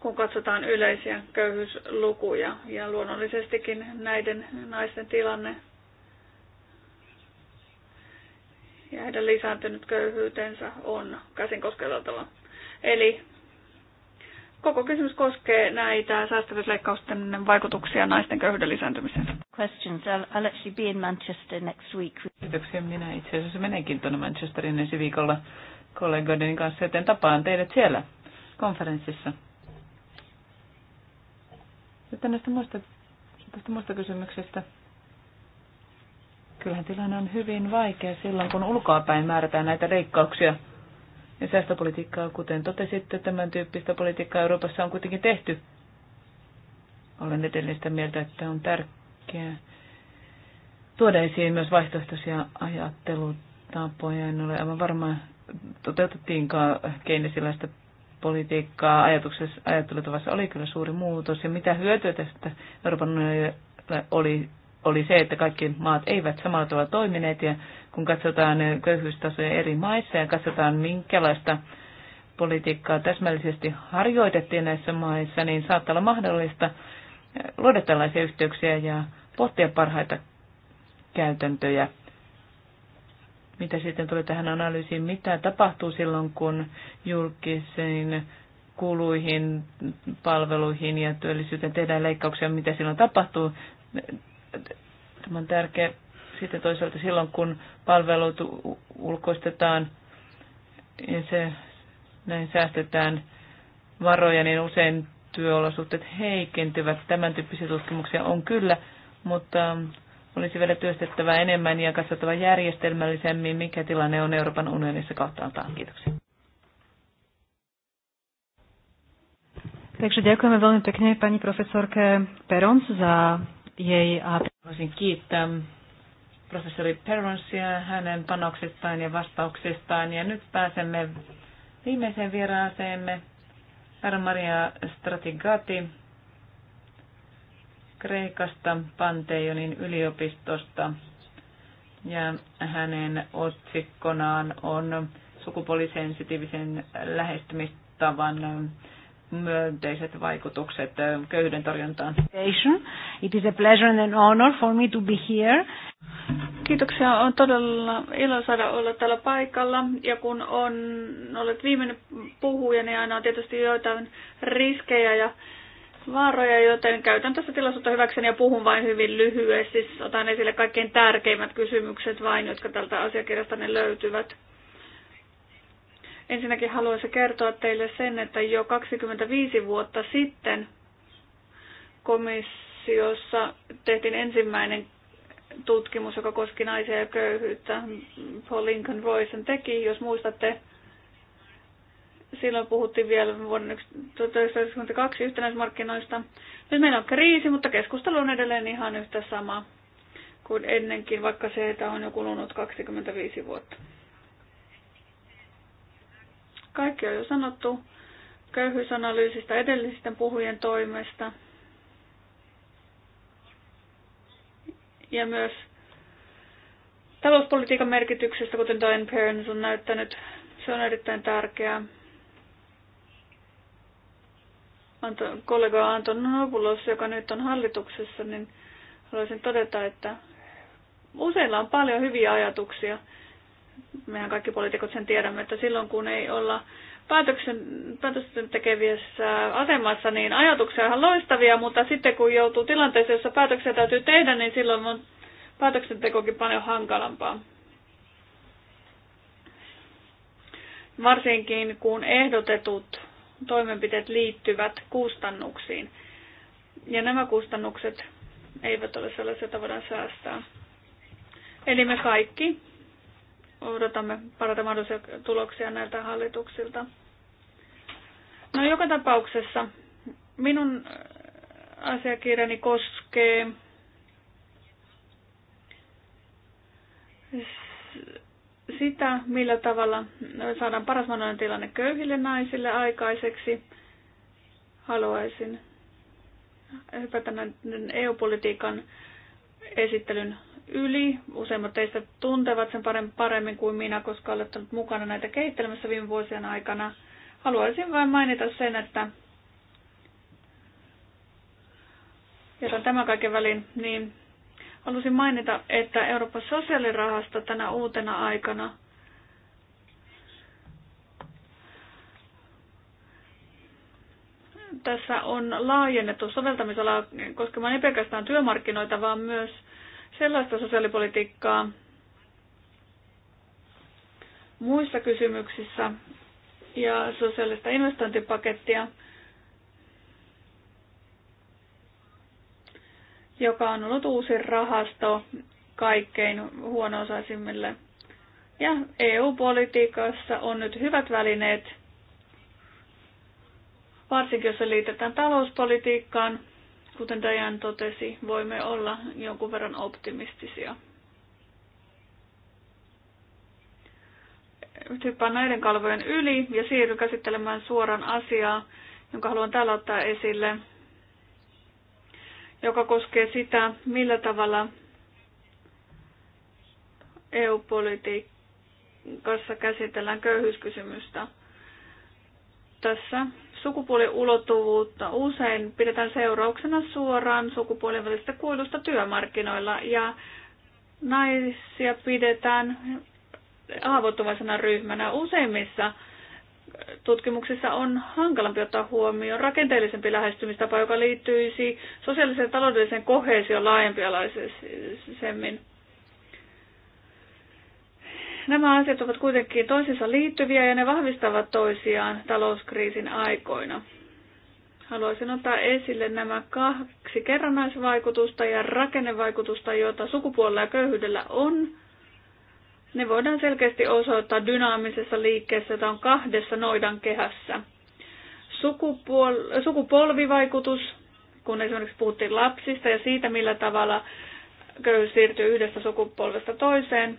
kun katsotaan yleisiä köyhyyslukuja. Ja luonnollisestikin näiden naisten tilanne ja heidän lisääntynyt köyhyytensä on käsin kosketeltava. Eli koko kysymys koskee näitä säästävyysleikkausten vaikutuksia naisten köyhyyden lisääntymiseen. Questions. I'll, I'll actually be in Manchester next week. Kiitoksia. Minä itse asiassa menenkin tuonne Manchesterin ensi viikolla kollegoideni kanssa, joten tapaan teidät siellä konferenssissa. Sitten näistä muista, tästä muista kysymyksistä. Kyllähän tilanne on hyvin vaikea silloin, kun ulkoapäin määrätään näitä leikkauksia. Ja säästöpolitiikkaa, kuten totesitte, tämän tyyppistä politiikkaa Euroopassa on kuitenkin tehty. Olen edelleen sitä mieltä, että on tärkeää tuoda esiin myös vaihtoehtoisia ajattelutapoja. En ole aivan varma, toteutettiinkaan keinesiläistä politiikkaa. Ajatuksessa, ajattelutavassa oli kyllä suuri muutos. Ja mitä hyötyä tästä Euroopan unionille oli oli se, että kaikki maat eivät samalla tavalla toimineet ja kun katsotaan eh, köyhyystasoja eri maissa ja katsotaan minkälaista politiikkaa täsmällisesti harjoitettiin näissä maissa, niin saattaa olla mahdollista eh, luoda tällaisia yhteyksiä ja pohtia parhaita käytäntöjä. Mitä sitten tulee tähän analyysiin, mitä tapahtuu silloin, kun julkisiin kuluihin, palveluihin ja työllisyyteen tehdään leikkauksia, mitä silloin tapahtuu? Tämä on tärkeä. Sitten toisaalta silloin, kun palvelut ulkoistetaan ja niin se, näin säästetään varoja, niin usein työolosuhteet heikentyvät. Tämän tyyppisiä tutkimuksia on kyllä, mutta olisi vielä työstettävä enemmän ja katsottava järjestelmällisemmin, mikä tilanne on Euroopan unionissa kauttaaltaan. Kiitoksia. Takže ďakujeme veľmi pekne pani profesorke Perons za Hei, äh, Haluaisin kiittää professori Peronsia hänen panoksistaan ja vastauksistaan. Ja nyt pääsemme viimeiseen vieraaseemme, Maria Stratigati Kreikasta Panteionin yliopistosta. Ja hänen otsikkonaan on sukupuolisensitiivisen lähestymistavan myönteiset vaikutukset köyhyyden torjuntaan. It is a pleasure and an honor for me to be here. Kiitoksia. On todella ilo saada olla täällä paikalla. Ja kun on, olet viimeinen puhuja, niin aina on tietysti joitain riskejä ja vaaroja, joten käytän tässä tilaisuutta hyväkseni ja puhun vain hyvin lyhyesti. Siis otan esille kaikkein tärkeimmät kysymykset vain, jotka tältä asiakirjasta ne löytyvät. Ensinnäkin haluaisin kertoa teille sen, että jo 25 vuotta sitten komissiossa tehtiin ensimmäinen tutkimus, joka koski naisia ja köyhyyttä. Paul Lincoln Roysen teki, jos muistatte. Silloin puhuttiin vielä vuonna 1992 yhtenäismarkkinoista. Nyt meillä on kriisi, mutta keskustelu on edelleen ihan yhtä sama kuin ennenkin, vaikka se, että on jo kulunut 25 vuotta. Kaikki on jo sanottu köyhyysanalyysistä edellisten puhujien toimesta. Ja myös talouspolitiikan merkityksestä, kuten Diane Perrins on näyttänyt, se on erittäin tärkeää. Anto, kollega Anton Nopulos, joka nyt on hallituksessa, niin haluaisin todeta, että useilla on paljon hyviä ajatuksia – mehän kaikki poliitikot sen tiedämme, että silloin kun ei olla päätöksen, päätösten tekevissä asemassa, niin ajatuksia on ihan loistavia, mutta sitten kun joutuu tilanteeseen, jossa päätöksiä täytyy tehdä, niin silloin on päätöksentekokin paljon hankalampaa. Varsinkin kun ehdotetut toimenpiteet liittyvät kustannuksiin. Ja nämä kustannukset eivät ole sellaisia, joita voidaan säästää. Eli me kaikki odotamme parata mahdollisia tuloksia näiltä hallituksilta. No joka tapauksessa minun äh, asiakirjani koskee sitä, millä tavalla saadaan paras mahdollinen tilanne köyhille naisille aikaiseksi. Haluaisin hypätä EU-politiikan e esittelyn yli. Useimmat teistä tuntevat sen paremmin kuin minä, koska olette ollut mukana näitä kehittelemässä viime vuosien aikana. Haluaisin vain mainita sen, että jätän tämän kaiken välin, niin halusin mainita, että Euroopan sosiaalirahasto tänä uutena aikana tässä on laajennettu soveltamisala koskemaan ei pelkästään työmarkkinoita, vaan myös sellaista sosiaalipolitiikkaa muissa kysymyksissä ja sosiaalista investointipakettia, joka on ollut uusi rahasto kaikkein huono-osaisimmille. Ja EU-politiikassa on nyt hyvät välineet, varsinkin jos se liitetään talouspolitiikkaan – Kuten Dajan totesi, voimme olla jonkun verran optimistisia. Hyppään näiden kalvojen yli ja siirryn käsittelemään suoraan asiaa, jonka haluan täällä ottaa esille, joka koskee sitä, millä tavalla EU-politiikassa käsitellään köyhyyskysymystä. Tässä sukupuoliulottuvuutta usein pidetään seurauksena suoraan sukupuolen välistä kuilusta työmarkkinoilla ja naisia pidetään haavoittuvaisena ryhmänä. Useimmissa tutkimuksissa on hankalampi ottaa huomioon rakenteellisempi lähestymistapa, joka liittyisi sosiaalisen ja taloudellisen kohesion laajempialaisemmin. Nämä asiat ovat kuitenkin toisiinsa liittyviä ja ne vahvistavat toisiaan talouskriisin aikoina. Haluaisin ottaa esille nämä kaksi kerrannaisvaikutusta ja rakennevaikutusta, joita sukupuolella ja köyhyydellä on. Ne voidaan selkeästi osoittaa dynaamisessa liikkeessä, jota on kahdessa noidan kehässä. Sukupuol- sukupolvivaikutus, kun esimerkiksi puhuttiin lapsista ja siitä, millä tavalla köyhyys siirtyy yhdestä sukupolvesta toiseen,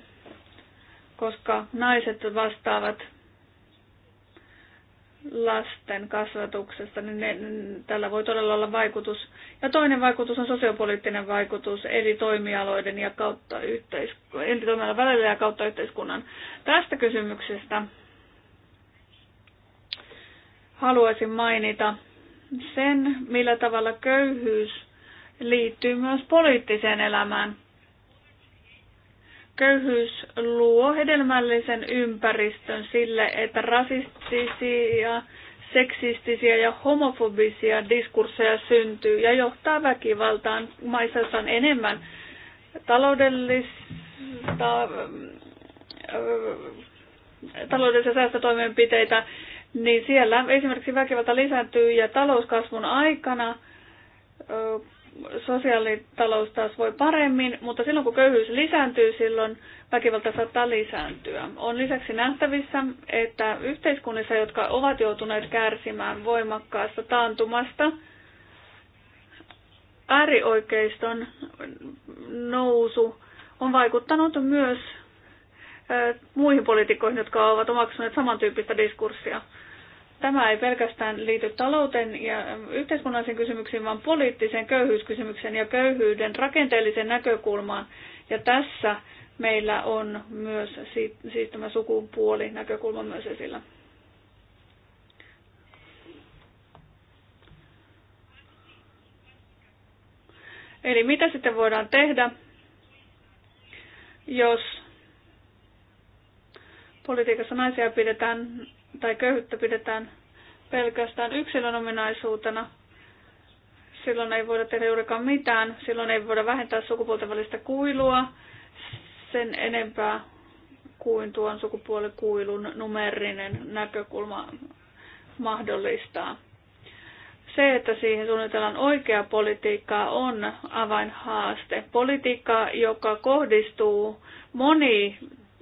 koska naiset vastaavat lasten kasvatuksesta, niin ne, tällä voi todella olla vaikutus. Ja toinen vaikutus on sosiopoliittinen vaikutus eri toimialoiden ja kautta yhteisk- eri välillä ja kautta yhteiskunnan. Tästä kysymyksestä haluaisin mainita sen, millä tavalla köyhyys liittyy myös poliittiseen elämään. Köyhyys luo hedelmällisen ympäristön sille, että rasistisia, seksistisiä ja homofobisia diskursseja syntyy ja johtaa väkivaltaan maissa, joissa on enemmän taloudellista, äh, taloudellisia säästötoimenpiteitä, niin siellä esimerkiksi väkivalta lisääntyy ja talouskasvun aikana äh, sosiaalitalous taas voi paremmin, mutta silloin kun köyhyys lisääntyy, silloin väkivalta saattaa lisääntyä. On lisäksi nähtävissä, että yhteiskunnissa, jotka ovat joutuneet kärsimään voimakkaasta taantumasta, äärioikeiston nousu on vaikuttanut myös muihin poliitikkoihin, jotka ovat omaksuneet samantyyppistä diskurssia. Tämä ei pelkästään liity talouteen ja yhteiskunnallisiin kysymyksiin, vaan poliittiseen köyhyyskysymykseen ja köyhyyden rakenteelliseen näkökulmaan. Ja tässä meillä on myös siis tämä sukupuoli näkökulma myös esillä. Eli mitä sitten voidaan tehdä, jos politiikassa naisia pidetään tai köyhyyttä pidetään pelkästään yksilön ominaisuutena, silloin ei voida tehdä juurikaan mitään, silloin ei voida vähentää sukupuolten välistä kuilua sen enempää kuin tuon sukupuolikuilun numerinen näkökulma mahdollistaa. Se, että siihen suunnitellaan oikea politiikkaa, on avainhaaste. Politiikka, joka kohdistuu moni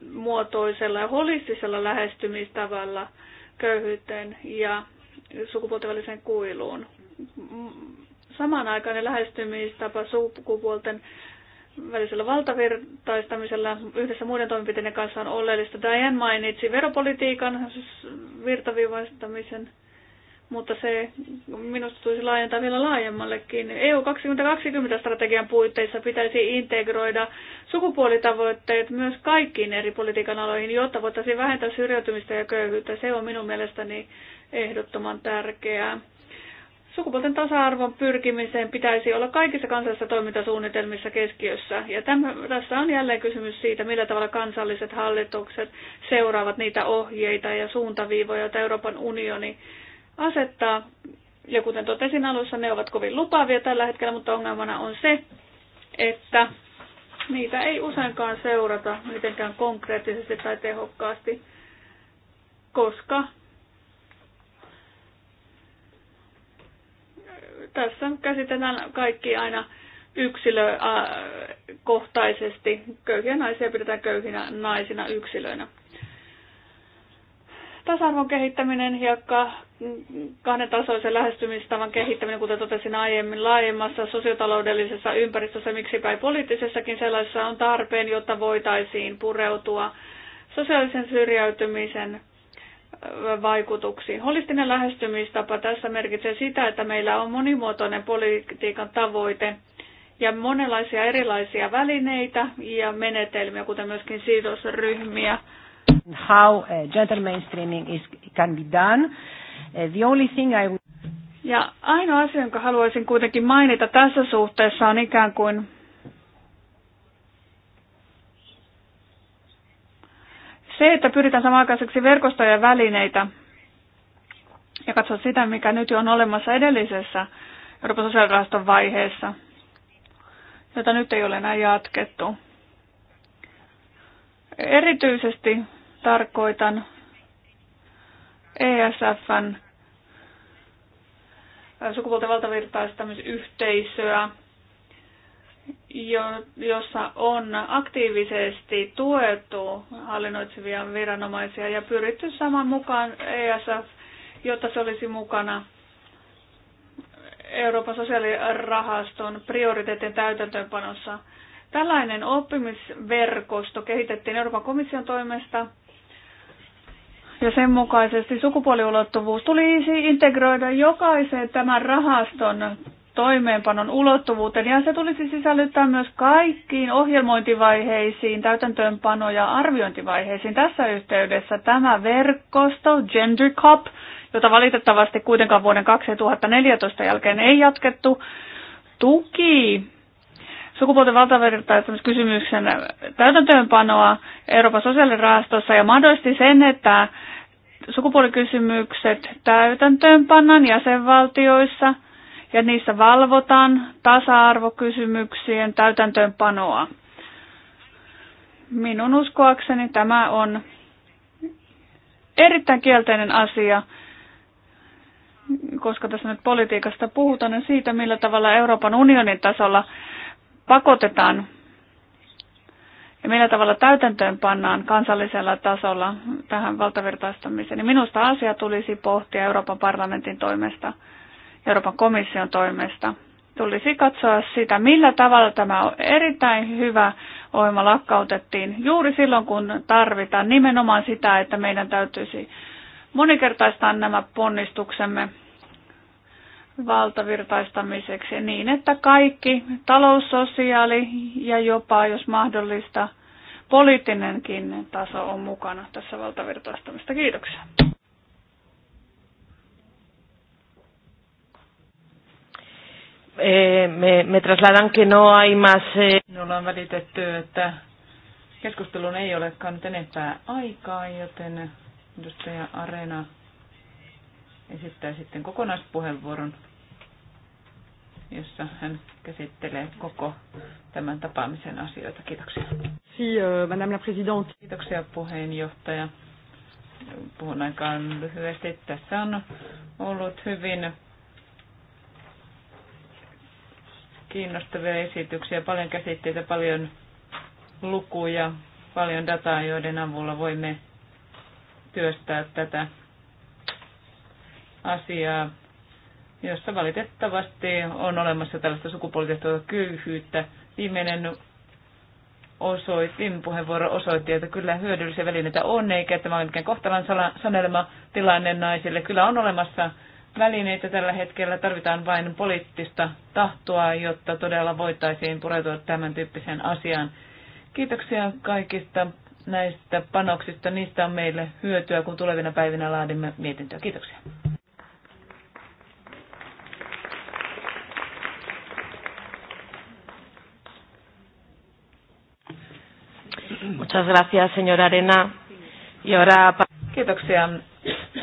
monimuotoisella ja holistisella lähestymistavalla köyhyyteen ja sukupuolten väliseen kuiluun. Samanaikainen lähestymistapa sukupuolten välisellä valtavirtaistamisella yhdessä muiden toimenpiteiden kanssa on oleellista. Diane mainitsi veropolitiikan virtaviivaistamisen mutta se minusta tulisi laajentaa vielä laajemmallekin. EU 2020-strategian puitteissa pitäisi integroida sukupuolitavoitteet myös kaikkiin eri politiikan aloihin, jotta voitaisiin vähentää syrjäytymistä ja köyhyyttä. Se on minun mielestäni ehdottoman tärkeää. Sukupuolten tasa-arvon pyrkimiseen pitäisi olla kaikissa kansallisissa toimintasuunnitelmissa keskiössä. Ja tämä, tässä on jälleen kysymys siitä, millä tavalla kansalliset hallitukset seuraavat niitä ohjeita ja suuntaviivoja, joita Euroopan unioni asettaa. Ja kuten totesin alussa, ne ovat kovin lupaavia tällä hetkellä, mutta ongelmana on se, että niitä ei useinkaan seurata mitenkään konkreettisesti tai tehokkaasti, koska tässä käsitellään kaikki aina yksilökohtaisesti. Köyhiä naisia pidetään köyhinä naisina yksilöinä tasa-arvon kehittäminen ja kahden tasoisen lähestymistavan kehittäminen, kuten totesin aiemmin, laajemmassa sosiotaloudellisessa ympäristössä, miksi päin poliittisessakin sellaisessa, on tarpeen, jotta voitaisiin pureutua sosiaalisen syrjäytymisen vaikutuksiin. Holistinen lähestymistapa tässä merkitsee sitä, että meillä on monimuotoinen politiikan tavoite ja monenlaisia erilaisia välineitä ja menetelmiä, kuten myöskin sidosryhmiä How gender mainstreaming is, can be done. Uh, the only thing I would... Ja ainoa asia, jonka haluaisin kuitenkin mainita tässä suhteessa on ikään kuin se, että pyritään samanaikaiseksi verkostoja välineitä ja katsoa sitä, mikä nyt jo on olemassa edellisessä Euroopan sosiaalirahaston vaiheessa, jota nyt ei ole enää jatkettu. Erityisesti tarkoitan ESFn sukupuolten valtavirtaistamisyhteisöä, jossa on aktiivisesti tuettu hallinnoitsevia viranomaisia ja pyritty saman mukaan ESF, jotta se olisi mukana Euroopan sosiaalirahaston prioriteetin täytäntöönpanossa – Tällainen oppimisverkosto kehitettiin Euroopan komission toimesta ja sen mukaisesti sukupuoliulottuvuus tulisi integroida jokaisen tämän rahaston toimeenpanon ulottuvuuteen ja se tulisi sisällyttää myös kaikkiin ohjelmointivaiheisiin, täytäntöönpano- ja arviointivaiheisiin. Tässä yhteydessä tämä verkosto Gender Cup, jota valitettavasti kuitenkaan vuoden 2014 jälkeen ei jatkettu, tuki sukupuolten kysymyksen täytäntöönpanoa Euroopan sosiaalirahastossa ja mahdollisti sen, että sukupuolikysymykset täytäntöönpannan jäsenvaltioissa ja niissä valvotaan tasa-arvokysymyksien täytäntöönpanoa. Minun uskoakseni tämä on erittäin kielteinen asia, koska tässä nyt politiikasta puhutaan niin siitä, millä tavalla Euroopan unionin tasolla pakotetaan ja millä tavalla täytäntöön pannaan kansallisella tasolla tähän valtavirtaistamiseen, niin minusta asia tulisi pohtia Euroopan parlamentin toimesta, Euroopan komission toimesta. Tulisi katsoa sitä, millä tavalla tämä erittäin hyvä ohjelma lakkautettiin juuri silloin, kun tarvitaan nimenomaan sitä, että meidän täytyisi moninkertaistaa nämä ponnistuksemme valtavirtaistamiseksi niin, että kaikki talous, sosiaali ja jopa, jos mahdollista, poliittinenkin taso on mukana tässä valtavirtaistamista. Kiitoksia. Eh, me, me trasladan que no hay más... Eh. Minulla on välitetty, että keskustelun ei olekaan nyt enempää aikaa, joten edustaja Arena esittää sitten kokonaispuheenvuoron, jossa hän käsittelee koko tämän tapaamisen asioita. Kiitoksia. Si, euh, madame la présidente. Kiitoksia puheenjohtaja. Puhun aikaan lyhyesti. Tässä on ollut hyvin kiinnostavia esityksiä, paljon käsitteitä, paljon lukuja, paljon dataa, joiden avulla voimme työstää tätä asiaa, jossa valitettavasti on olemassa tällaista sukupuolitehtoa köyhyyttä. Viimeinen osoitin, puheenvuoro osoitti, että kyllä hyödyllisiä välineitä on, eikä tämä ole mikään kohtalan sanelma tilanne naisille. Kyllä on olemassa välineitä tällä hetkellä, tarvitaan vain poliittista tahtoa, jotta todella voitaisiin pureutua tämän tyyppiseen asiaan. Kiitoksia kaikista näistä panoksista. Niistä on meille hyötyä, kun tulevina päivinä laadimme mietintöä. Kiitoksia. Muchas gracias, señor Arena. Y ahora... Kiitoksia,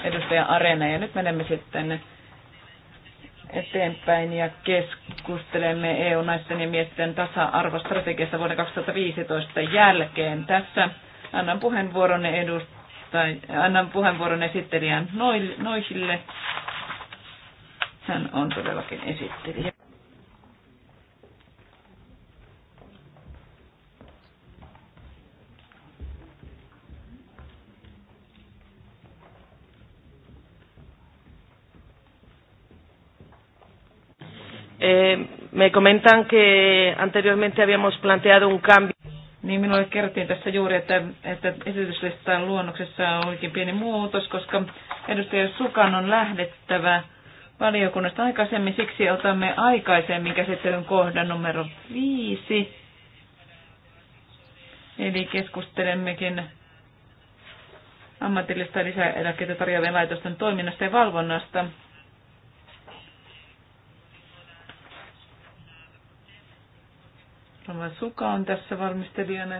edustaja Arena. Ja nyt menemme sitten eteenpäin ja keskustelemme EU-naisten ja miesten tasa-arvostrategiasta vuoden 2015 jälkeen. Tässä annan puheenvuoron, edustaj- annan puheenvuoron esittelijän Noihille. Hän on todellakin esittelijä. Eh, me comentan que anteriormente habíamos planteado un cambio. Niin minulle kerrottiin tässä juuri, että, että esityslistan luonnoksessa olikin pieni muutos, koska edustaja Sukan on lähdettävä valiokunnasta aikaisemmin. Siksi otamme aikaisemmin käsittelyn kohdan numero viisi. Eli keskustelemmekin ammatillista lisäeläkettä tarjoavien laitosten toiminnasta ja valvonnasta. Rova Suka on tässä varmistelijana,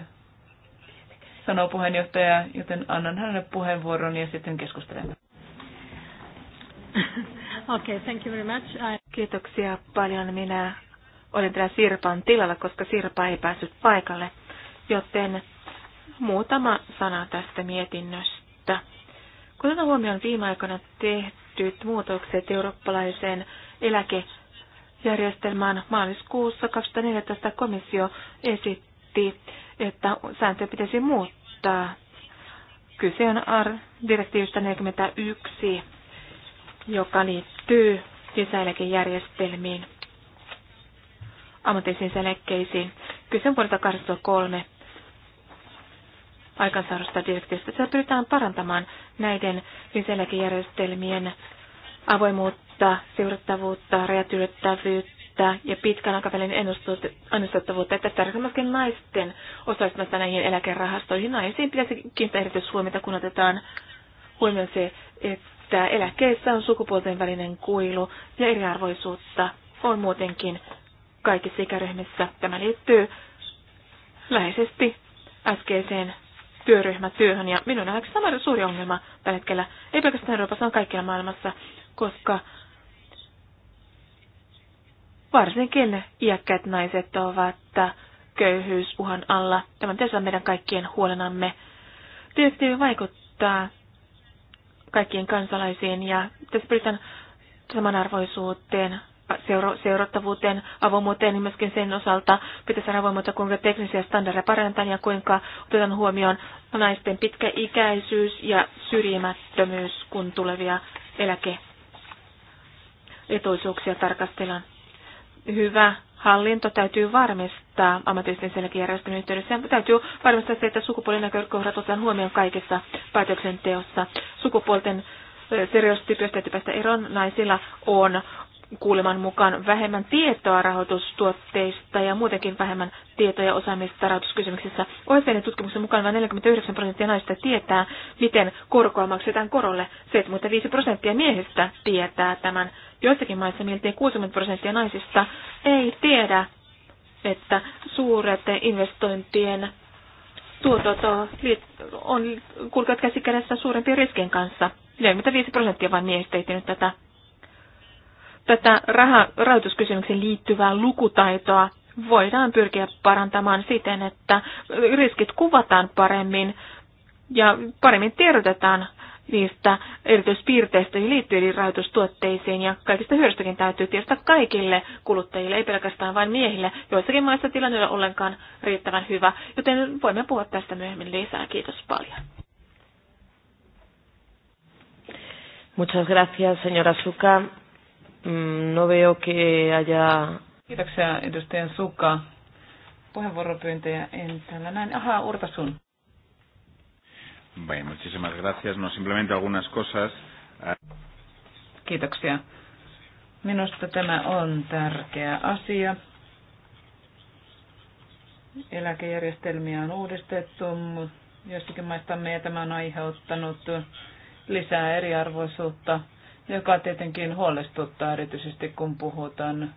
sanoo puheenjohtaja, joten annan hänelle puheenvuoron ja sitten keskustelemme. Okay, thank you very much. I... Kiitoksia paljon. Minä olen täällä Sirpan tilalla, koska Sirpa ei päässyt paikalle, joten muutama sana tästä mietinnöstä. Kun otetaan huomioon viime aikoina tehtyt muutokset eurooppalaiseen eläke- järjestelmään maaliskuussa 2014 komissio esitti, että sääntöjä pitäisi muuttaa. Kyse on direktiivistä 41, joka liittyy lisäeläkejärjestelmiin, ammatillisiin eläkkeisiin. Kyse on vuodelta 2003 aikansaadusta direktiivistä. Se pyritään parantamaan näiden lisäeläkejärjestelmien avoimuutta vakautta, seurattavuutta, rajat ja pitkän aikavälin ennustettavuutta, että tärkeimmäksi naisten osallistumista näihin eläkerahastoihin. Naisiin pitäisi kiinnittää huomiota, kun otetaan huomioon se, että eläkkeessä on sukupuolten välinen kuilu ja eriarvoisuutta on muutenkin kaikissa ikäryhmissä. Tämä liittyy läheisesti äskeiseen työryhmätyöhön. Ja minun nähdäkseni sama suuri ongelma tällä hetkellä, ei pelkästään Euroopassa, vaan kaikkialla maailmassa, koska Varsinkin iäkkäät naiset ovat köyhyysuhan alla. Tämä tietysti on meidän kaikkien huolenamme. Direktiivi vaikuttaa kaikkiin kansalaisiin ja tässä pyritään samanarvoisuuteen, seura- seurattavuuteen, avoimuuteen niin myöskin sen osalta pitäisi saada avoimuutta, kuinka teknisiä standardeja parannetaan ja kuinka otetaan huomioon naisten pitkäikäisyys ja syrjimättömyys, kun tulevia eläke etuisuuksia tarkastellaan hyvä hallinto täytyy varmistaa ammatillisten selkijärjestelmän yhteydessä. Täytyy varmistaa se, että näkökohdat otetaan huomioon kaikessa päätöksenteossa. Sukupuolten stereotypioista täytyy päästä eroon. Naisilla on kuuleman mukaan vähemmän tietoa rahoitustuotteista ja muutenkin vähemmän tietoa ja osaamista rahoituskysymyksissä. Oikeiden tutkimuksen mukaan vain 49 prosenttia naisista tietää, miten korkoa maksetaan korolle. 75 prosenttia miehistä tietää tämän. Joissakin maissa miltei 60 prosenttia naisista ei tiedä, että suuret investointien tuotot on kulkevat käsikädessä suurempien riskien kanssa. 45 prosenttia vain miehistä ei tiennyt tätä tätä raha, rahoituskysymykseen liittyvää lukutaitoa voidaan pyrkiä parantamaan siten, että riskit kuvataan paremmin ja paremmin tiedotetaan niistä erityispiirteistä liittyen rahoitustuotteisiin ja kaikista hyödystäkin täytyy tietää kaikille kuluttajille, ei pelkästään vain miehille. Joissakin maissa tilanne ei ole ollenkaan riittävän hyvä, joten voimme puhua tästä myöhemmin lisää. Kiitos paljon. Muchas gracias, señora Suka. Mm, no veo que haya... Kiitoksia edustajan Suka. Puheenvuoropyyntöjä en täällä näin. Aha, Urta sun. Bueno, muchísimas gracias. No, simplemente algunas cosas. Kiitoksia. Minusta tämä on tärkeä asia. Eläkejärjestelmiä on uudistettu joissakin maista meitä tämä on aiheuttanut lisää eriarvoisuutta joka tietenkin huolestuttaa erityisesti, kun puhutaan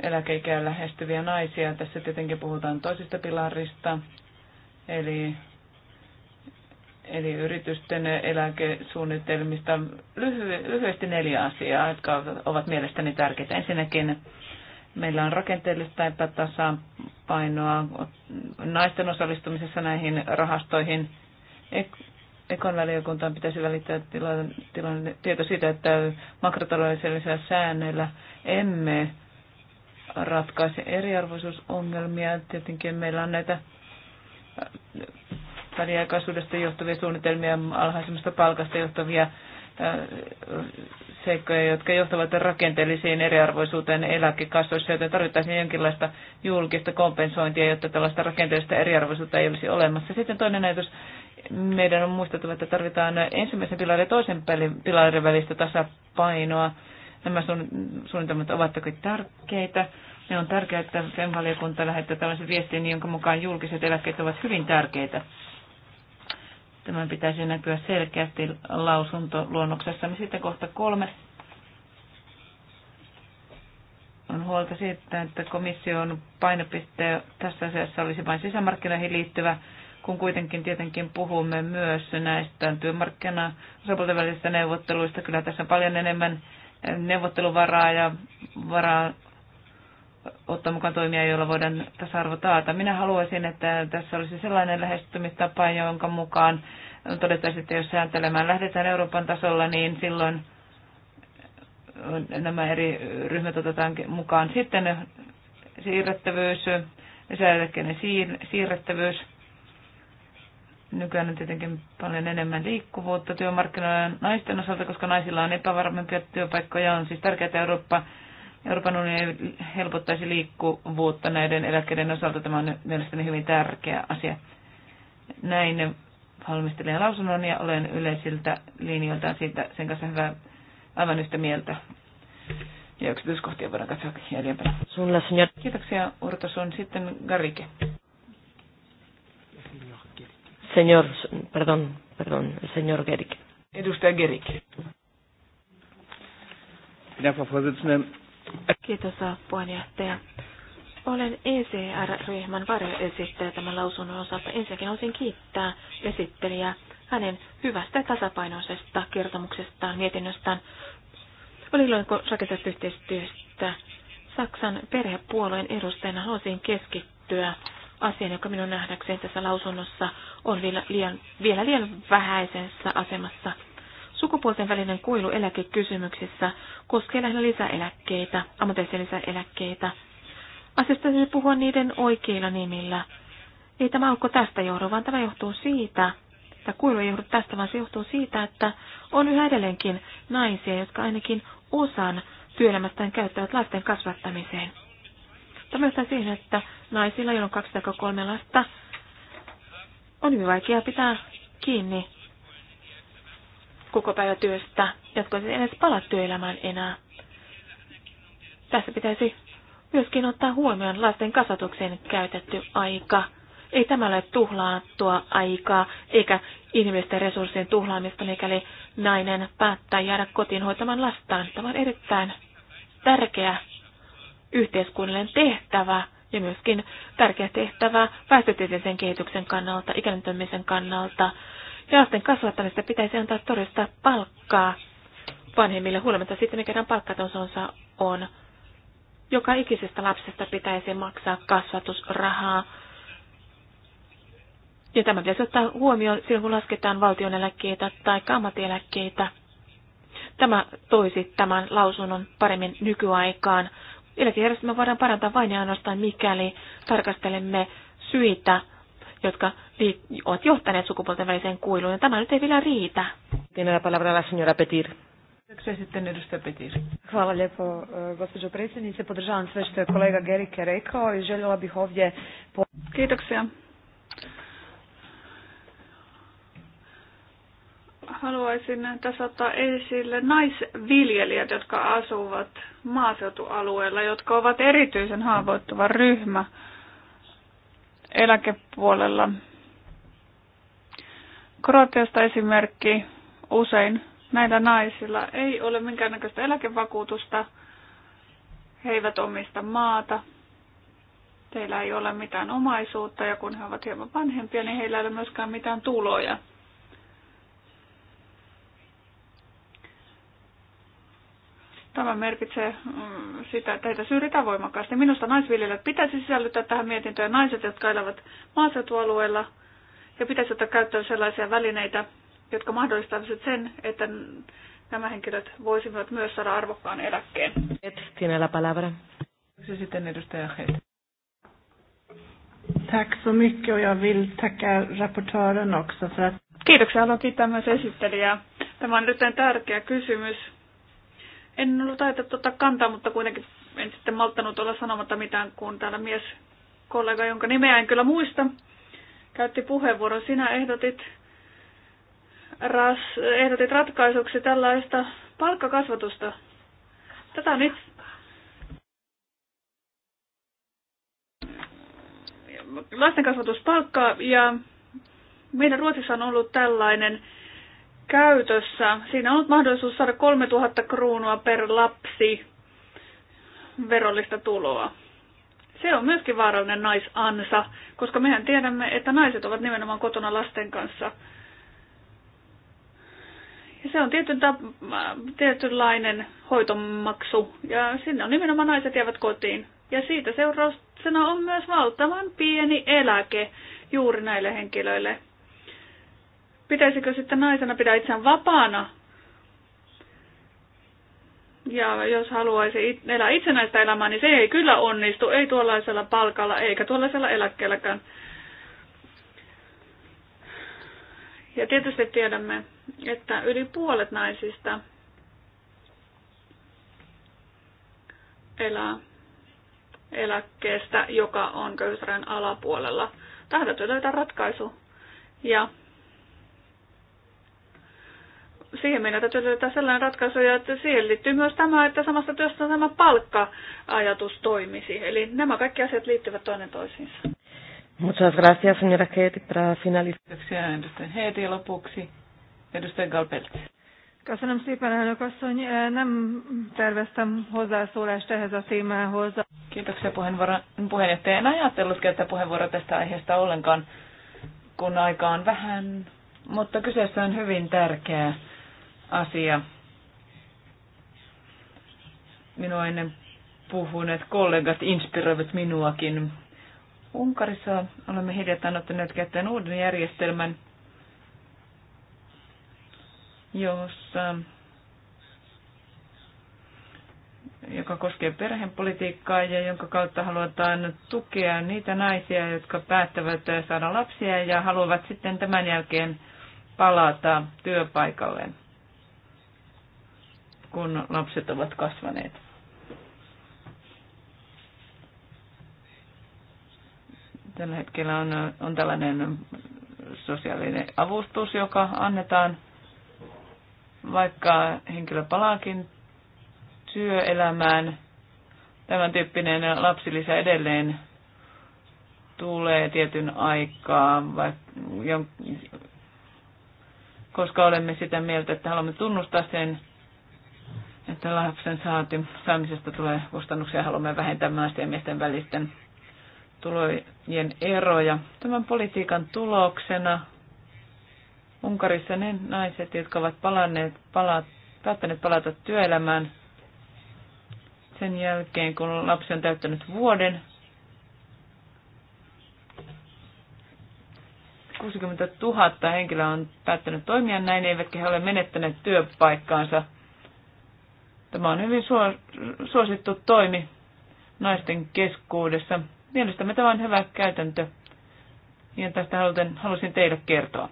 eläkeikään lähestyviä naisia. Tässä tietenkin puhutaan toisesta pilarista, eli, eli yritysten eläkesuunnitelmista. Lyhy- lyhyesti neljä asiaa, jotka ovat mielestäni tärkeitä. Ensinnäkin meillä on rakenteellista epätasapainoa naisten osallistumisessa näihin rahastoihin ekan valiokuntaan pitäisi välittää tilanne, tilanne, tieto siitä, että makrotaloudellisilla säännöillä emme ratkaise eriarvoisuusongelmia. Tietenkin meillä on näitä äh, väliaikaisuudesta johtuvia suunnitelmia, alhaisemmasta palkasta johtuvia äh, seikkoja, jotka johtavat rakenteellisiin eriarvoisuuteen eläkekassoissa, joten tarvittaisiin jonkinlaista julkista kompensointia, jotta tällaista rakenteellista eriarvoisuutta ei olisi olemassa. Sitten toinen näytös meidän on muistettava, että tarvitaan ensimmäisen pilarin ja toisen pilarin välistä tasapainoa. Nämä suunnitelmat ovat toki tärkeitä. Ne on tärkeää, että sen valiokunta lähettää tällaisen viestin, jonka mukaan julkiset eläkkeet ovat hyvin tärkeitä. Tämän pitäisi näkyä selkeästi lausuntoluonnoksessa. Sitten kohta kolme. On huolta siitä, että komission painopiste tässä asiassa olisi vain sisämarkkinoihin liittyvä kun kuitenkin tietenkin puhumme myös näistä työmarkkina välisistä neuvotteluista. Kyllä tässä on paljon enemmän eh, neuvotteluvaraa ja varaa ottaa mukaan toimia, joilla voidaan tasa-arvo taata. Minä haluaisin, että tässä olisi sellainen lähestymistapa, jonka mukaan todettaisiin, että jos sääntelemään lähdetään Euroopan tasolla, niin silloin nämä eri ryhmät otetaan mukaan. Sitten siirrettävyys, lisäeläkkeiden siirrettävyys – Nykyään on tietenkin paljon enemmän liikkuvuutta työmarkkinoilla naisten osalta, koska naisilla on epävarmempia työpaikkoja. On siis tärkeää, että Eurooppa, Euroopan unioni helpottaisi liikkuvuutta näiden eläkkeiden osalta. Tämä on mielestäni hyvin tärkeä asia. Näin valmistelijan lausunnon ja olen yleisiltä linjoiltaan siitä sen kanssa hyvä, aivan yhtä mieltä. Ja yksityiskohtia voidaan katsoa jäljempänä. Kiitoksia urtason sun. Sitten Garike. Señor, perdón, perdón, el señor Gerick. Edustaja Gerick. Minä, Frau Vorsitzende. Kiitos, puheenjohtaja. Olen ECR-ryhmän varjoesittäjä tämän lausunnon osalta. Ensinnäkin haluaisin kiittää esittelijää hänen hyvästä tasapainoisesta kertomuksestaan, mietinnöstään. Oli iloinen rakenteellisesta yhteistyöstä. Saksan perhepuolueen edustajana haluaisin keskittyä asian, joka minun nähdäkseen tässä lausunnossa on vielä liian, vielä liian vähäisessä asemassa. Sukupuolten välinen kuilu eläkekysymyksissä koskee lähinnä lisäeläkkeitä, ammatillisia lisäeläkkeitä. Asiasta täytyy puhua niiden oikeilla nimillä. Ei tämä aukko tästä johdu, vaan tämä johtuu siitä, että kuilu ei johdu tästä, vaan se johtuu siitä, että on yhä edelleenkin naisia, jotka ainakin osan työelämästään käyttävät lasten kasvattamiseen. Tämä myös siihen, että naisilla, joilla on kaksi tai kolme lasta, on hyvin vaikea pitää kiinni koko päivä työstä, jotka ei edes pala työelämään enää. Tässä pitäisi myöskin ottaa huomioon lasten kasvatukseen käytetty aika. Ei tämä ole tuhlaattua aikaa, eikä inhimillisten resurssien tuhlaamista, mikäli nainen päättää jäädä kotiin hoitamaan lastaan. Tämä on erittäin tärkeä yhteiskunnallinen tehtävä ja myöskin tärkeä tehtävä väestötieteellisen kehityksen kannalta, ikääntymisen kannalta. Ja lasten kasvattamista pitäisi antaa todellista palkkaa vanhemmille huolimatta siitä, mikä heidän palkkatasonsa on. Joka ikisestä lapsesta pitäisi maksaa kasvatusrahaa. Ja tämä pitäisi ottaa huomioon silloin, kun lasketaan valtioneläkkeitä tai ammattieläkkeitä. Tämä toisi tämän lausunnon paremmin nykyaikaan Eläkejärjestelmä voidaan parantaa vain ja ainoastaan, mikäli tarkastelemme syitä, jotka ovat johtaneet sukupuolten väliseen kuiluun, ja tämä nyt ei vielä riitä. Tiene la palabra la señora Petir. Kiitoksia sitten edustaja Petir. Hvala lijepo, eh, gospođo predsjednice. Podržavam sve što je kolega Gerike rekao i željela bih ovdje... Kiitoksia. haluaisin tässä ottaa esille naisviljelijät, jotka asuvat maaseutualueella, jotka ovat erityisen haavoittuva ryhmä eläkepuolella. Kroatiasta esimerkki usein näillä naisilla ei ole minkäännäköistä eläkevakuutusta, he eivät omista maata, teillä ei ole mitään omaisuutta ja kun he ovat hieman vanhempia, niin heillä ei ole myöskään mitään tuloja. Tämä merkitsee mm, sitä, että heitä syrjitään voimakkaasti. Minusta naisviljelijät pitäisi sisällyttää tähän mietintöön naiset, jotka elävät maaseutualueella, ja pitäisi ottaa käyttöön sellaisia välineitä, jotka mahdollistaisivat sen, että nämä henkilöt voisivat myös saada arvokkaan eläkkeen. Et, tiene la palabra. Sitten edustaja Het. Tack så mycket och jag vill tacka rapportören också för att... Kiitoksia, haluan kiittää myös esittelijää. Tämä on nyt tärkeä kysymys en ollut ajatellut tuota kantaa, mutta kuitenkin en sitten malttanut olla sanomatta mitään, kun täällä mies kollega, jonka nimeä en kyllä muista, käytti puheenvuoron. Sinä ehdotit, ras, ehdotit ratkaisuksi tällaista palkkakasvatusta. Tätä nyt lastenkasvatuspalkkaa ja meidän Ruotsissa on ollut tällainen käytössä. Siinä on ollut mahdollisuus saada 3000 kruunua per lapsi verollista tuloa. Se on myöskin vaarallinen naisansa, koska mehän tiedämme, että naiset ovat nimenomaan kotona lasten kanssa. Ja se on tietyn tap- tietynlainen hoitomaksu, ja sinne on nimenomaan naiset jäävät kotiin. Ja siitä seurauksena on myös valtavan pieni eläke juuri näille henkilöille. Pitäisikö sitten naisena pidä itseään vapaana? Ja jos haluaisi elää itsenäistä elämää, niin se ei kyllä onnistu, ei tuollaisella palkalla eikä tuollaisella eläkkeelläkään. Ja tietysti tiedämme, että yli puolet naisista elää eläkkeestä, joka on köyhyysrajan alapuolella. Tähän löytää ratkaisu. Ja siihen meidän täytyy löytää sellainen ratkaisu, että siihen liittyy myös tämä, että samasta työstä tämä palkka-ajatus toimisi. Eli nämä kaikki asiat liittyvät toinen toisiinsa. Muchas gracias, señora Keti, para finalizar. edustaja Heeti ja lopuksi edustaja Galpelts. Köszönöm szépen, elnök asszony. Nem terveztem hozzászólást ehhez a témához. Kiitoksia puheenjohtaja. En ajatellut käyttää puheenvuoroa tästä aiheesta ollenkaan, kun aika on vähän, mutta kyseessä on hyvin tärkeää asia. Minua ennen puhuneet kollegat inspiroivat minuakin. Unkarissa olemme hiljattain ottaneet käyttöön uuden järjestelmän, jossa, joka koskee perhepolitiikkaa ja jonka kautta halutaan tukea niitä naisia, jotka päättävät saada lapsia ja haluavat sitten tämän jälkeen palata työpaikalleen kun lapset ovat kasvaneet. Tällä hetkellä on, on tällainen sosiaalinen avustus, joka annetaan, vaikka henkilö palaakin työelämään. Tämän tyyppinen lapsilisä edelleen tulee tietyn aikaa, vaikka, koska olemme sitä mieltä, että haluamme tunnustaa sen että lapsen saati, saamisesta tulee kustannuksia. Haluamme vähentää naisten ja miesten välisten tulojen eroja. Tämän politiikan tuloksena Unkarissa ne naiset, jotka ovat palanneet, pala, päättäneet palata työelämään sen jälkeen, kun lapsi on täyttänyt vuoden, 60 000 henkilöä on päättänyt toimia näin, eivätkä he ole menettäneet työpaikkaansa – Tämä on hyvin suosittu toimi naisten keskuudessa. Mielestäni tämä on hyvä käytäntö ja tästä halusin, halusin teille kertoa.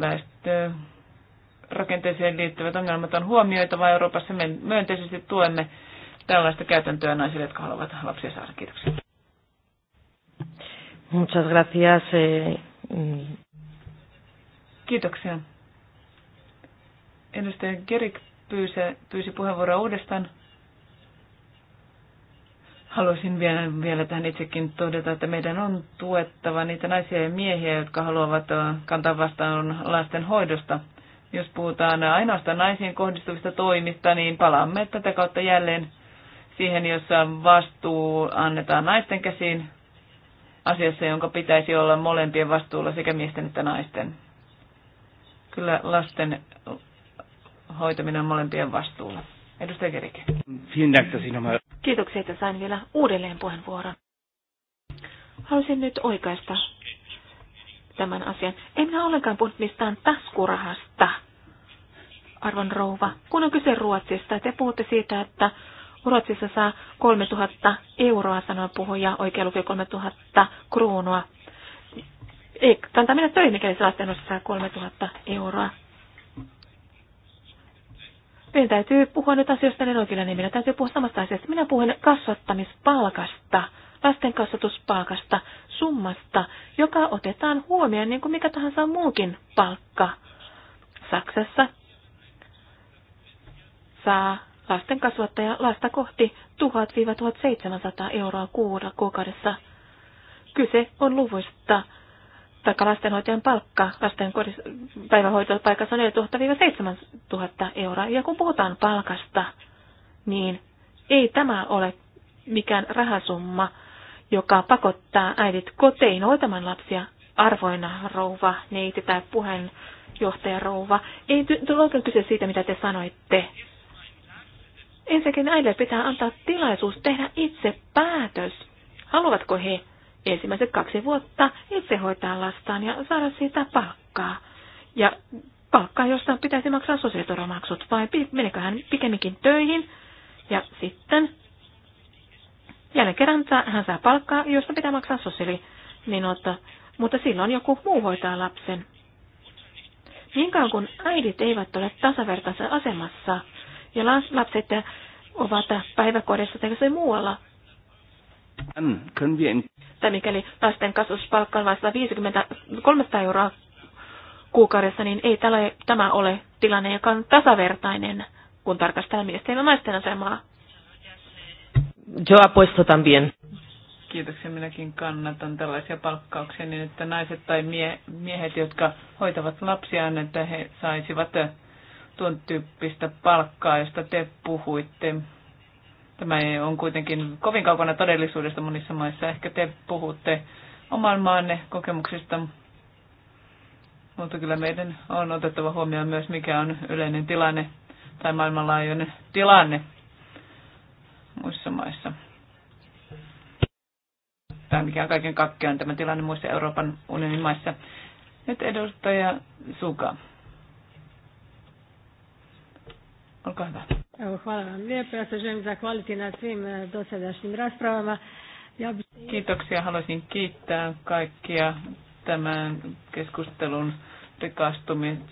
Väestö rakenteeseen liittyvät ongelmat on huomioitava Euroopassa. Me myönteisesti tuemme tällaista käytäntöä naisille, jotka haluavat lapsia saada. Kiitoksia. Muchas gracias. Eh, Kiitoksia. Edustaja Gerik pyysi, pyysi puheenvuoroa uudestaan. Haluaisin vielä, vielä tähän itsekin todeta, että meidän on tuettava niitä naisia ja miehiä, jotka haluavat kantaa vastaan lasten hoidosta. Jos puhutaan ainoastaan naisiin kohdistuvista toimista, niin palaamme tätä kautta jälleen siihen, jossa vastuu annetaan naisten käsiin asiassa, jonka pitäisi olla molempien vastuulla sekä miesten että naisten. Kyllä lasten hoitaminen on molempien vastuulla. Edustaja Kerike. Kiitoksia, että sain vielä uudelleen puheenvuoron. Haluaisin nyt oikaista tämän asian. En minä ollenkaan puhu mistään taskurahasta, arvon rouva. Kun on kyse Ruotsista, te puhutte siitä, että Ruotsissa saa 3000 euroa, sanoi puhuja, oikein lukee 3000 kruunua ei kannata mennä töihin, mikäli se lastennossa 3000 euroa. Meidän täytyy puhua nyt asioista niin oikeilla nimillä. Täytyy puhua samasta asiasta. Minä puhun kasvattamispalkasta, lasten kasvatuspalkasta, summasta, joka otetaan huomioon niin kuin mikä tahansa muukin palkka. Saksassa saa lasten kasvattaja lasta kohti 1000-1700 euroa kuukaudessa. Kyse on luvuista, tai lastenhoitajan palkka lasten päivähoitopaikassa on 4000-7000 euroa. Ja kun puhutaan palkasta, niin ei tämä ole mikään rahasumma, joka pakottaa äidit kotiin hoitamaan lapsia arvoina rouva, neiti tai puheenjohtaja rouva. Ei oikein kyse siitä, mitä te sanoitte. Ensinnäkin äidille pitää antaa tilaisuus tehdä itse päätös, haluavatko he ensimmäiset kaksi vuotta itse hoitaa lastaan ja saada siitä palkkaa. Ja palkkaa, josta pitäisi maksaa sosiaaliturvamaksut, vai menekö hän pikemminkin töihin ja sitten jälleen kerran hän saa palkkaa, josta pitää maksaa sosiaalimenot, mutta silloin joku muu hoitaa lapsen. Niin kauan kun äidit eivät ole tasavertaisessa asemassa ja lapset ovat päiväkodissa tai muualla, tai mikäli lasten kasvuspalkka on vasta 50, 300 euroa kuukaudessa, niin ei tälle, tämä ole tilanne, joka on tasavertainen, kun tarkastellaan miesten ja naisten asemaa. Yo apuesto también. Kiitoksia, minäkin kannatan tällaisia palkkauksia niin, että naiset tai mie- miehet, jotka hoitavat lapsiaan, että he saisivat tuon tyyppistä palkkaa, josta te puhuitte. Tämä on kuitenkin kovin kaukana todellisuudesta monissa maissa. Ehkä te puhutte oman maanne kokemuksista, mutta kyllä meidän on otettava huomioon myös, mikä on yleinen tilanne tai maailmanlaajuinen tilanne muissa maissa. Tämä mikä on kaiken kakkiaan tämä tilanne muissa Euroopan unionin maissa. Nyt edustaja Suka. Olkaa hyvä. Evo, hvala vam lijepo. Ja se želim zahvaliti na svim e, dosadašnjim raspravama. Ja bi... Kiitoksia. Haluaisin kiittää kaikkia tämän keskustelun rikastumista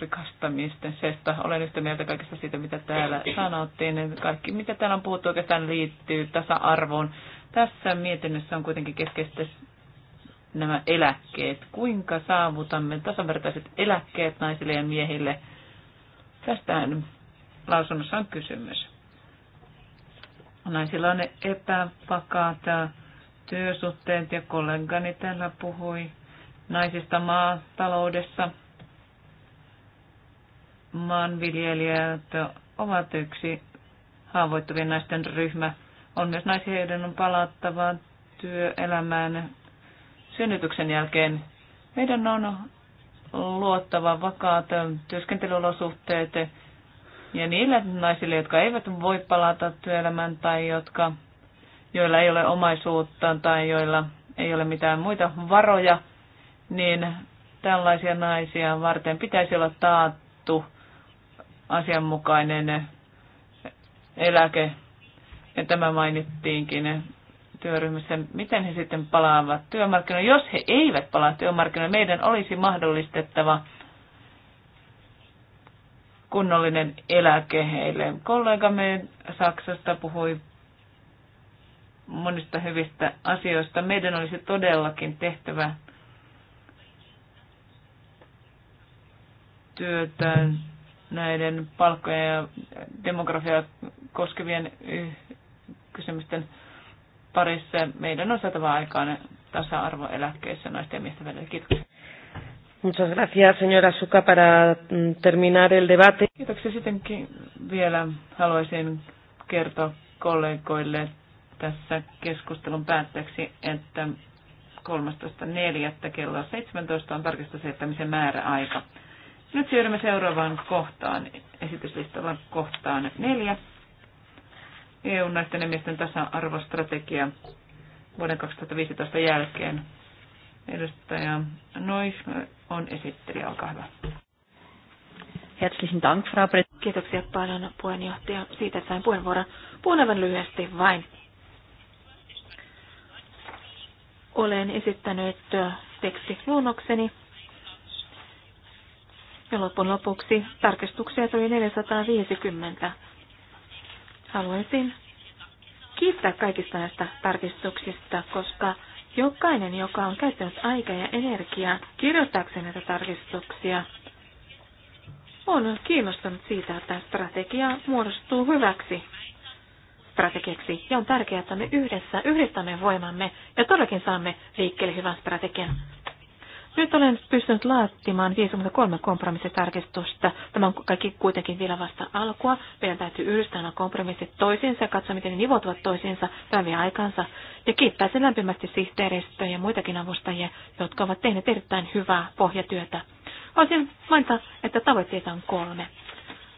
rikastamisten sesta. Olen yhtä mieltä kaikista siitä, mitä täällä sanottiin. Kaikki, mitä täällä on puhuttu, oikeastaan liittyy tasa-arvoon. Tässä mietinnössä on kuitenkin keskeistä nämä eläkkeet. Kuinka saavutamme tasavertaiset eläkkeet naisille ja miehille? Tästähän lausunnossa on kysymys. Naisilla on epävakaat työsuhteet ja kollegani täällä puhui naisista maataloudessa. Maanviljelijät ovat yksi haavoittuvien naisten ryhmä. On myös naisia, joiden on palattava työelämään synnytyksen jälkeen. Meidän on luottava vakaat työskentelyolosuhteet ja niille naisille, jotka eivät voi palata työelämään tai jotka, joilla ei ole omaisuutta tai joilla ei ole mitään muita varoja, niin tällaisia naisia varten pitäisi olla taattu asianmukainen eläke. Ja tämä mainittiinkin työryhmässä, miten he sitten palaavat työmarkkinoille. Jos he eivät palaa työmarkkinoille, meidän olisi mahdollistettava kunnollinen eläke heille. Kollegamme Saksasta puhui monista hyvistä asioista. Meidän olisi todellakin tehtävä työtä näiden palkkojen ja demografiaa koskevien kysymysten parissa. Meidän on saatava aikaan tasa-arvo eläkkeissä naisten ja miesten välillä. Kiitoksia. Muchas gracias, señora Suka, para mm, terminar el debate. Kiitoksia sittenkin vielä haluaisin kertoa kollegoille tässä keskustelun päätteeksi, että 13.4. kello 17 on tarkistusjättämisen määräaika. Nyt siirrymme seuraavaan kohtaan, esityslistalla kohtaan neljä. EU-naisten ja miesten tasa-arvostrategia vuoden 2015 jälkeen. Edustaja Noich on esittelijä, olkaa hyvä. Herzlichen Dank, Frau Kiitoksia paljon puheenjohtaja siitä, että sain puheenvuoron. Puheenvuoron lyhyesti vain. Olen esittänyt tekstiluonnokseni ja lopun lopuksi tarkistuksia tuli 450. Haluaisin kiittää kaikista näistä tarkistuksista, koska Jokainen, joka on käyttänyt aikaa ja energiaa kirjoittaakseen näitä tarkistuksia, on kiinnostunut siitä, että strategia muodostuu hyväksi strategiaksi. Ja on tärkeää, että me yhdessä yhdistämme voimamme ja todellakin saamme liikkeelle hyvän strategian. Nyt olen pystynyt laatimaan 53 kompromissitarkistusta. Tämä on kaikki kuitenkin vielä vasta alkua. Meidän täytyy yhdistää nämä kompromissit toisiinsa ja katsoa, miten ne nivoutuvat toisiinsa. Tämä aikansa. Ja kiittää sen lämpimästi sihteeristöä ja muitakin avustajia, jotka ovat tehneet erittäin hyvää pohjatyötä. Olisin mainita, että tavoitteita on kolme.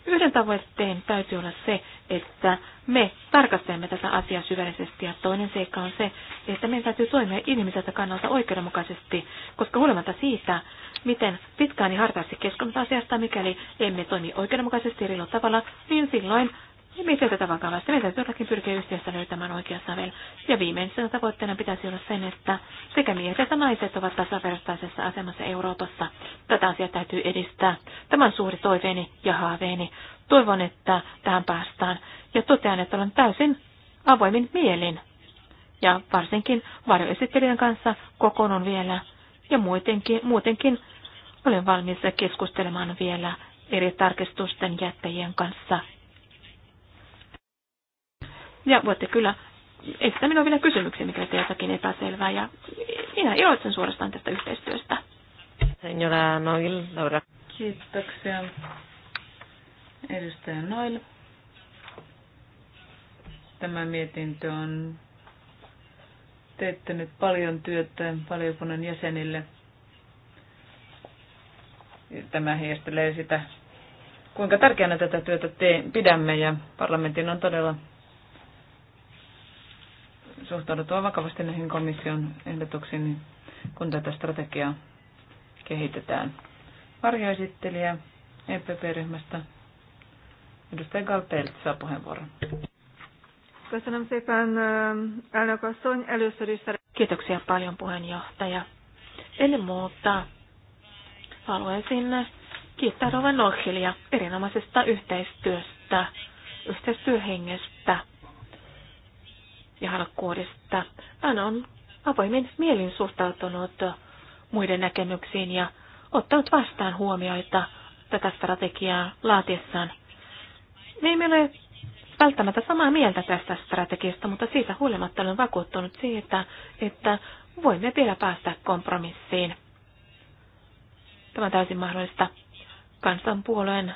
Yhden tavoitteen täytyy olla se, että me tarkastelemme tätä asiaa syvällisesti ja toinen seikka on se, että meidän täytyy toimia ihmiseltä kannalta oikeudenmukaisesti, koska huolimatta siitä, miten pitkään ja hartaasti keskustelut asiasta, mikäli emme toimi oikeudenmukaisesti eri tavalla, niin silloin Miettiä tätä vakavasti. Meidän todellakin pyrkiä yhtiössä löytämään oikea sävel. Ja viimeisenä tavoitteena pitäisi olla sen, että sekä miehet että naiset ovat tasavertaisessa asemassa Euroopassa. Tätä asiaa täytyy edistää. Tämä on suuri toiveeni ja haaveeni. Toivon, että tähän päästään. Ja totean, että olen täysin avoimin mielin. Ja varsinkin varjoesittelijän kanssa kokoonnun vielä. Ja muutenkin, muutenkin olen valmis keskustelemaan vielä eri tarkistusten jättäjien kanssa ja voitte kyllä esittää minua vielä kysymyksiä, mikä te jotakin epäselvää. Ja minä iloitsen suorastaan tästä yhteistyöstä. Senora Noil, Laura. Kiitoksia. Edustaja Noil. Tämä mietintö on teettänyt paljon työtä valiokunnan jäsenille. Tämä heistelee sitä, kuinka tärkeänä tätä työtä te- pidämme ja parlamentin on todella Suhtaudutaan vakavasti näihin komission ehdotuksiin, niin kun tätä strategiaa kehitetään. Varjoesittelijä EPP-ryhmästä edustaja Galpelt saa puheenvuoron. Kiitoksia paljon puheenjohtaja. Ennen muuta haluaisin kiittää Rovan Norhilia erinomaisesta yhteistyöstä, yhteistyöhengestä ja halkkuudesta. Hän on avoimen mielin suhtautunut muiden näkemyksiin ja ottanut vastaan huomioita tätä strategiaa laatiessaan. Me emme ole välttämättä samaa mieltä tästä strategiasta, mutta siitä huolimatta olen vakuuttunut siitä, että voimme vielä päästä kompromissiin. Tämä on täysin mahdollista. Kansanpuolueen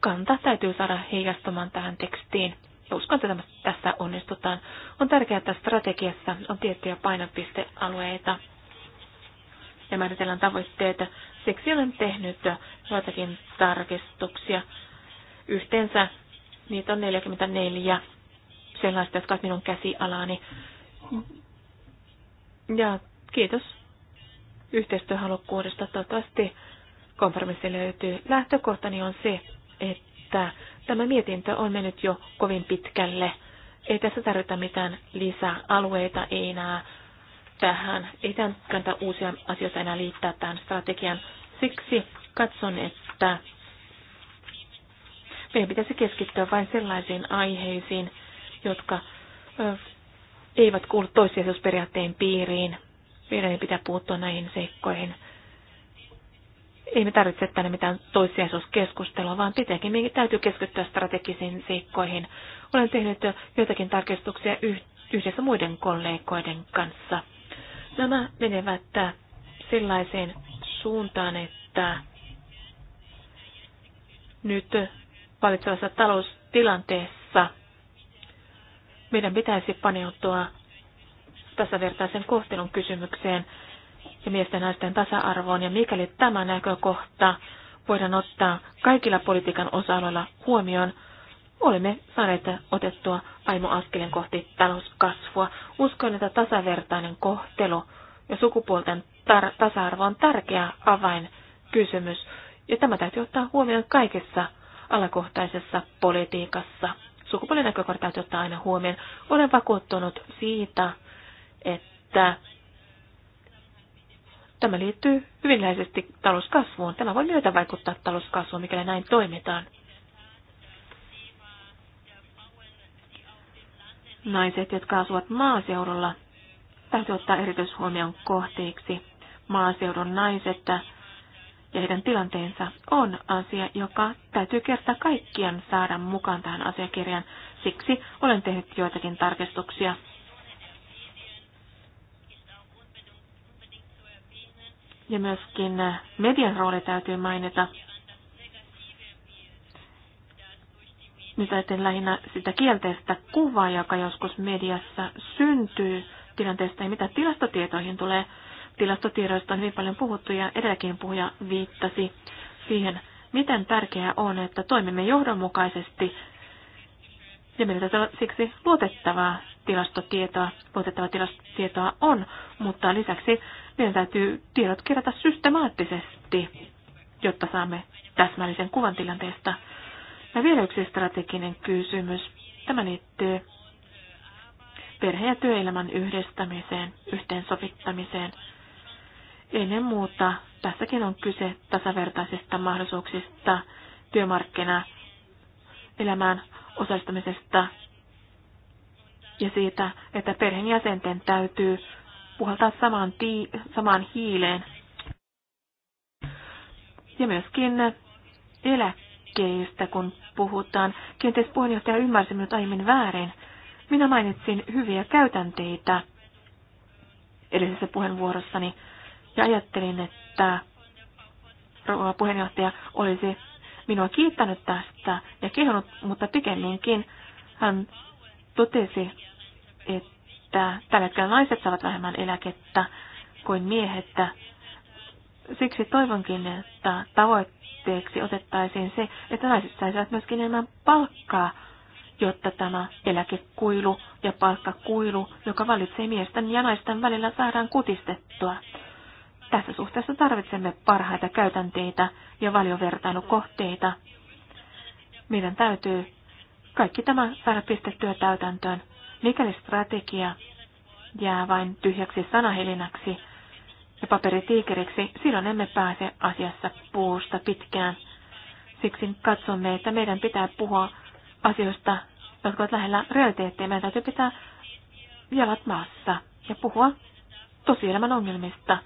kanta täytyy saada heijastumaan tähän tekstiin ja uskon, että tässä onnistutaan. On tärkeää, että strategiassa on tiettyjä painopistealueita ja määritellään tavoitteita. Siksi olen tehnyt joitakin tarkistuksia. Yhteensä niitä on 44 sellaista, jotka ovat minun käsialani. Ja kiitos yhteistyöhalukkuudesta. Toivottavasti kompromissi löytyy. Lähtökohtani on se, että Tämä mietintö on mennyt jo kovin pitkälle. Ei tässä tarvita mitään lisäalueita ei enää tähän. Ei tämän kannata uusia asioita enää liittää tähän strategian. Siksi katson, että meidän pitäisi keskittyä vain sellaisiin aiheisiin, jotka eivät kuulu toissijaisuusperiaatteen piiriin. Meidän ei pitää puuttua näihin seikkoihin ei me tarvitse tänne mitään toissijaisuuskeskustelua, vaan pitääkin, meidän täytyy keskittyä strategisiin seikkoihin. Olen tehnyt joitakin tarkistuksia yhdessä muiden kollegoiden kanssa. Nämä menevät sellaiseen suuntaan, että nyt valitsevassa taloustilanteessa meidän pitäisi paneutua tasavertaisen kohtelun kysymykseen ja miesten ja naisten tasa-arvoon, ja mikäli tämä näkökohta voidaan ottaa kaikilla politiikan osa-aloilla huomioon, olemme saaneet otettua aimo askeleen kohti talouskasvua. Uskon, että tasavertainen kohtelu ja sukupuolten tar- tasa-arvo on tärkeä avainkysymys, ja tämä täytyy ottaa huomioon kaikessa alakohtaisessa politiikassa. Sukupuolinäkökohta täytyy ottaa aina huomioon. Olen vakuuttunut siitä, että Tämä liittyy hyvin läheisesti talouskasvuun. Tämä voi myötä vaikuttaa talouskasvuun, mikäli näin toimitaan. Naiset, jotka asuvat maaseudulla, täytyy ottaa erityishuomion kohteeksi. Maaseudun naiset ja heidän tilanteensa on asia, joka täytyy kerta kaikkiaan saada mukaan tähän asiakirjaan. Siksi olen tehnyt joitakin tarkistuksia Ja myöskin median rooli täytyy mainita. Nyt ajattelin lähinnä sitä kielteistä kuvaa, joka joskus mediassa syntyy tilanteesta ja mitä tilastotietoihin tulee. Tilastotiedoista on hyvin paljon puhuttu ja edelläkin puhuja viittasi siihen, miten tärkeää on, että toimimme johdonmukaisesti ja meillä täytyy olla siksi luotettavaa tilastotietoa, luotettavaa tilastotietoa on, mutta lisäksi meidän täytyy tiedot kerätä systemaattisesti, jotta saamme täsmällisen kuvan tilanteesta. Ja vielä yksi strateginen kysymys. Tämä liittyy perhe- ja työelämän yhdistämiseen, yhteensovittamiseen. Ennen muuta tässäkin on kyse tasavertaisista mahdollisuuksista työmarkkina elämään osallistumisesta ja siitä, että perheenjäsenten täytyy puhaltaa samaan, tii, samaan hiileen. Ja myöskin eläkkeistä, kun puhutaan. Kenties puheenjohtaja ymmärsi minut aiemmin väärin. Minä mainitsin hyviä käytänteitä edellisessä puheenvuorossani ja ajattelin, että puheenjohtaja olisi minua kiittänyt tästä ja kehonut, mutta pikemminkin hän totesi, että tällä hetkellä naiset saavat vähemmän eläkettä kuin miehet. Siksi toivonkin, että tavoitteeksi otettaisiin se, että naiset saisivat myöskin enemmän palkkaa, jotta tämä eläkekuilu ja palkkakuilu, joka valitsee miesten ja naisten välillä, saadaan kutistettua. Tässä suhteessa tarvitsemme parhaita käytänteitä ja valiovertailukohteita. Meidän täytyy kaikki tämä saada pistettyä täytäntöön. Mikäli strategia jää vain tyhjäksi sanahelinäksi ja paperitiikeriksi, silloin emme pääse asiassa puusta pitkään. Siksi katsomme, että meidän pitää puhua asioista, jotka ovat lähellä realiteetteja. Meidän täytyy pitää jalat maassa ja puhua tosielämän ongelmista.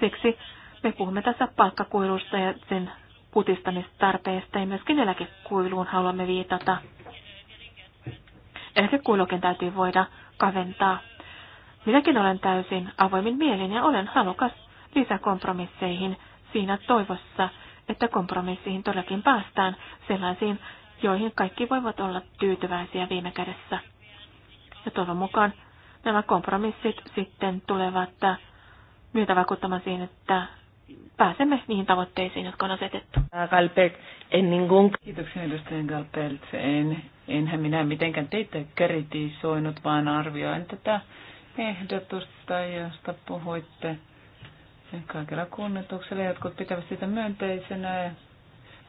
Siksi me puhumme tässä palkkakuilusta ja sen kutistamistarpeesta ja myöskin eläkekuiluun haluamme viitata. Ehkä kuulokin täytyy voida kaventaa. Minäkin olen täysin avoimin mielin ja olen halukas lisäkompromisseihin siinä toivossa, että kompromissiin todellakin päästään sellaisiin, joihin kaikki voivat olla tyytyväisiä viime kädessä. Ja toivon mukaan nämä kompromissit sitten tulevat myötä vaikuttamaan siihen, että pääsemme niihin tavoitteisiin, jotka on asetettu. en Kiitoksia edustaja Galpelt. En, enhän minä mitenkään teitä kritisoinut, vaan arvioin tätä ehdotusta, josta puhuitte kaikella kunnetuksella, Jotkut pitävät sitä myönteisenä ja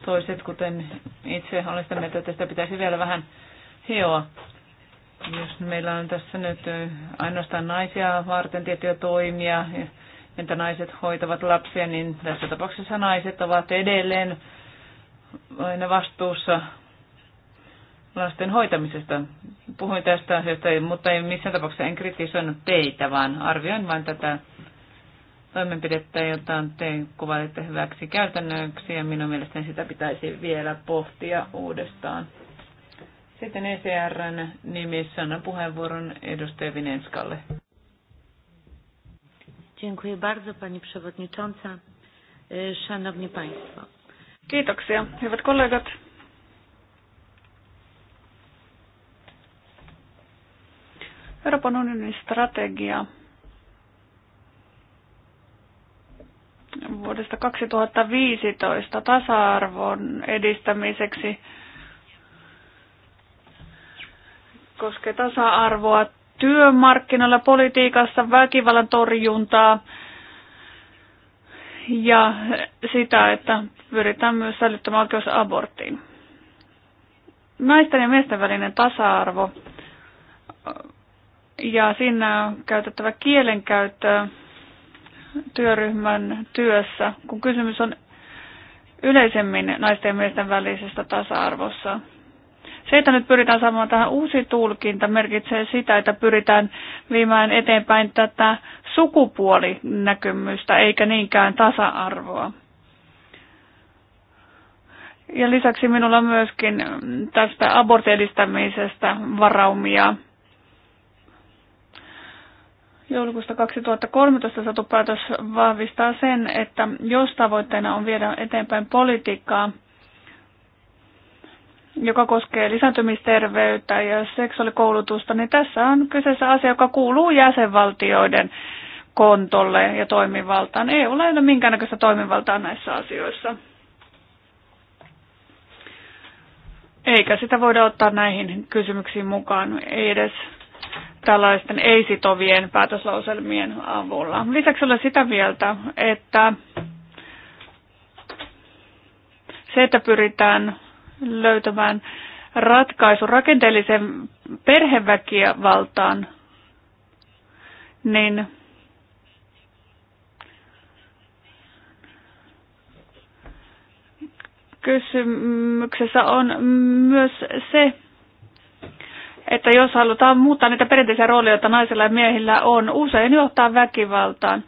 toiset, kuten itse olen sitä mieltä, että sitä pitäisi vielä vähän hioa. Jos meillä on tässä nyt ainoastaan naisia varten tiettyjä toimia, että naiset hoitavat lapsia, niin tässä tapauksessa naiset ovat edelleen aina vastuussa lasten hoitamisesta. Puhuin tästä asiasta, mutta ei missään tapauksessa en kritisoinut teitä, vaan arvioin vain tätä toimenpidettä, jota te kuvailitte hyväksi käytännöksi, ja minun mielestäni sitä pitäisi vielä pohtia uudestaan. Sitten ECRn nimissä annan puheenvuoron edustaja Vinenskalle. Dziękuję bardzo Pani Przewodnicząca. E, szanowni Państwo. Kiitoksia, hyvät kollegat. Euroopan unionin strategia vuodesta 2015 tasa-arvon edistämiseksi koskee tasa-arvoa työmarkkinoilla, politiikassa, väkivallan torjuntaa ja sitä, että pyritään myös säilyttämään oikeus aborttiin. Naisten ja miesten välinen tasa-arvo ja siinä on käytettävä kielenkäyttö työryhmän työssä, kun kysymys on yleisemmin naisten ja miesten välisestä tasa-arvossa. Se, että nyt pyritään saamaan tähän uusi tulkinta, merkitsee sitä, että pyritään viimään eteenpäin tätä sukupuolinäkymystä eikä niinkään tasa-arvoa. Ja lisäksi minulla on myöskin tästä abortiedistämisestä varaumia. Joulukuusta 2013 saatu päätös vahvistaa sen, että jos tavoitteena on viedä eteenpäin politiikkaa, joka koskee lisääntymisterveyttä ja seksuaalikoulutusta, niin tässä on kyseessä asia, joka kuuluu jäsenvaltioiden kontolle ja toimivaltaan. E ei ole minkäännäköistä toimivaltaa näissä asioissa. Eikä sitä voida ottaa näihin kysymyksiin mukaan, ei edes tällaisten ei-sitovien päätöslauselmien avulla. Lisäksi olen sitä mieltä, että se, että pyritään löytämään ratkaisu rakenteelliseen perheväkivaltaan, niin kysymyksessä on myös se, että jos halutaan muuttaa niitä perinteisiä rooleja, joita naisilla ja miehillä on, usein johtaa väkivaltaan.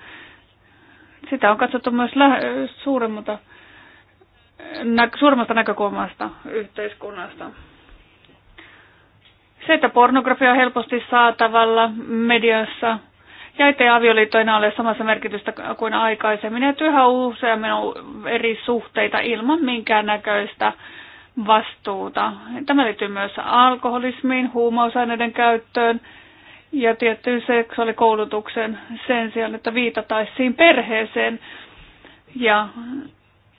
Sitä on katsottu myös suuremmalta nä- suuremmasta näkökulmasta yhteiskunnasta. Se, että pornografia on helposti saatavalla mediassa ja ettei avioliittoina ole samassa merkitystä kuin aikaisemmin, että yhä useammin on eri suhteita ilman minkäännäköistä vastuuta. Tämä liittyy myös alkoholismiin, huumausaineiden käyttöön ja tiettyyn seksuaalikoulutuksen sen sijaan, että viitataisiin perheeseen ja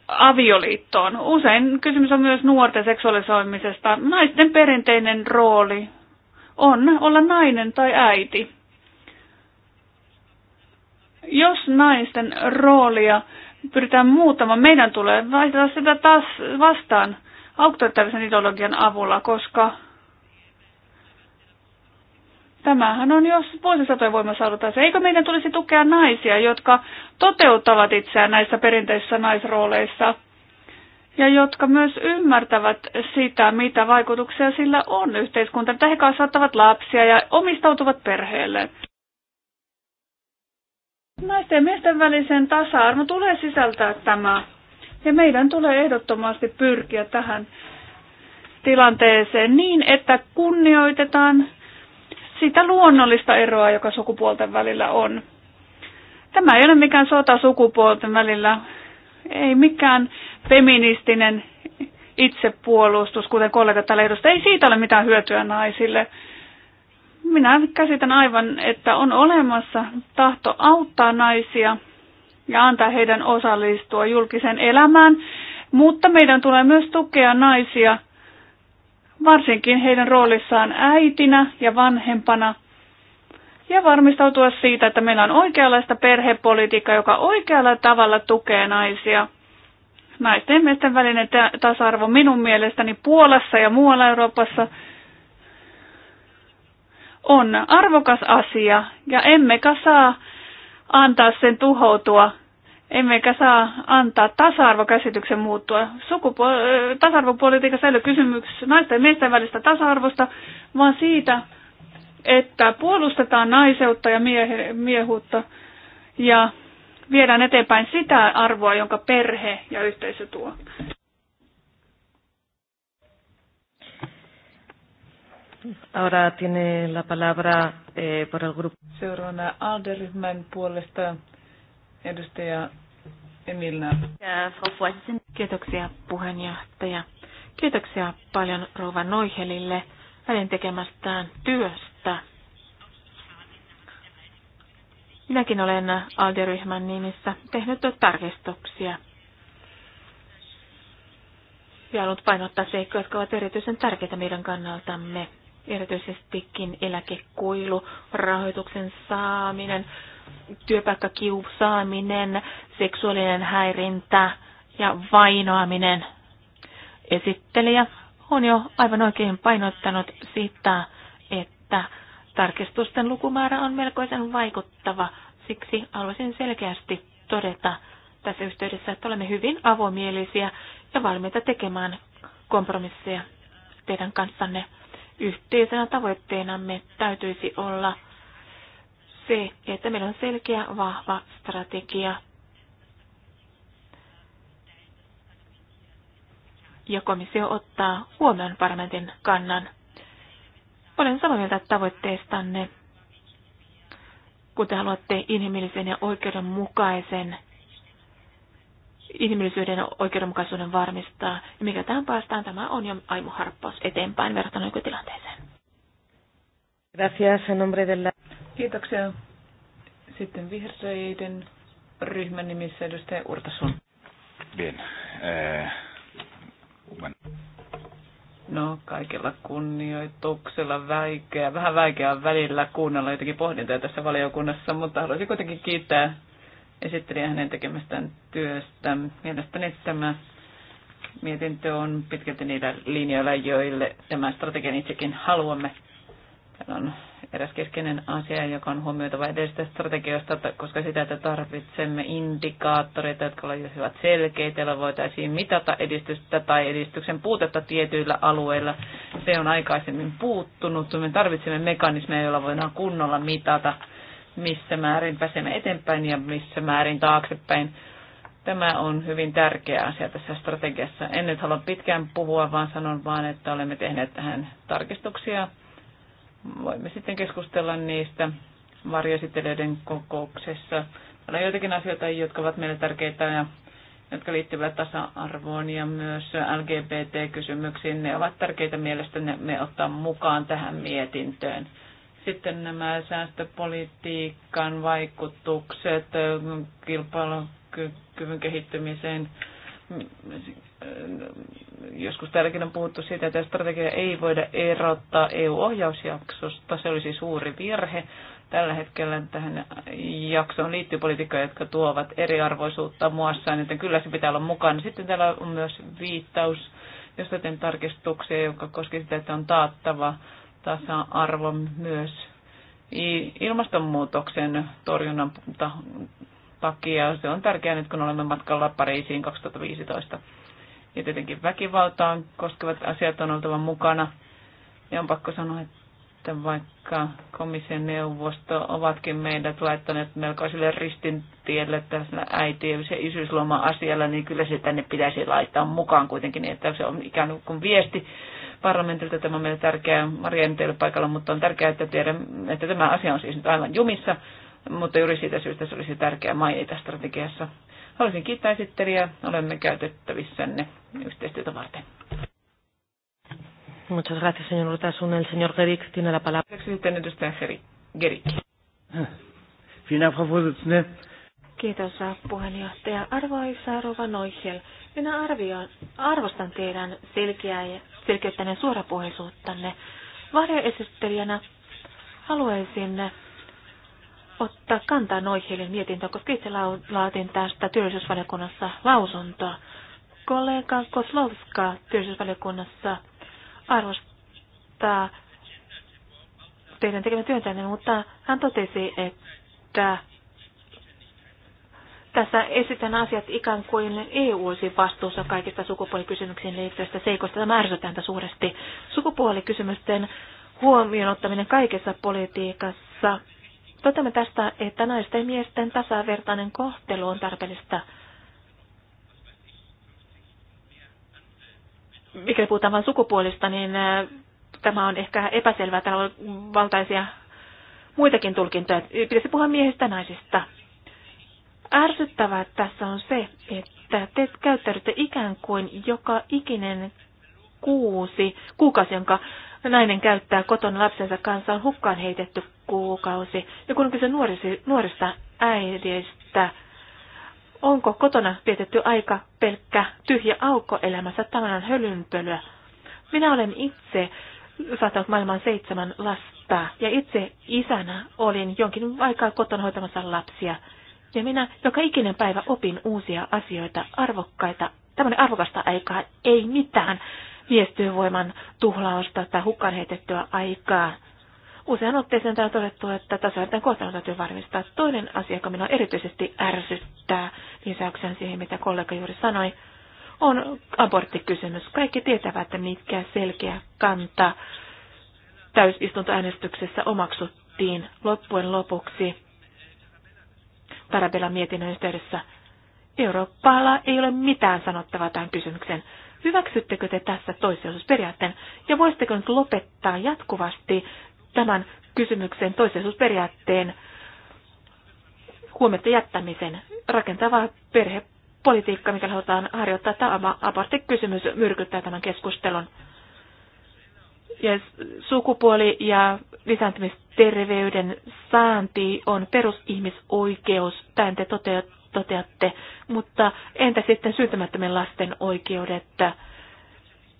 avioliittoon. Usein kysymys on myös nuorten seksuaalisoimisesta. Naisten perinteinen rooli on olla nainen tai äiti. Jos naisten roolia pyritään muuttamaan, meidän tulee vaihtaa sitä taas vastaan auktoritaarisen ideologian avulla, koska Tämähän on jos vuosisatojen voimassa ollut asia. Eikö meidän tulisi tukea naisia, jotka toteuttavat itseään näissä perinteisissä naisrooleissa ja jotka myös ymmärtävät sitä, mitä vaikutuksia sillä on yhteiskuntaan, että he kasvattavat lapsia ja omistautuvat perheelle. Naisten ja miesten välisen tasa-arvo tulee sisältää tämä. Ja meidän tulee ehdottomasti pyrkiä tähän tilanteeseen niin, että kunnioitetaan sitä luonnollista eroa, joka sukupuolten välillä on. Tämä ei ole mikään sota sukupuolten välillä, ei mikään feministinen itsepuolustus, kuten kollega täällä edustaa. Ei siitä ole mitään hyötyä naisille. Minä käsitän aivan, että on olemassa tahto auttaa naisia ja antaa heidän osallistua julkiseen elämään, mutta meidän tulee myös tukea naisia varsinkin heidän roolissaan äitinä ja vanhempana, ja varmistautua siitä, että meillä on oikeanlaista perhepolitiikkaa, joka oikealla tavalla tukee naisia. Naisten ja miesten välinen tasa-arvo minun mielestäni Puolassa ja muualla Euroopassa on arvokas asia ja emmekä saa antaa sen tuhoutua Emmekä saa antaa tasa-arvokäsityksen muuttua. sukupu... tasa-arvopolitiikassa ei ole kysymys naisten ja miesten välistä tasa-arvosta, vaan siitä, että puolustetaan naiseutta ja miehe- miehuutta ja viedään eteenpäin sitä arvoa, jonka perhe ja yhteisö tuo. Ahora tiene la palabra eh, por el grupo. Seuraavana Alderman puolesta Edustaja Emilna. Kiitoksia puheenjohtaja. Kiitoksia paljon rouva Noihelille hänen tekemästään työstä. Minäkin olen Alderyhmän nimissä tehnyt tarkistuksia ja haluan painottaa seikkoja, jotka ovat erityisen tärkeitä meidän kannaltamme. Erityisestikin eläkekuilu, rahoituksen saaminen, työpaikkakiusaaminen, seksuaalinen häirintä ja vainoaminen. Esittelijä on jo aivan oikein painottanut sitä, että tarkistusten lukumäärä on melkoisen vaikuttava. Siksi haluaisin selkeästi todeta tässä yhteydessä, että olemme hyvin avomielisiä ja valmiita tekemään kompromisseja teidän kanssanne. Yhteisenä tavoitteenamme täytyisi olla – se, että meillä on selkeä, vahva strategia, ja komissio ottaa huomioon parlamentin kannan. Olen samaa mieltä tavoitteestanne, kun te haluatte inhimillisen ja oikeudenmukaisen inhimillisyyden ja oikeudenmukaisuuden varmistaa. Ja niin mikä tähän päästään, tämä on jo aimuharppaus eteenpäin verrattuna nykytilanteeseen. Gracias en nombre de la... Kiitoksia. Sitten vihreiden ryhmän nimissä edustaja Urtasun. Bien. Eh, No, kaikilla kunnioituksella väikeä, vähän väikeä välillä kuunnella jotenkin pohdintoja tässä valiokunnassa, mutta haluaisin kuitenkin kiittää esittelijä hänen tekemästään työstä. Mielestäni tämä mietintö on pitkälti niillä linjoilla, joille tämä strategian itsekin haluamme. Täällä on eräs keskeinen asia, joka on huomioitava edellisestä strategiasta, koska sitä, että tarvitsemme indikaattoreita, jotka olisivat selkeitä, joilla voitaisiin mitata edistystä tai edistyksen puutetta tietyillä alueilla. Se on aikaisemmin puuttunut. Me tarvitsemme mekanismeja, joilla voidaan kunnolla mitata, missä määrin pääsemme eteenpäin ja missä määrin taaksepäin. Tämä on hyvin tärkeä asia tässä strategiassa. En nyt halua pitkään puhua, vaan sanon vaan, että olemme tehneet tähän tarkistuksia Voimme sitten keskustella niistä varjoesittelijöiden kokouksessa. Täällä on joitakin asioita, jotka ovat meille tärkeitä ja jotka liittyvät tasa-arvoon ja myös LGBT-kysymyksiin. Ne ovat tärkeitä mielestäni me ottaa mukaan tähän mietintöön. Sitten nämä säästöpolitiikan vaikutukset kilpailukyvyn kehittymiseen joskus täälläkin on puhuttu siitä, että strategia ei voida erottaa EU-ohjausjaksosta. Se olisi suuri virhe. Tällä hetkellä tähän jaksoon liittyy politiikkoja, jotka tuovat eriarvoisuutta muassaan, joten kyllä se pitää olla mukana. Sitten täällä on myös viittaus, jos teen tarkistuksia, joka koski sitä, että on taattava tasa-arvo myös ilmastonmuutoksen torjunnan takia. Se on tärkeää nyt, kun olemme matkalla Pariisiin 2015 ja tietenkin väkivaltaa koskevat asiat on oltava mukana. Ja on pakko sanoa, että vaikka komission neuvosto ovatkin meidät laittaneet melkoiselle ristintielle tässä äitiys- ja isyysloma-asialla, niin kyllä se tänne pitäisi laittaa mukaan kuitenkin, niin, että se on ikään kuin viesti parlamentilta. Tämä on meille tärkeää. Maria ei ole paikalla, mutta on tärkeää, että tiedän, että tämä asia on siis nyt aivan jumissa, mutta juuri siitä syystä se olisi tärkeää mainita strategiassa. Haluaisin kiittää esittelijää. Olemme käytettävissänne yhteistyötä varten. Muchas gracias, señor Urtasun. El señor Gerik tiene la palabra. Sitten edustaja Gerik. Vielen Frau Vorsitzende. Kiitos puheenjohtaja. Arvoisa Rova Noichel, minä arvioin, arvostan teidän ja selkeyttäneen suorapuheisuuttanne. Varjoesittelijänä haluaisin ottaa kantaa noihin mietintöön, koska itse laatin tästä työllisyysvaliokunnassa lausuntoa. Kollega Koslovska työllisyysvaliokunnassa arvostaa teidän tekemä työntänne, mutta hän totesi, että tässä esitän asiat ikään kuin EU olisi vastuussa kaikista sukupuolikysymyksiin liittyvistä seikoista. Tämä ärsytään suuresti. Sukupuolikysymysten huomioon ottaminen kaikessa politiikassa Totamme tästä, että naisten ja miesten tasavertainen kohtelu on tarpeellista. Mikäli puhutaan vain sukupuolista, niin tämä on ehkä epäselvää. Täällä on valtaisia muitakin tulkintoja. Pitäisi puhua miehistä ja naisista. Ärsyttävää tässä on se, että te käyttäydytte ikään kuin joka ikinen kuusi, kuukausi, jonka nainen käyttää kotona lapsensa kanssa, on hukkaan heitetty kuukausi. Ja kun on kyse nuorisi, nuorista äidistä, onko kotona vietetty aika pelkkä tyhjä aukko elämässä, tämä hölynpölyä. Minä olen itse saattanut maailman seitsemän lasta ja itse isänä olin jonkin aikaa kotona hoitamassa lapsia. Ja minä joka ikinen päivä opin uusia asioita, arvokkaita, tämmöinen arvokasta aikaa, ei mitään miestyövoiman tuhlausta tai hukkaan heitettyä aikaa. Usean otteeseen täällä on todettu, että tasavertainen kohtelu täytyy varmistaa. Toinen asia, joka minua erityisesti ärsyttää lisäyksen siihen, mitä kollega juuri sanoi, on aborttikysymys. Kaikki tietävät, että mitkä selkeä kanta täysistuntoäänestyksessä omaksuttiin loppujen lopuksi Tarabella mietinnön yhteydessä. Eurooppaalla ei ole mitään sanottavaa tämän kysymyksen. Hyväksyttekö te tässä toisiosuusperiaatteen? Ja voisitteko nyt lopettaa jatkuvasti tämän kysymyksen toisiosuusperiaatteen huomiota jättämisen rakentavaa perhepolitiikkaa, mikä halutaan harjoittaa. Tämä apartti-kysymys myrkyttää tämän keskustelun. Ja sukupuoli ja lisääntymisterveyden saanti on perusihmisoikeus. Tämän te toteatte, mutta entä sitten syntymättömien lasten oikeudet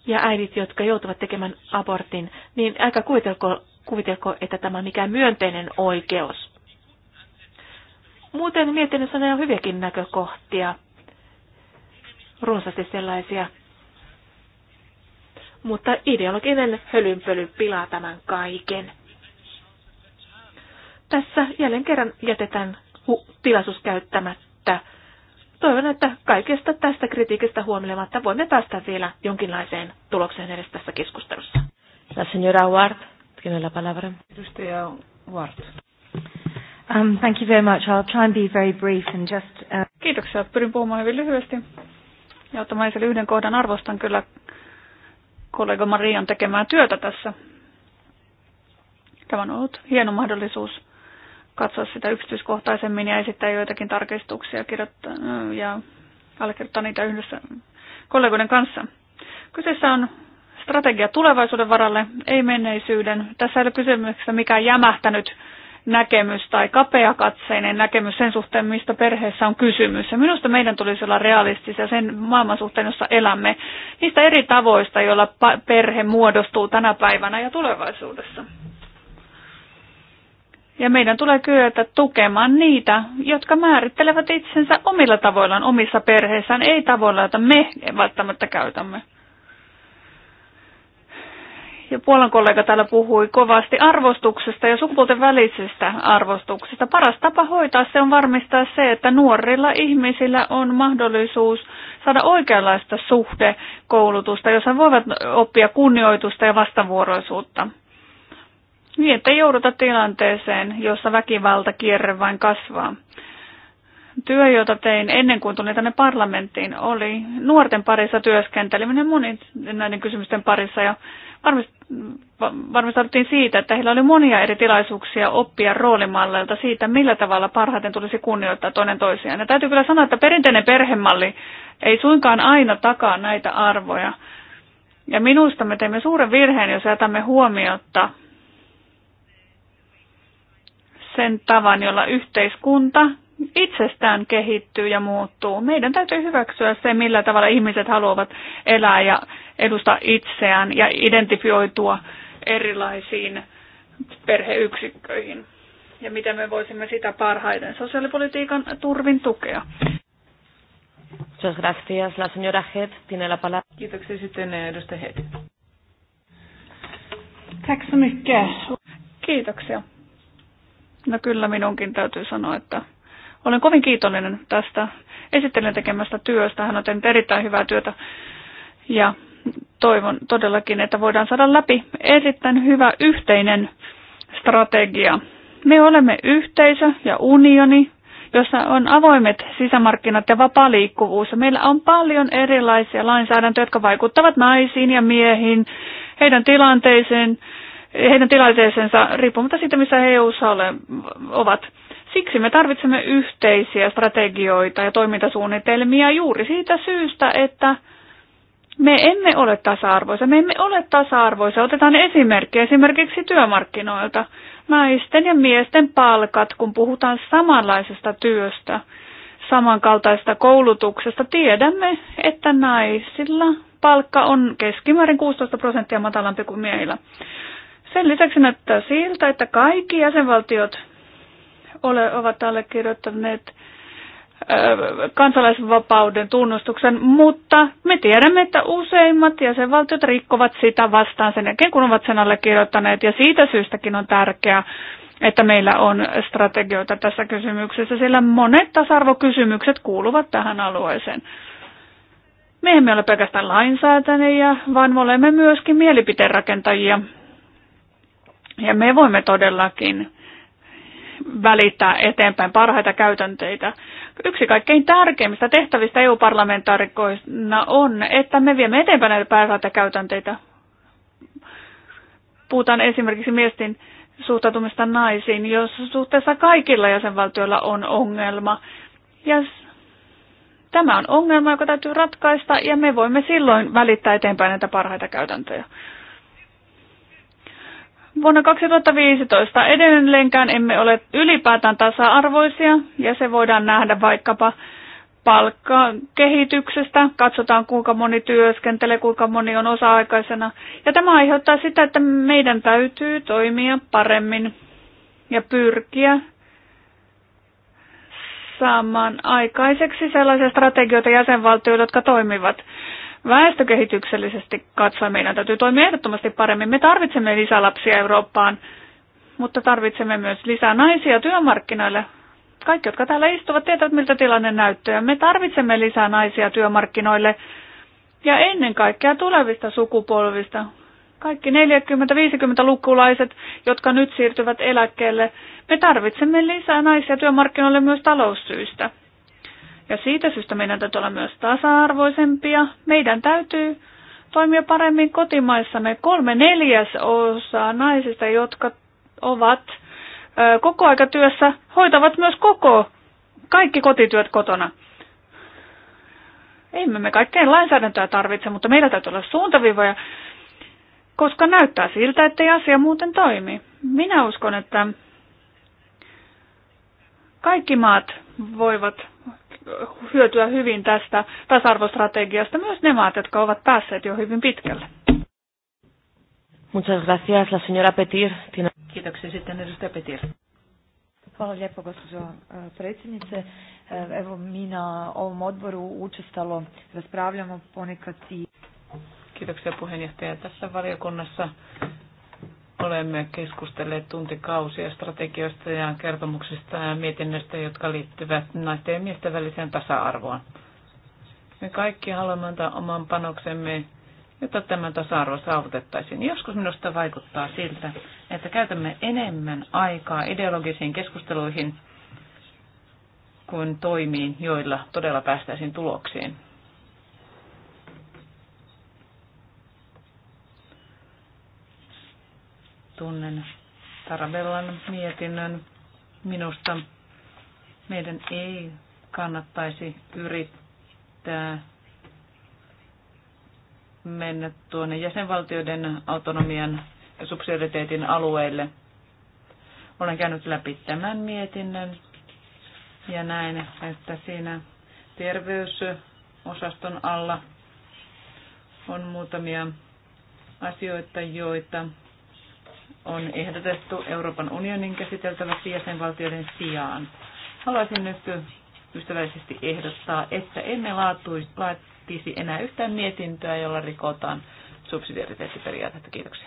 ja äidit, jotka joutuvat tekemään abortin, niin älkää kuvitelko, kuvitelko että tämä on mikään myönteinen oikeus. Muuten mietinnössä on hyviäkin näkökohtia, runsaasti sellaisia. Mutta ideologinen hölynpöly pilaa tämän kaiken. Tässä jälleen kerran jätetään tilaisuus käyttämättä että toivon, että kaikesta tästä kritiikistä huomioimatta voimme päästä vielä jonkinlaiseen tulokseen edes tässä keskustelussa. La señora Ward, tiene la palabra. Edustaja Ward. Um, thank you very much. I'll try and be very brief and just... Uh... Kiitoksia. Pyrin puhumaan hyvin lyhyesti. Ja ottamaan esille yhden kohdan. Arvostan kyllä kollega Marian tekemää työtä tässä. Tämä on ollut hieno mahdollisuus katsoa sitä yksityiskohtaisemmin ja esittää joitakin tarkistuksia kirjoittaa, ja allekirjoittaa niitä yhdessä kollegoiden kanssa. Kyseessä on strategia tulevaisuuden varalle, ei menneisyyden. Tässä ei ole kysymyksessä mikään jämähtänyt näkemys tai kapeakatseinen näkemys sen suhteen, mistä perheessä on kysymys. Ja minusta meidän tulisi olla realistisia sen maailman suhteen, jossa elämme, niistä eri tavoista, joilla perhe muodostuu tänä päivänä ja tulevaisuudessa. Ja meidän tulee kyetä tukemaan niitä, jotka määrittelevät itsensä omilla tavoillaan omissa perheissään, ei tavoilla, joita me välttämättä käytämme. Ja Puolan kollega täällä puhui kovasti arvostuksesta ja sukupuolten välisestä arvostuksesta. Paras tapa hoitaa se on varmistaa se, että nuorilla ihmisillä on mahdollisuus saada oikeanlaista suhdekoulutusta, jossa voivat oppia kunnioitusta ja vastavuoroisuutta. Niin, että jouduta tilanteeseen, jossa kierre vain kasvaa. Työ, jota tein ennen kuin tulin tänne parlamenttiin, oli nuorten parissa työskenteleminen monin näiden kysymysten parissa ja varmistauduttiin siitä, että heillä oli monia eri tilaisuuksia oppia roolimalleilta siitä, millä tavalla parhaiten tulisi kunnioittaa toinen toisiaan. Ja täytyy kyllä sanoa, että perinteinen perhemalli ei suinkaan aina takaa näitä arvoja. Ja minusta me teemme suuren virheen, jos jätämme huomiota sen tavan, jolla yhteiskunta itsestään kehittyy ja muuttuu. Meidän täytyy hyväksyä se, millä tavalla ihmiset haluavat elää ja edustaa itseään ja identifioitua erilaisiin perheyksikköihin. Ja miten me voisimme sitä parhaiten sosiaalipolitiikan turvin tukea. Muchas gracias. La señora Head tiene la palabra. Kiitoksia sitten edustaja Head. Tack så mycket. Kiitoksia. No kyllä minunkin täytyy sanoa, että olen kovin kiitollinen tästä esittelijän tekemästä työstä. Hän on tehnyt erittäin hyvää työtä ja toivon todellakin, että voidaan saada läpi erittäin hyvä yhteinen strategia. Me olemme yhteisö ja unioni, jossa on avoimet sisämarkkinat ja vapaa liikkuvuus. Meillä on paljon erilaisia lainsäädäntöjä, jotka vaikuttavat naisiin ja miehiin, heidän tilanteeseen, heidän tilanteeseensa riippumatta siitä, missä he eu ovat. Siksi me tarvitsemme yhteisiä strategioita ja toimintasuunnitelmia juuri siitä syystä, että me emme ole tasa-arvoisia. Me emme ole tasa-arvoisia. Otetaan esimerkki esimerkiksi työmarkkinoilta. Naisten ja miesten palkat, kun puhutaan samanlaisesta työstä, samankaltaista koulutuksesta, tiedämme, että naisilla palkka on keskimäärin 16 prosenttia matalampi kuin miehillä. Sen lisäksi näyttää siltä, että kaikki jäsenvaltiot ole, ovat allekirjoittaneet äh, kansalaisvapauden tunnustuksen, mutta me tiedämme, että useimmat jäsenvaltiot rikkovat sitä vastaan sen jälkeen, kun ovat sen allekirjoittaneet. Ja siitä syystäkin on tärkeää, että meillä on strategioita tässä kysymyksessä, sillä monet tasa-arvokysymykset kuuluvat tähän alueeseen. Me emme ole pelkästään lainsäätäjiä, vaan me olemme myöskin mielipiteenrakentajia. Ja me voimme todellakin välittää eteenpäin parhaita käytänteitä. Yksi kaikkein tärkeimmistä tehtävistä EU-parlamentaarikoina on, että me viemme eteenpäin näitä parhaita käytänteitä. Puhutaan esimerkiksi miestin suhtautumista naisiin, jos suhteessa kaikilla jäsenvaltioilla on ongelma. Ja tämä on ongelma, joka täytyy ratkaista, ja me voimme silloin välittää eteenpäin näitä parhaita käytäntöjä. Vuonna 2015 edelleenkään emme ole ylipäätään tasa-arvoisia ja se voidaan nähdä vaikkapa palkkakehityksestä. Katsotaan kuinka moni työskentelee, kuinka moni on osa-aikaisena. Ja tämä aiheuttaa sitä, että meidän täytyy toimia paremmin ja pyrkiä saamaan aikaiseksi sellaisia strategioita jäsenvaltioita, jotka toimivat väestökehityksellisesti katsoen meidän täytyy toimia ehdottomasti paremmin. Me tarvitsemme lisää lapsia Eurooppaan, mutta tarvitsemme myös lisää naisia työmarkkinoille. Kaikki, jotka täällä istuvat, tietävät, miltä tilanne näyttää. Me tarvitsemme lisää naisia työmarkkinoille ja ennen kaikkea tulevista sukupolvista. Kaikki 40-50-lukulaiset, jotka nyt siirtyvät eläkkeelle, me tarvitsemme lisää naisia työmarkkinoille myös taloussyistä. Ja siitä syystä meidän täytyy olla myös tasa-arvoisempia. Meidän täytyy toimia paremmin kotimaissamme. Kolme neljäs osaa naisista, jotka ovat koko työssä, hoitavat myös koko, kaikki kotityöt kotona. Ei me kaikkeen lainsäädäntöä tarvitse, mutta meillä täytyy olla suuntaviivoja, koska näyttää siltä, että ei asia muuten toimi. Minä uskon, että kaikki maat voivat hyötyä hyvin tästä tasa-arvostrategiasta myös ne maat, jotka ovat päässeet jo hyvin pitkälle. Muchas gracias, la señora Petir. Kiitoksia sitten edustaja Petir. Hvala lijepo gospođo e, predsjednice. E, evo mi na ovom odboru učestalo raspravljamo ponekad i... Kiitoksia puheenjohtaja. Tässä valiokunnassa Olemme keskustelleet tuntikausia strategioista ja kertomuksista ja mietinnöistä, jotka liittyvät naisten ja miesten väliseen tasa-arvoon. Me kaikki haluamme antaa oman panoksemme, jotta tämä tasa-arvo saavutettaisiin. Joskus minusta vaikuttaa siltä, että käytämme enemmän aikaa ideologisiin keskusteluihin kuin toimiin, joilla todella päästäisiin tuloksiin. Tunnen Tarabellan mietinnön. Minusta meidän ei kannattaisi yrittää mennä tuonne jäsenvaltioiden autonomian ja subsidiariteetin alueelle. Olen käynyt läpi tämän mietinnön ja näin, että siinä terveysosaston alla on muutamia asioita, joita on ehdotettu Euroopan unionin käsiteltäväksi jäsenvaltioiden sijaan. Haluaisin nyt ystävällisesti ehdottaa, että emme laatisi enää yhtään mietintöä, jolla rikotaan subsidiariteettiperiaatetta. Kiitoksia.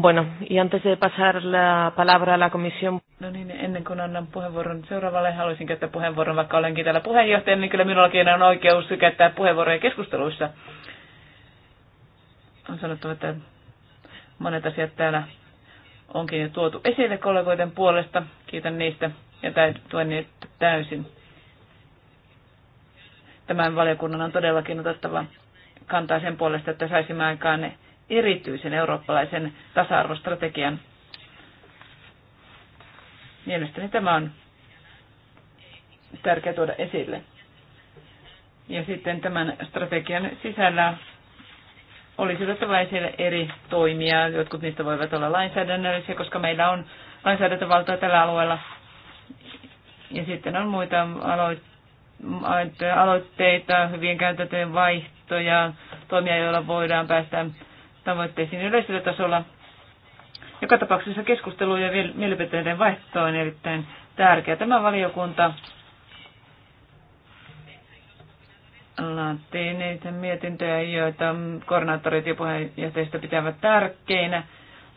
Bueno, y antes de pasar la palabra a la comisión... No niin, ennen kuin annan puheenvuoron seuraavalle, haluaisin käyttää puheenvuoron, vaikka olenkin täällä puheenjohtaja, niin kyllä minullakin on oikeus käyttää puheenvuoroja keskusteluissa. On sanottu, että Monet asiat täällä onkin jo tuotu esille kollegoiden puolesta. Kiitän niistä ja tuen niitä täysin. Tämän valiokunnan on todellakin otettava kantaa sen puolesta, että saisimme aikaan erityisen eurooppalaisen tasa-arvostrategian. Mielestäni tämä on tärkeää tuoda esille. Ja sitten tämän strategian sisällä olisi otettavaisia eri toimia. Jotkut niistä voivat olla lainsäädännöllisiä, koska meillä on lainsäädäntövaltaa tällä alueella. Ja sitten on muita aloitteita, hyvien käytäntöjen vaihtoja, toimia, joilla voidaan päästä tavoitteisiin yleisellä tasolla. Joka tapauksessa keskustelu ja mielipiteiden vaihto on erittäin tärkeä. Tämä valiokunta laatii niitä mietintöjä, joita koordinaattorit ja puheenjohtajista pitävät tärkeinä.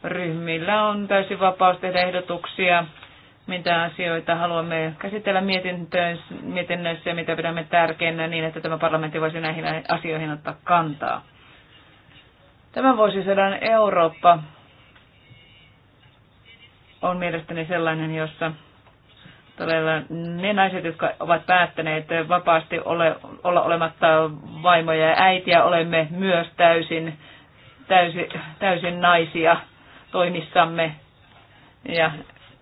Ryhmillä on täysin vapaus tehdä ehdotuksia, mitä asioita haluamme käsitellä mietinnöissä ja mitä pidämme tärkeinä niin, että tämä parlamentti voisi näihin asioihin ottaa kantaa. Tämän vuosisadan Eurooppa on mielestäni sellainen, jossa todella ne naiset, jotka ovat päättäneet vapaasti ole, olla olematta vaimoja ja äitiä, olemme myös täysin, täysin, täysin naisia toimissamme. Ja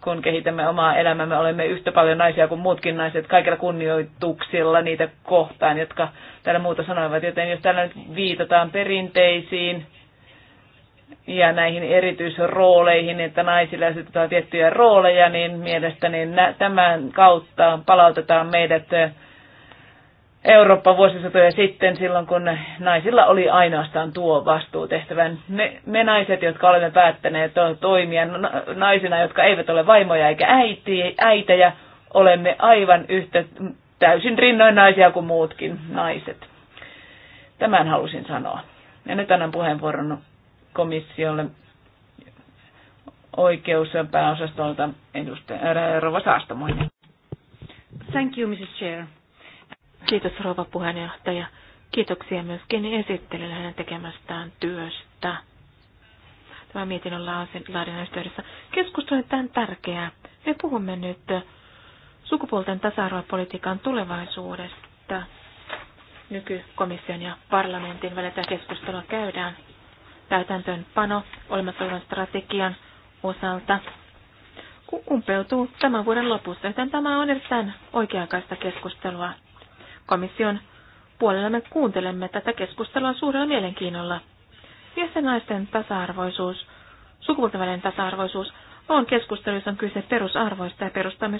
kun kehitämme omaa elämämme, olemme yhtä paljon naisia kuin muutkin naiset kaikilla kunnioituksilla niitä kohtaan, jotka täällä muuta sanoivat. Joten jos täällä nyt viitataan perinteisiin, ja näihin erityisrooleihin, että naisille asetetaan tiettyjä rooleja, niin mielestäni tämän kautta palautetaan meidät Eurooppa vuosisatoja sitten, silloin kun naisilla oli ainoastaan tuo vastuutehtävä. Me, me naiset, jotka olemme päättäneet toimia no, naisina, jotka eivät ole vaimoja eikä äiti, äitejä, olemme aivan yhtä täysin rinnoin naisia kuin muutkin naiset. Tämän halusin sanoa. Ja nyt annan puheenvuoron komissiolle oikeus pääosastolta edustaja Rova Saastamoinen. Thank you, Mrs. Chair. Kiitos rouva puheenjohtaja. Kiitoksia myöskin esittelijälle hänen tekemästään työstä. Tämä mietinnön laadinnan yhteydessä keskustelu on tämän tärkeää. Me puhumme nyt sukupuolten tasa-arvopolitiikan tulevaisuudesta. Nykykomission ja parlamentin välillä keskustelua käydään täytäntöönpano olemassa olevan strategian osalta umpeutuu tämän vuoden lopussa, joten tämä on erittäin oikeankaista keskustelua. Komission puolella me kuuntelemme tätä keskustelua suurella mielenkiinnolla. Miesten naisten tasa-arvoisuus, sukupuolten välinen tasa-arvoisuus on keskustelu, jossa on kyse perusarvoista ja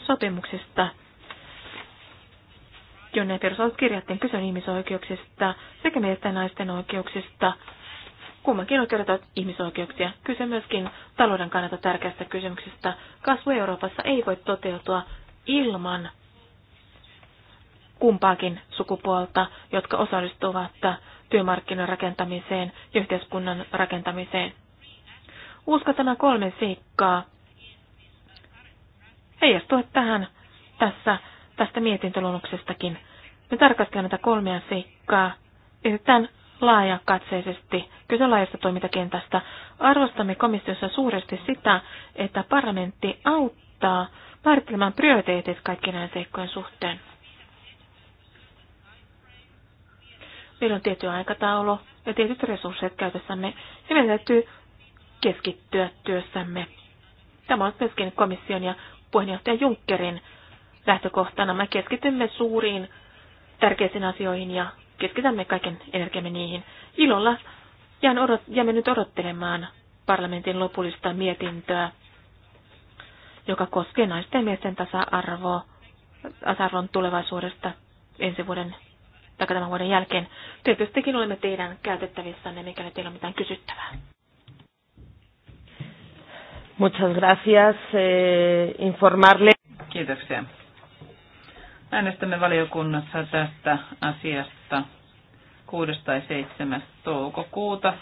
sopimuksista, jonne perusarvot kirjattiin. Kyse on ihmisoikeuksista sekä miesten ja naisten oikeuksista – Kummankin oikeudet ovat ihmisoikeuksia. Kyse myöskin talouden kannalta tärkeästä kysymyksestä. Kasvu Euroopassa ei voi toteutua ilman kumpaakin sukupuolta, jotka osallistuvat työmarkkinan rakentamiseen ja yhteiskunnan rakentamiseen. Usko tämä kolme seikkaa heijastuu tähän tässä, tästä mietintöluonnoksestakin. Me tarkastelemme näitä kolmea seikkaa. Yritetään laajakatseisesti kyse laajasta toimintakentästä. Arvostamme komissiossa suuresti sitä, että parlamentti auttaa määrittelemään prioriteetit kaikkien näiden seikkojen suhteen. Meillä on tietty aikataulu ja tietyt resurssit käytössämme, ja meidän täytyy keskittyä työssämme. Tämä on myöskin komission ja puheenjohtaja Junckerin lähtökohtana. Me keskitymme suuriin tärkeisiin asioihin ja keskitämme kaiken energiamme niihin. Ilolla jään odot, jäämme nyt odottelemaan parlamentin lopullista mietintöä, joka koskee naisten ja miesten tasa-arvoa, tasa-arvon tulevaisuudesta ensi vuoden tai tämän vuoden jälkeen. Tietystikin olemme teidän käytettävissänne, mikäli teillä on mitään kysyttävää. Muchas gracias. Eh, informarle. Kiitoksia. Äänestämme valiokunnassa tästä asiasta vuotta 6. tai 7. toukokuuta.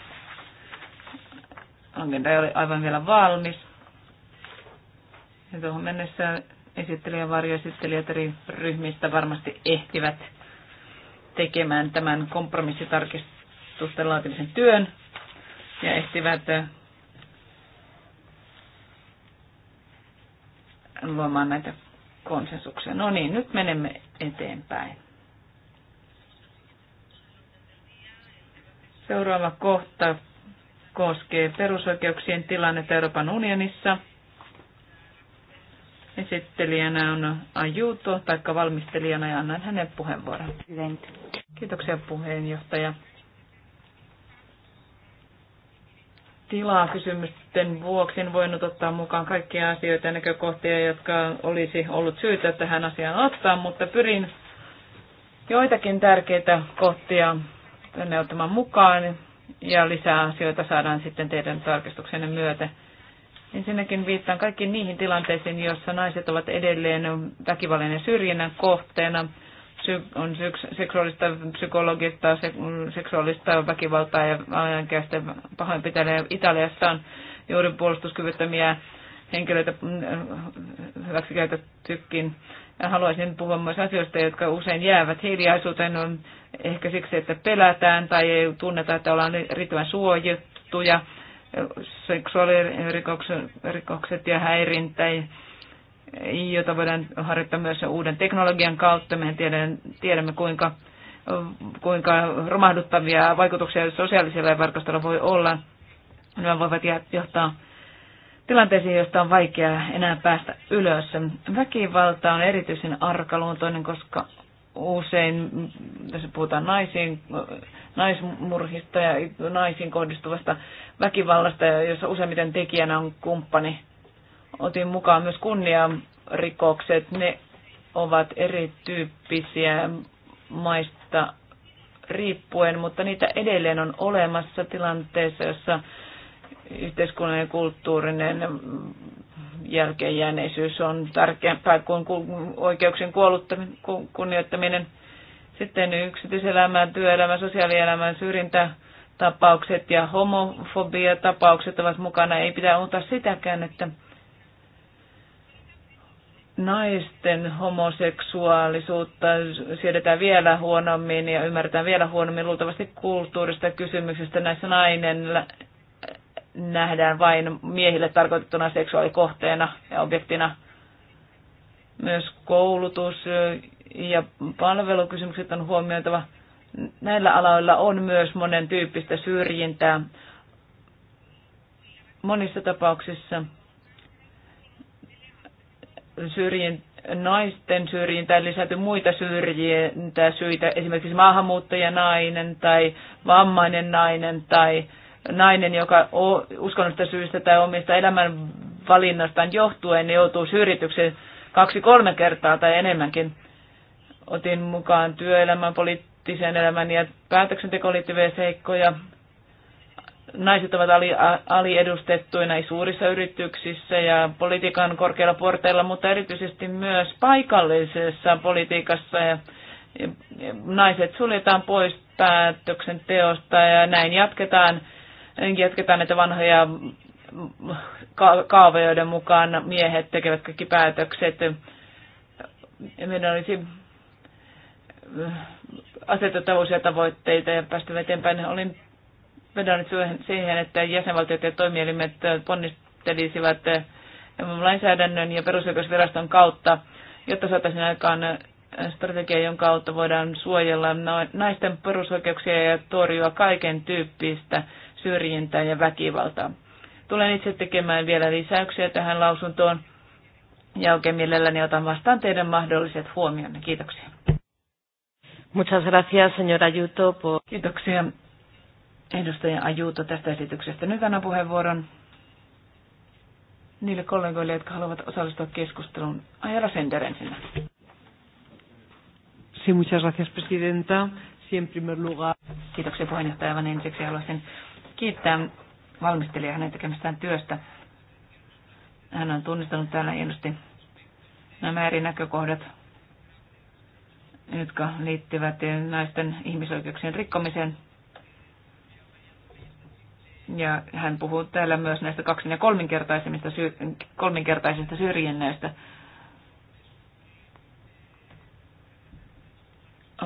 Agenda ei ole aivan vielä valmis. Ja tuohon mennessä esittelijä ja varjoesittelijät eri ryhmistä varmasti ehtivät tekemään tämän kompromissitarkistusten laatimisen työn ja ehtivät äh, luomaan näitä konsensuksia. No niin, nyt menemme eteenpäin. Seuraava kohta koskee perusoikeuksien tilannetta Euroopan unionissa. Esittelijänä on Ajuuto, taikka valmistelijana, ja annan hänen puheenvuoron. Kiitoksia puheenjohtaja. tilaa kysymysten vuoksi en voinut ottaa mukaan kaikkia asioita ja näkökohtia, jotka olisi ollut syytä tähän asiaan ottaa, mutta pyrin joitakin tärkeitä kohtia tänne ottamaan mukaan ja lisää asioita saadaan sitten teidän tarkistuksenne myötä. Ensinnäkin viittaan kaikkiin niihin tilanteisiin, joissa naiset ovat edelleen väkivallan ja syrjinnän kohteena. On seksuaalista, psykologista, seksuaalista väkivaltaa ja ajankäistä pahoinpitelyä. Italiassa on juuri puolustuskyvyttömiä henkilöitä mm, hyväksikäytettykin Haluaisin puhua myös asioista, jotka usein jäävät hiljaisuuteen. On ehkä siksi, että pelätään tai ei tunneta, että ollaan riittävän suojattuja. Seksuaalirikokset ja häirintä, jota voidaan harjoittaa myös uuden teknologian kautta. Me tiedämme, tiedämme kuinka, kuinka romahduttavia vaikutuksia sosiaalisella verkostolla voi olla. Nämä voivat johtaa tilanteisiin, joista on vaikea enää päästä ylös. Väkivalta on erityisen arkaluontoinen, koska usein, tässä puhutaan naisiin, naismurhista ja naisiin kohdistuvasta väkivallasta, jossa useimmiten tekijänä on kumppani. Otin mukaan myös kunniarikokset. Ne ovat erityyppisiä maista riippuen, mutta niitä edelleen on olemassa tilanteessa, jossa yhteiskunnan ja kulttuurinen jälkeenjääneisyys on tärkeämpää kuin oikeuksien kunnioittaminen. Sitten yksityiselämään, työelämään, sosiaalielämään, syrjintätapaukset ja homofobiatapaukset ovat mukana. Ei pitää unohtaa sitäkään, että naisten homoseksuaalisuutta siedetään vielä huonommin ja ymmärretään vielä huonommin luultavasti kulttuurista kysymyksestä. Näissä nainen nähdään vain miehille tarkoitettuna seksuaalikohteena ja objektina. Myös koulutus ja palvelukysymykset on huomioitava. Näillä aloilla on myös monen tyyppistä syrjintää. Monissa tapauksissa syrjin, naisten syrjintään lisätty muita syrjintää syitä, esimerkiksi maahanmuuttajanainen tai vammainen nainen tai nainen, joka uskonnosta syystä tai omista elämän valinnastaan johtuen joutuu syrjityksen kaksi-kolme kertaa tai enemmänkin. Otin mukaan työelämän, poliittisen elämän ja päätöksentekoon liittyviä seikkoja. Naiset ovat ali, aliedustettuina suurissa yrityksissä ja politiikan korkeilla porteilla, mutta erityisesti myös paikallisessa politiikassa ja naiset suljetaan pois päätöksenteosta ja näin jatketaan jatketaan näitä vanhoja kaavojoiden mukaan miehet tekevät kaikki päätökset. Meidän olisi äh, asetettava uusia tavoitteita ja päästä eteenpäin. Olin vedonnut siihen, että jäsenvaltiot ja toimielimet ponnistelisivat äh, lainsäädännön ja perusoikeusviraston kautta, jotta saataisiin aikaan äh, strategia, jonka kautta voidaan suojella no-, naisten perusoikeuksia ja torjua kaiken tyyppistä syrjintään ja väkivaltaa. Tulen itse tekemään vielä lisäyksiä tähän lausuntoon ja oikein mielelläni otan vastaan teidän mahdolliset huomionne. Kiitoksia. Muchas gracias, señora Ayuto. Por... Kiitoksia edustaja Ajuto tästä esityksestä. Nyt annan puheenvuoron niille kollegoille, jotka haluavat osallistua keskusteluun. Ajara Sender ensin. Sí, muchas gracias, presidenta. Sí, en primer lugar. Kiitoksia puheenjohtaja. Aivan ensiksi haluaisin kiittää valmistelija hänen tekemästään työstä. Hän on tunnistanut täällä hienosti nämä eri näkökohdat, jotka liittyvät naisten ihmisoikeuksien rikkomiseen. Ja hän puhuu täällä myös näistä kaksin- ja kolminkertaisista, kolminkertaisista syrjinnäistä.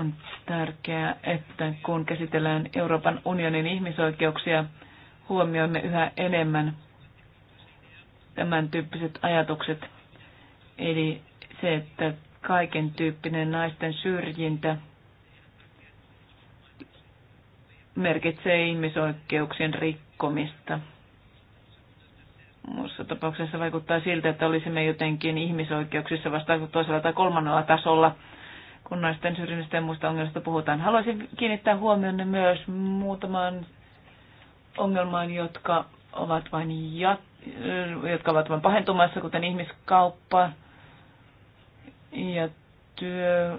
On tärkeää, että kun käsitellään Euroopan unionin ihmisoikeuksia, huomioimme yhä enemmän tämän tyyppiset ajatukset. Eli se, että kaiken tyyppinen naisten syrjintä merkitsee ihmisoikeuksien rikkomista. Muussa tapauksessa vaikuttaa siltä, että olisimme jotenkin ihmisoikeuksissa vasta toisella tai kolmannella tasolla – kun naisten syrjinnästä ja muista ongelmista puhutaan. Haluaisin kiinnittää huomionne myös muutamaan ongelmaan, jotka ovat vain, jat- jotka ovat vain pahentumassa, kuten ihmiskauppa ja työ,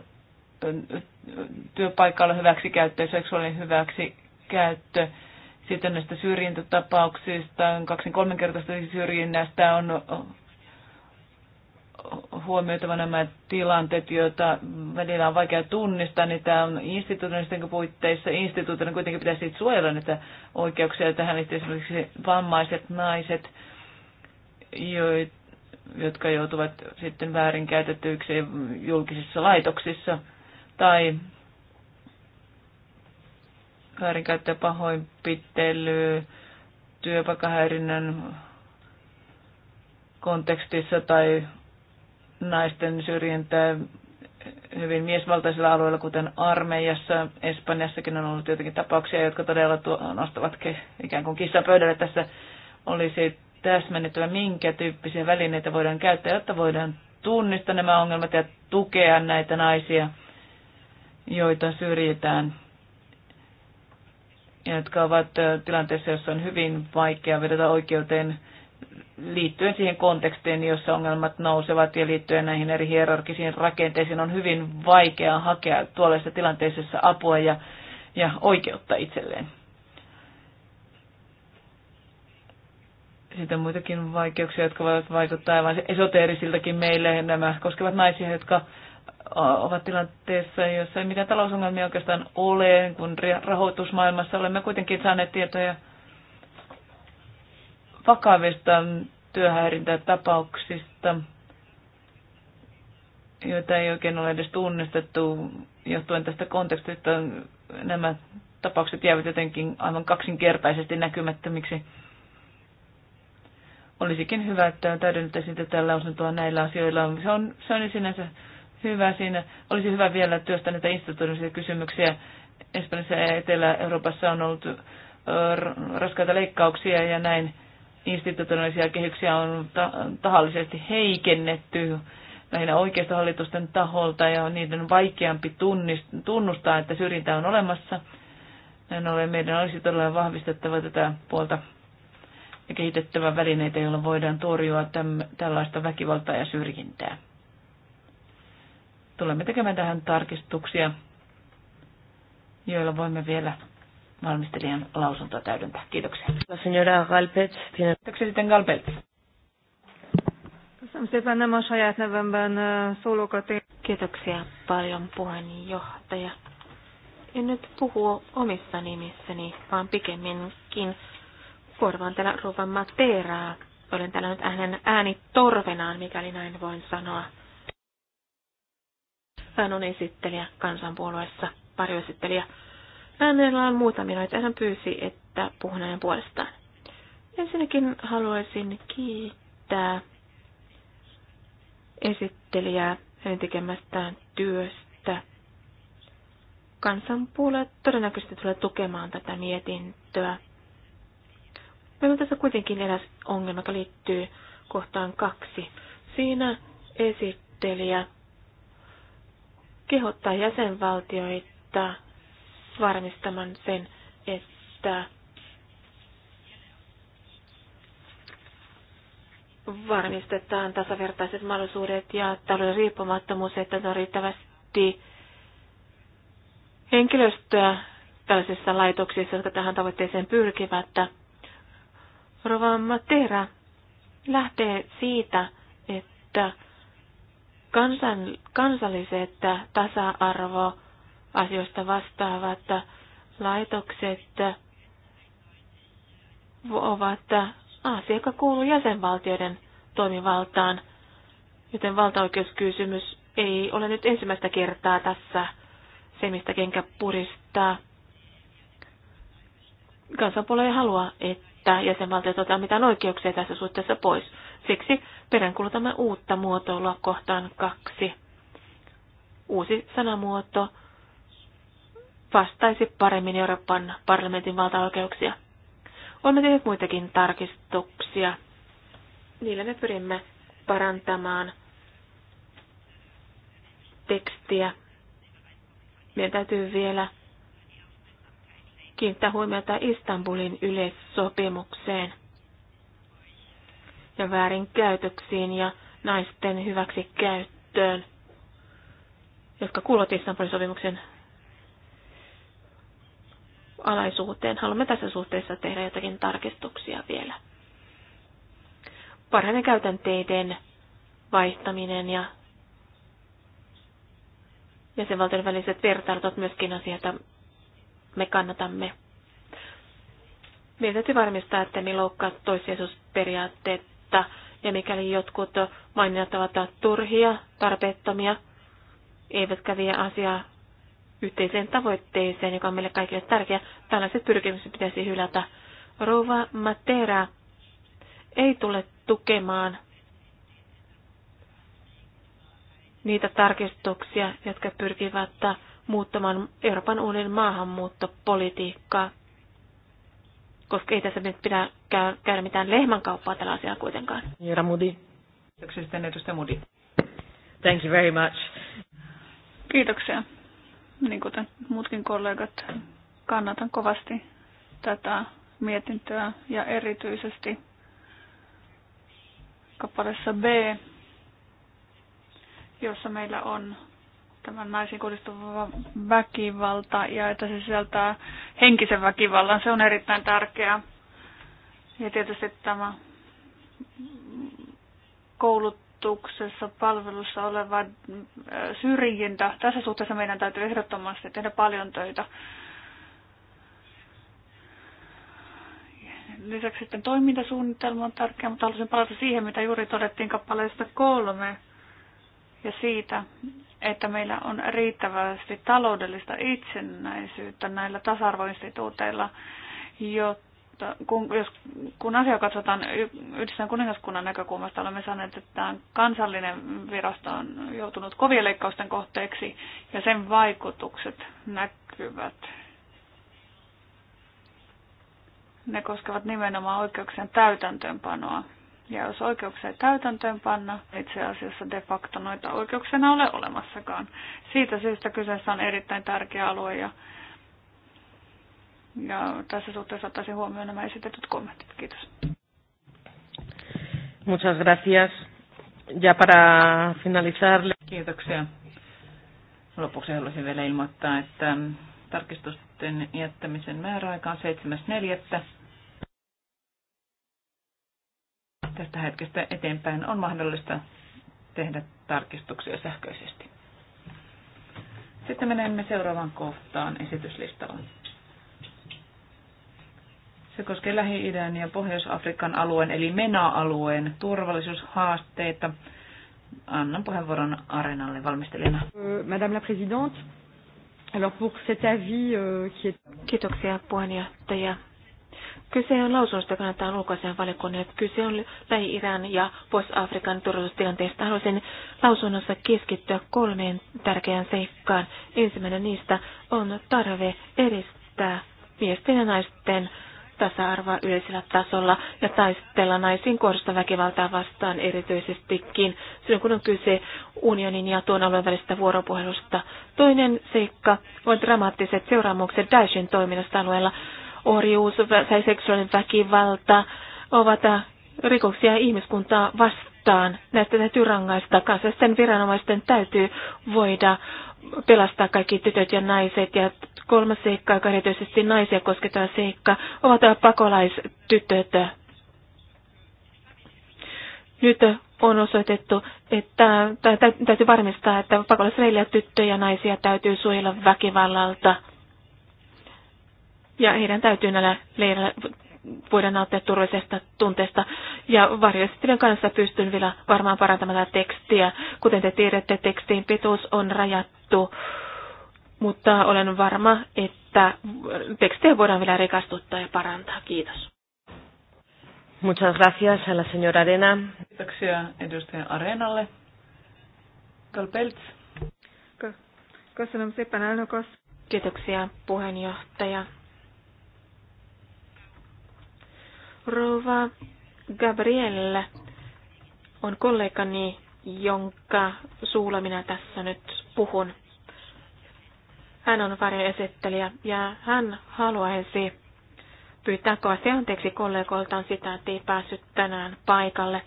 työpaikalla hyväksikäyttö ja seksuaalinen hyväksikäyttö. Sitten näistä syrjintätapauksista, kaksin kolmenkertaista syrjinnästä on huomioitava nämä tilanteet, joita välillä on vaikea tunnistaa, niin tämä on instituutioiden puitteissa. Instituutioiden kuitenkin pitäisi siis suojella näitä oikeuksia. Tähän liittyy esimerkiksi vammaiset naiset, jotka joutuvat sitten väärinkäytetyiksi julkisissa laitoksissa tai väärinkäyttöä pahoinpitely, työpaikahäirinnän kontekstissa tai naisten syrjintää hyvin miesvaltaisilla alueilla, kuten armeijassa. Espanjassakin on ollut joitakin tapauksia, jotka todella nostavat ikään kuin kissan pöydälle. Tässä olisi täsmennettävä, minkä tyyppisiä välineitä voidaan käyttää, jotta voidaan tunnistaa nämä ongelmat ja tukea näitä naisia, joita syrjitään ja jotka ovat tilanteessa, jossa on hyvin vaikea vedota oikeuteen liittyen siihen kontekstiin, jossa ongelmat nousevat ja liittyen näihin eri hierarkisiin rakenteisiin, on hyvin vaikea hakea tuollaisessa tilanteessa apua ja, ja oikeutta itselleen. Sitten muitakin vaikeuksia, jotka voivat vaikuttaa aivan esoteerisiltakin meille. Nämä koskevat naisia, jotka ovat tilanteessa, jossa ei mitään talousongelmia oikeastaan ole, kun rahoitusmaailmassa olemme kuitenkin saaneet tietoja – vakavista työhäirintätapauksista, joita ei oikein ole edes tunnistettu johtuen tästä kontekstista. Nämä tapaukset jäävät jotenkin aivan kaksinkertaisesti näkymättömiksi. Olisikin hyvä, että täydennettäisiin tätä lausuntoa näillä asioilla. Se on, se on sinänsä hyvä siinä. Olisi hyvä vielä työstää näitä instituutioisia kysymyksiä. Espanjassa ja Etelä-Euroopassa on ollut raskaita leikkauksia ja näin institutionaalisia kehyksiä on tahallisesti heikennetty lähinnä oikeistohallitusten taholta ja niiden on vaikeampi tunnustaa, että syrjintä on olemassa. Näin ollen meidän olisi todella vahvistettava tätä puolta ja kehitettävä välineitä, joilla voidaan torjua täm, tällaista väkivaltaa ja syrjintää. Tulemme tekemään tähän tarkistuksia, joilla voimme vielä valmistelijan lausuntoa täydentää. Kiitoksia. La señora Galpets. Kiitoksia sitten Galpets. Kiitoksia paljon puheenjohtaja. En nyt puhu omissa nimissäni, vaan pikemminkin korvaan täällä Ruvan Materaa. Olen täällä nyt hänen ääni torvenaan, mikäli näin voin sanoa. Hän on esittelijä kansanpuolueessa, varjoesittelijä. esittelijä Äänellä on muutamia, joita hän pyysi, että puhun hänen puolestaan. Ensinnäkin haluaisin kiittää esittelijää hänen tekemästään työstä. Kansanpuolue todennäköisesti tulee tukemaan tätä mietintöä. Meillä on tässä kuitenkin eräs ongelma, joka liittyy kohtaan kaksi. Siinä esittelijä kehottaa jäsenvaltioita varmistamaan sen, että varmistetaan tasavertaiset mahdollisuudet ja talouden riippumattomuus, että on riittävästi henkilöstöä tällaisissa laitoksissa, jotka tähän tavoitteeseen pyrkivät. Rova Matera lähtee siitä, että kansan, kansalliset tasa-arvo asioista vastaavat laitokset ovat asia, joka kuuluu jäsenvaltioiden toimivaltaan, joten valtaoikeuskysymys ei ole nyt ensimmäistä kertaa tässä se, mistä kenkä puristaa. Kansanpuolue ei halua, että jäsenvaltiot ottaa mitään oikeuksia tässä suhteessa pois. Siksi peräänkulutamme uutta muotoilua kohtaan kaksi. Uusi sanamuoto – vastaisi paremmin Euroopan parlamentin valtaoikeuksia. Olemme tehneet muitakin tarkistuksia. Niillä me pyrimme parantamaan tekstiä. Meidän täytyy vielä kiinnittää huomiota Istanbulin yleissopimukseen ja väärinkäytöksiin ja naisten hyväksikäyttöön, jotka kuuluvat Istanbulin sopimuksen alaisuuteen. Haluamme tässä suhteessa tehdä jotakin tarkistuksia vielä. Parhaiden käytänteiden vaihtaminen ja jäsenvaltion väliset vertailut ovat myöskin asioita, me kannatamme. Meidän täytyy varmistaa, että me loukkaa toissijaisuusperiaatteetta ja mikäli jotkut maininnat ovat turhia, tarpeettomia, eivätkä vie asiaa yhteiseen tavoitteeseen, joka on meille kaikille tärkeä. Tällaiset pyrkimykset pitäisi hylätä. Rouva Matera ei tule tukemaan niitä tarkistuksia, jotka pyrkivät muuttamaan Euroopan unionin maahanmuuttopolitiikkaa, koska ei tässä nyt pidä käydä mitään lehmänkauppaa tällä asiaa kuitenkaan. Herra Mudi. Kiitoksia sitten edustaja Mudi. Thank you very much. Kiitoksia niin kuten muutkin kollegat, kannatan kovasti tätä mietintöä ja erityisesti kappaleessa B, jossa meillä on tämän naisiin kohdistuva väkivalta ja että se sisältää henkisen väkivallan. Se on erittäin tärkeää. Ja tietysti tämä koulut koulutuksessa, palvelussa oleva äh, syrjintä. Tässä suhteessa meidän täytyy ehdottomasti tehdä paljon töitä. Lisäksi sitten toimintasuunnitelma on tärkeä, mutta haluaisin palata siihen, mitä juuri todettiin kappaleesta kolme ja siitä, että meillä on riittävästi taloudellista itsenäisyyttä näillä tasa-arvoinstituuteilla, jotta mutta kun, jos, kun asia katsotaan yhdistään kuningaskunnan näkökulmasta, olemme sanoneet, että tämä kansallinen virasto on joutunut kovien leikkausten kohteeksi ja sen vaikutukset näkyvät. Ne koskevat nimenomaan oikeuksien täytäntöönpanoa. Ja jos oikeuksia ei täytäntöönpanna, niin itse asiassa de facto noita oikeuksena ole olemassakaan. Siitä syystä kyseessä on erittäin tärkeä alue ja ja tässä suhteessa ottaisin huomioon nämä esitetyt kommentit. Kiitos. Muchas gracias. Ja para finalizar... Kiitoksia. Lopuksi haluaisin vielä ilmoittaa, että tarkistusten jättämisen määräaika on 7.4. Tästä hetkestä eteenpäin on mahdollista tehdä tarkistuksia sähköisesti. Sitten menemme seuraavaan kohtaan esityslistalla. Se koskee Lähi-idän ja Pohjois-Afrikan alueen eli MENA-alueen turvallisuushaasteita. Annan puheenvuoron Arenalle valmistelijana. Madame la Présidente, alors pour cet avis Euh, est... Kiitoksia puheenjohtaja. Kyse on lausunnosta, kannattaa ulkoisen valiokunnan, että kyse on Lähi-Iran ja Pohjois-Afrikan turvallisuustilanteesta. Haluaisin lausunnossa keskittyä kolmeen tärkeään seikkaan. Ensimmäinen niistä on tarve edistää miesten ja naisten tasa-arvoa yleisellä tasolla ja taistella naisiin kohdista väkivaltaa vastaan erityisestikin, silloin kun on kyse unionin ja tuon alueen välistä vuoropuhelusta. Toinen seikka on dramaattiset seuraamukset Daeshin toiminnasta alueella. Orjuus, seksuaalinen väkivalta ovat rikoksia ihmiskuntaa vastaan. Näistä täytyy rangaista. Kansallisten viranomaisten täytyy voida pelastaa kaikki tytöt ja naiset. Ja kolmas seikka, joka erityisesti naisia koskettava seikka, ovat pakolaistytöt. Nyt on osoitettu, että täytyy varmistaa, että pakolaisreilejä tyttöjä ja naisia täytyy suojella väkivallalta. Ja heidän täytyy näillä leireillä voidaan nauttia turvallisesta tunteesta. Ja varjoesittelijän kanssa pystyn vielä varmaan parantamaan tätä tekstiä. Kuten te tiedätte, tekstin pituus on rajattu, mutta olen varma, että tekstiä voidaan vielä rikastuttaa ja parantaa. Kiitos. Muchas gracias a la señora Arena. Kiitoksia edustaja Arenalle. No Kiitoksia puheenjohtaja. Rova Gabrielle on kollegani, jonka suulla minä tässä nyt puhun. Hän on esittelijä ja hän haluaisi pyytää kovasti anteeksi kollegoiltaan sitä, että ei päässyt tänään paikalle.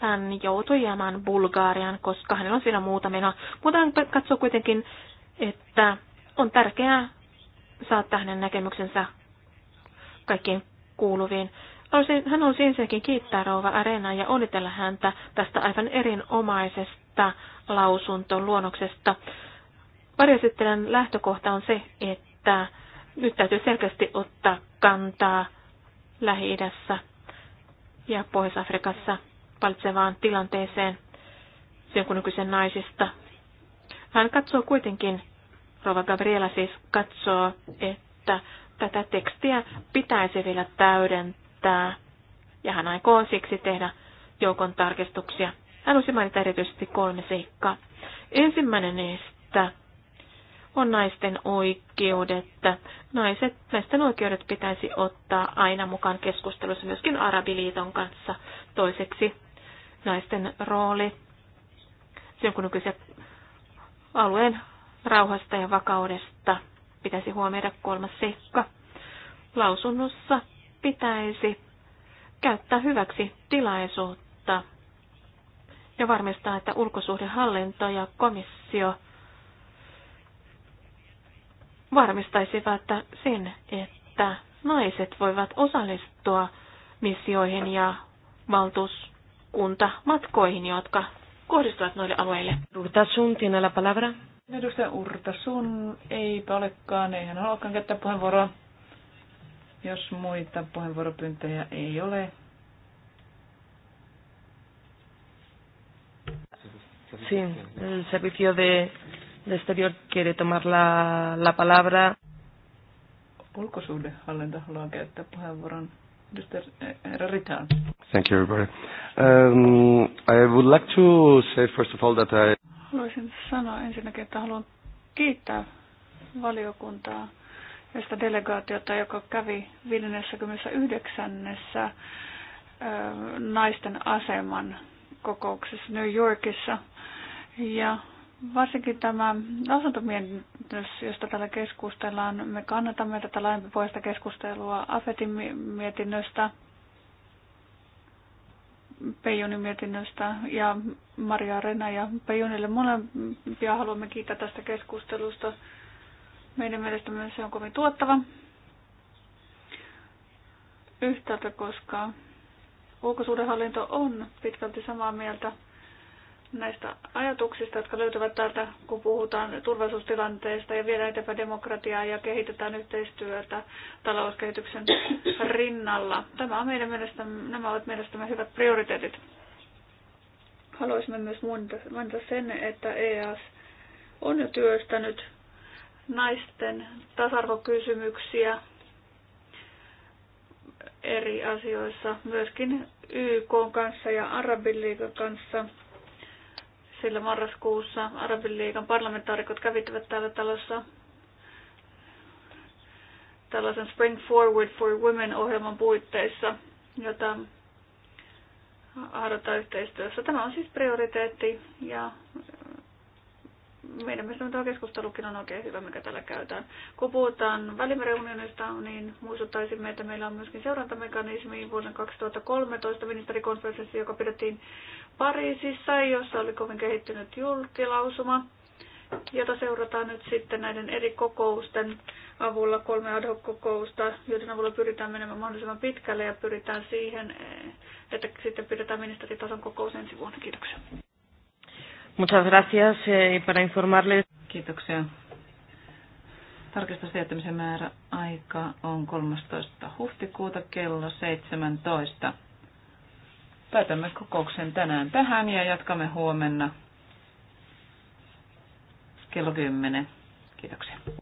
Hän joutui jäämään Bulgaarian, koska hänellä on siinä muuta menoa. Mutta hän katsoo kuitenkin, että on tärkeää saattaa hänen näkemyksensä kaikkiin kuuluviin. Hän halusi ensinnäkin kiittää Rouva Areenaa ja onnitella häntä tästä aivan erinomaisesta lausuntoluonnoksesta. Varjosittelen lähtökohta on se, että nyt täytyy selkeästi ottaa kantaa lähi ja Pohjois-Afrikassa valitsevaan tilanteeseen sen kun naisista. Hän katsoo kuitenkin, Rova Gabriela siis katsoo, että tätä tekstiä pitäisi vielä täydentää esittää, ja hän aikoo siksi tehdä joukon tarkistuksia. Haluaisin mainita erityisesti kolme seikkaa. Ensimmäinen niistä on naisten oikeudet. Naiset, naisten oikeudet pitäisi ottaa aina mukaan keskustelussa myöskin Arabiliiton kanssa. Toiseksi naisten rooli, silloin kun alueen rauhasta ja vakaudesta, pitäisi huomioida kolmas seikka. Lausunnossa pitäisi käyttää hyväksi tilaisuutta ja varmistaa, että ulkosuhdehallinto ja komissio varmistaisivat sen, että naiset voivat osallistua missioihin ja valtuuskuntamatkoihin, jotka kohdistuvat noille alueille. Urta sun, tiene la palabra. Edustaja Urta sun, eipä olekaan, eihän haluakaan käyttää puheenvuoroa. Jos muita puheenvuoropyyntöjä ei ole, Sí, el servicio de, de exterior quiere tomar la, la palabra. Ulkosuhdehallinto haluaa käyttää puheenvuoron. Eh, Thank you, everybody. Um, I would like to say first of all that I... Haluaisin sanoa ensinnäkin, että haluan kiittää valiokuntaa josta delegaatiota, joka kävi 59. naisten aseman kokouksessa New Yorkissa. Ja varsinkin tämä lausuntomietintös, josta täällä keskustellaan, me kannatamme tätä laajempipohjaista keskustelua AFETin mietinnöstä, Peijunin mietinnöstä ja Maria Rena ja Peijunille molempia haluamme kiittää tästä keskustelusta. Meidän myös se on kovin tuottava. Yhtäältä, koska ulkosuudenhallinto on pitkälti samaa mieltä näistä ajatuksista, jotka löytyvät täältä, kun puhutaan turvallisuustilanteesta ja viedään eteenpäin demokratiaa ja kehitetään yhteistyötä talouskehityksen rinnalla. Tämä on meidän mielestä, nämä ovat mielestämme hyvät prioriteetit. Haluaisimme myös mainita sen, että EAS on jo työstänyt naisten tasa-arvokysymyksiä eri asioissa, myöskin YK kanssa ja Arabiliikan kanssa. Sillä marraskuussa Arabiliikan parlamentaarikot kävittävät täällä talossa tällaisen Spring Forward for Women-ohjelman puitteissa, jota harjoittaa yhteistyössä. Tämä on siis prioriteetti ja meidän mielestä tuo keskustelukin on oikein hyvä, mikä täällä käytään. Kun puhutaan unionista, niin muistuttaisimme, että meillä on myöskin seurantamekanismi vuonna 2013 ministerikonferenssi, joka pidettiin Pariisissa, jossa oli kovin kehittynyt julkilausuma, jota seurataan nyt sitten näiden eri kokousten avulla, kolme ad hoc-kokousta, joiden avulla pyritään menemään mahdollisimman pitkälle ja pyritään siihen, eh, että sitten pidetään ministeritason kokous ensi vuonna. Kiitoksia. Muchas gracias eh, para informarles. Kiitoksia. Tarkistustietoisen määrä aika on 13. huhtikuuta kello 17. Päätämme kokouksen tänään tähän ja jatkamme huomenna kello 10. Kiitoksia.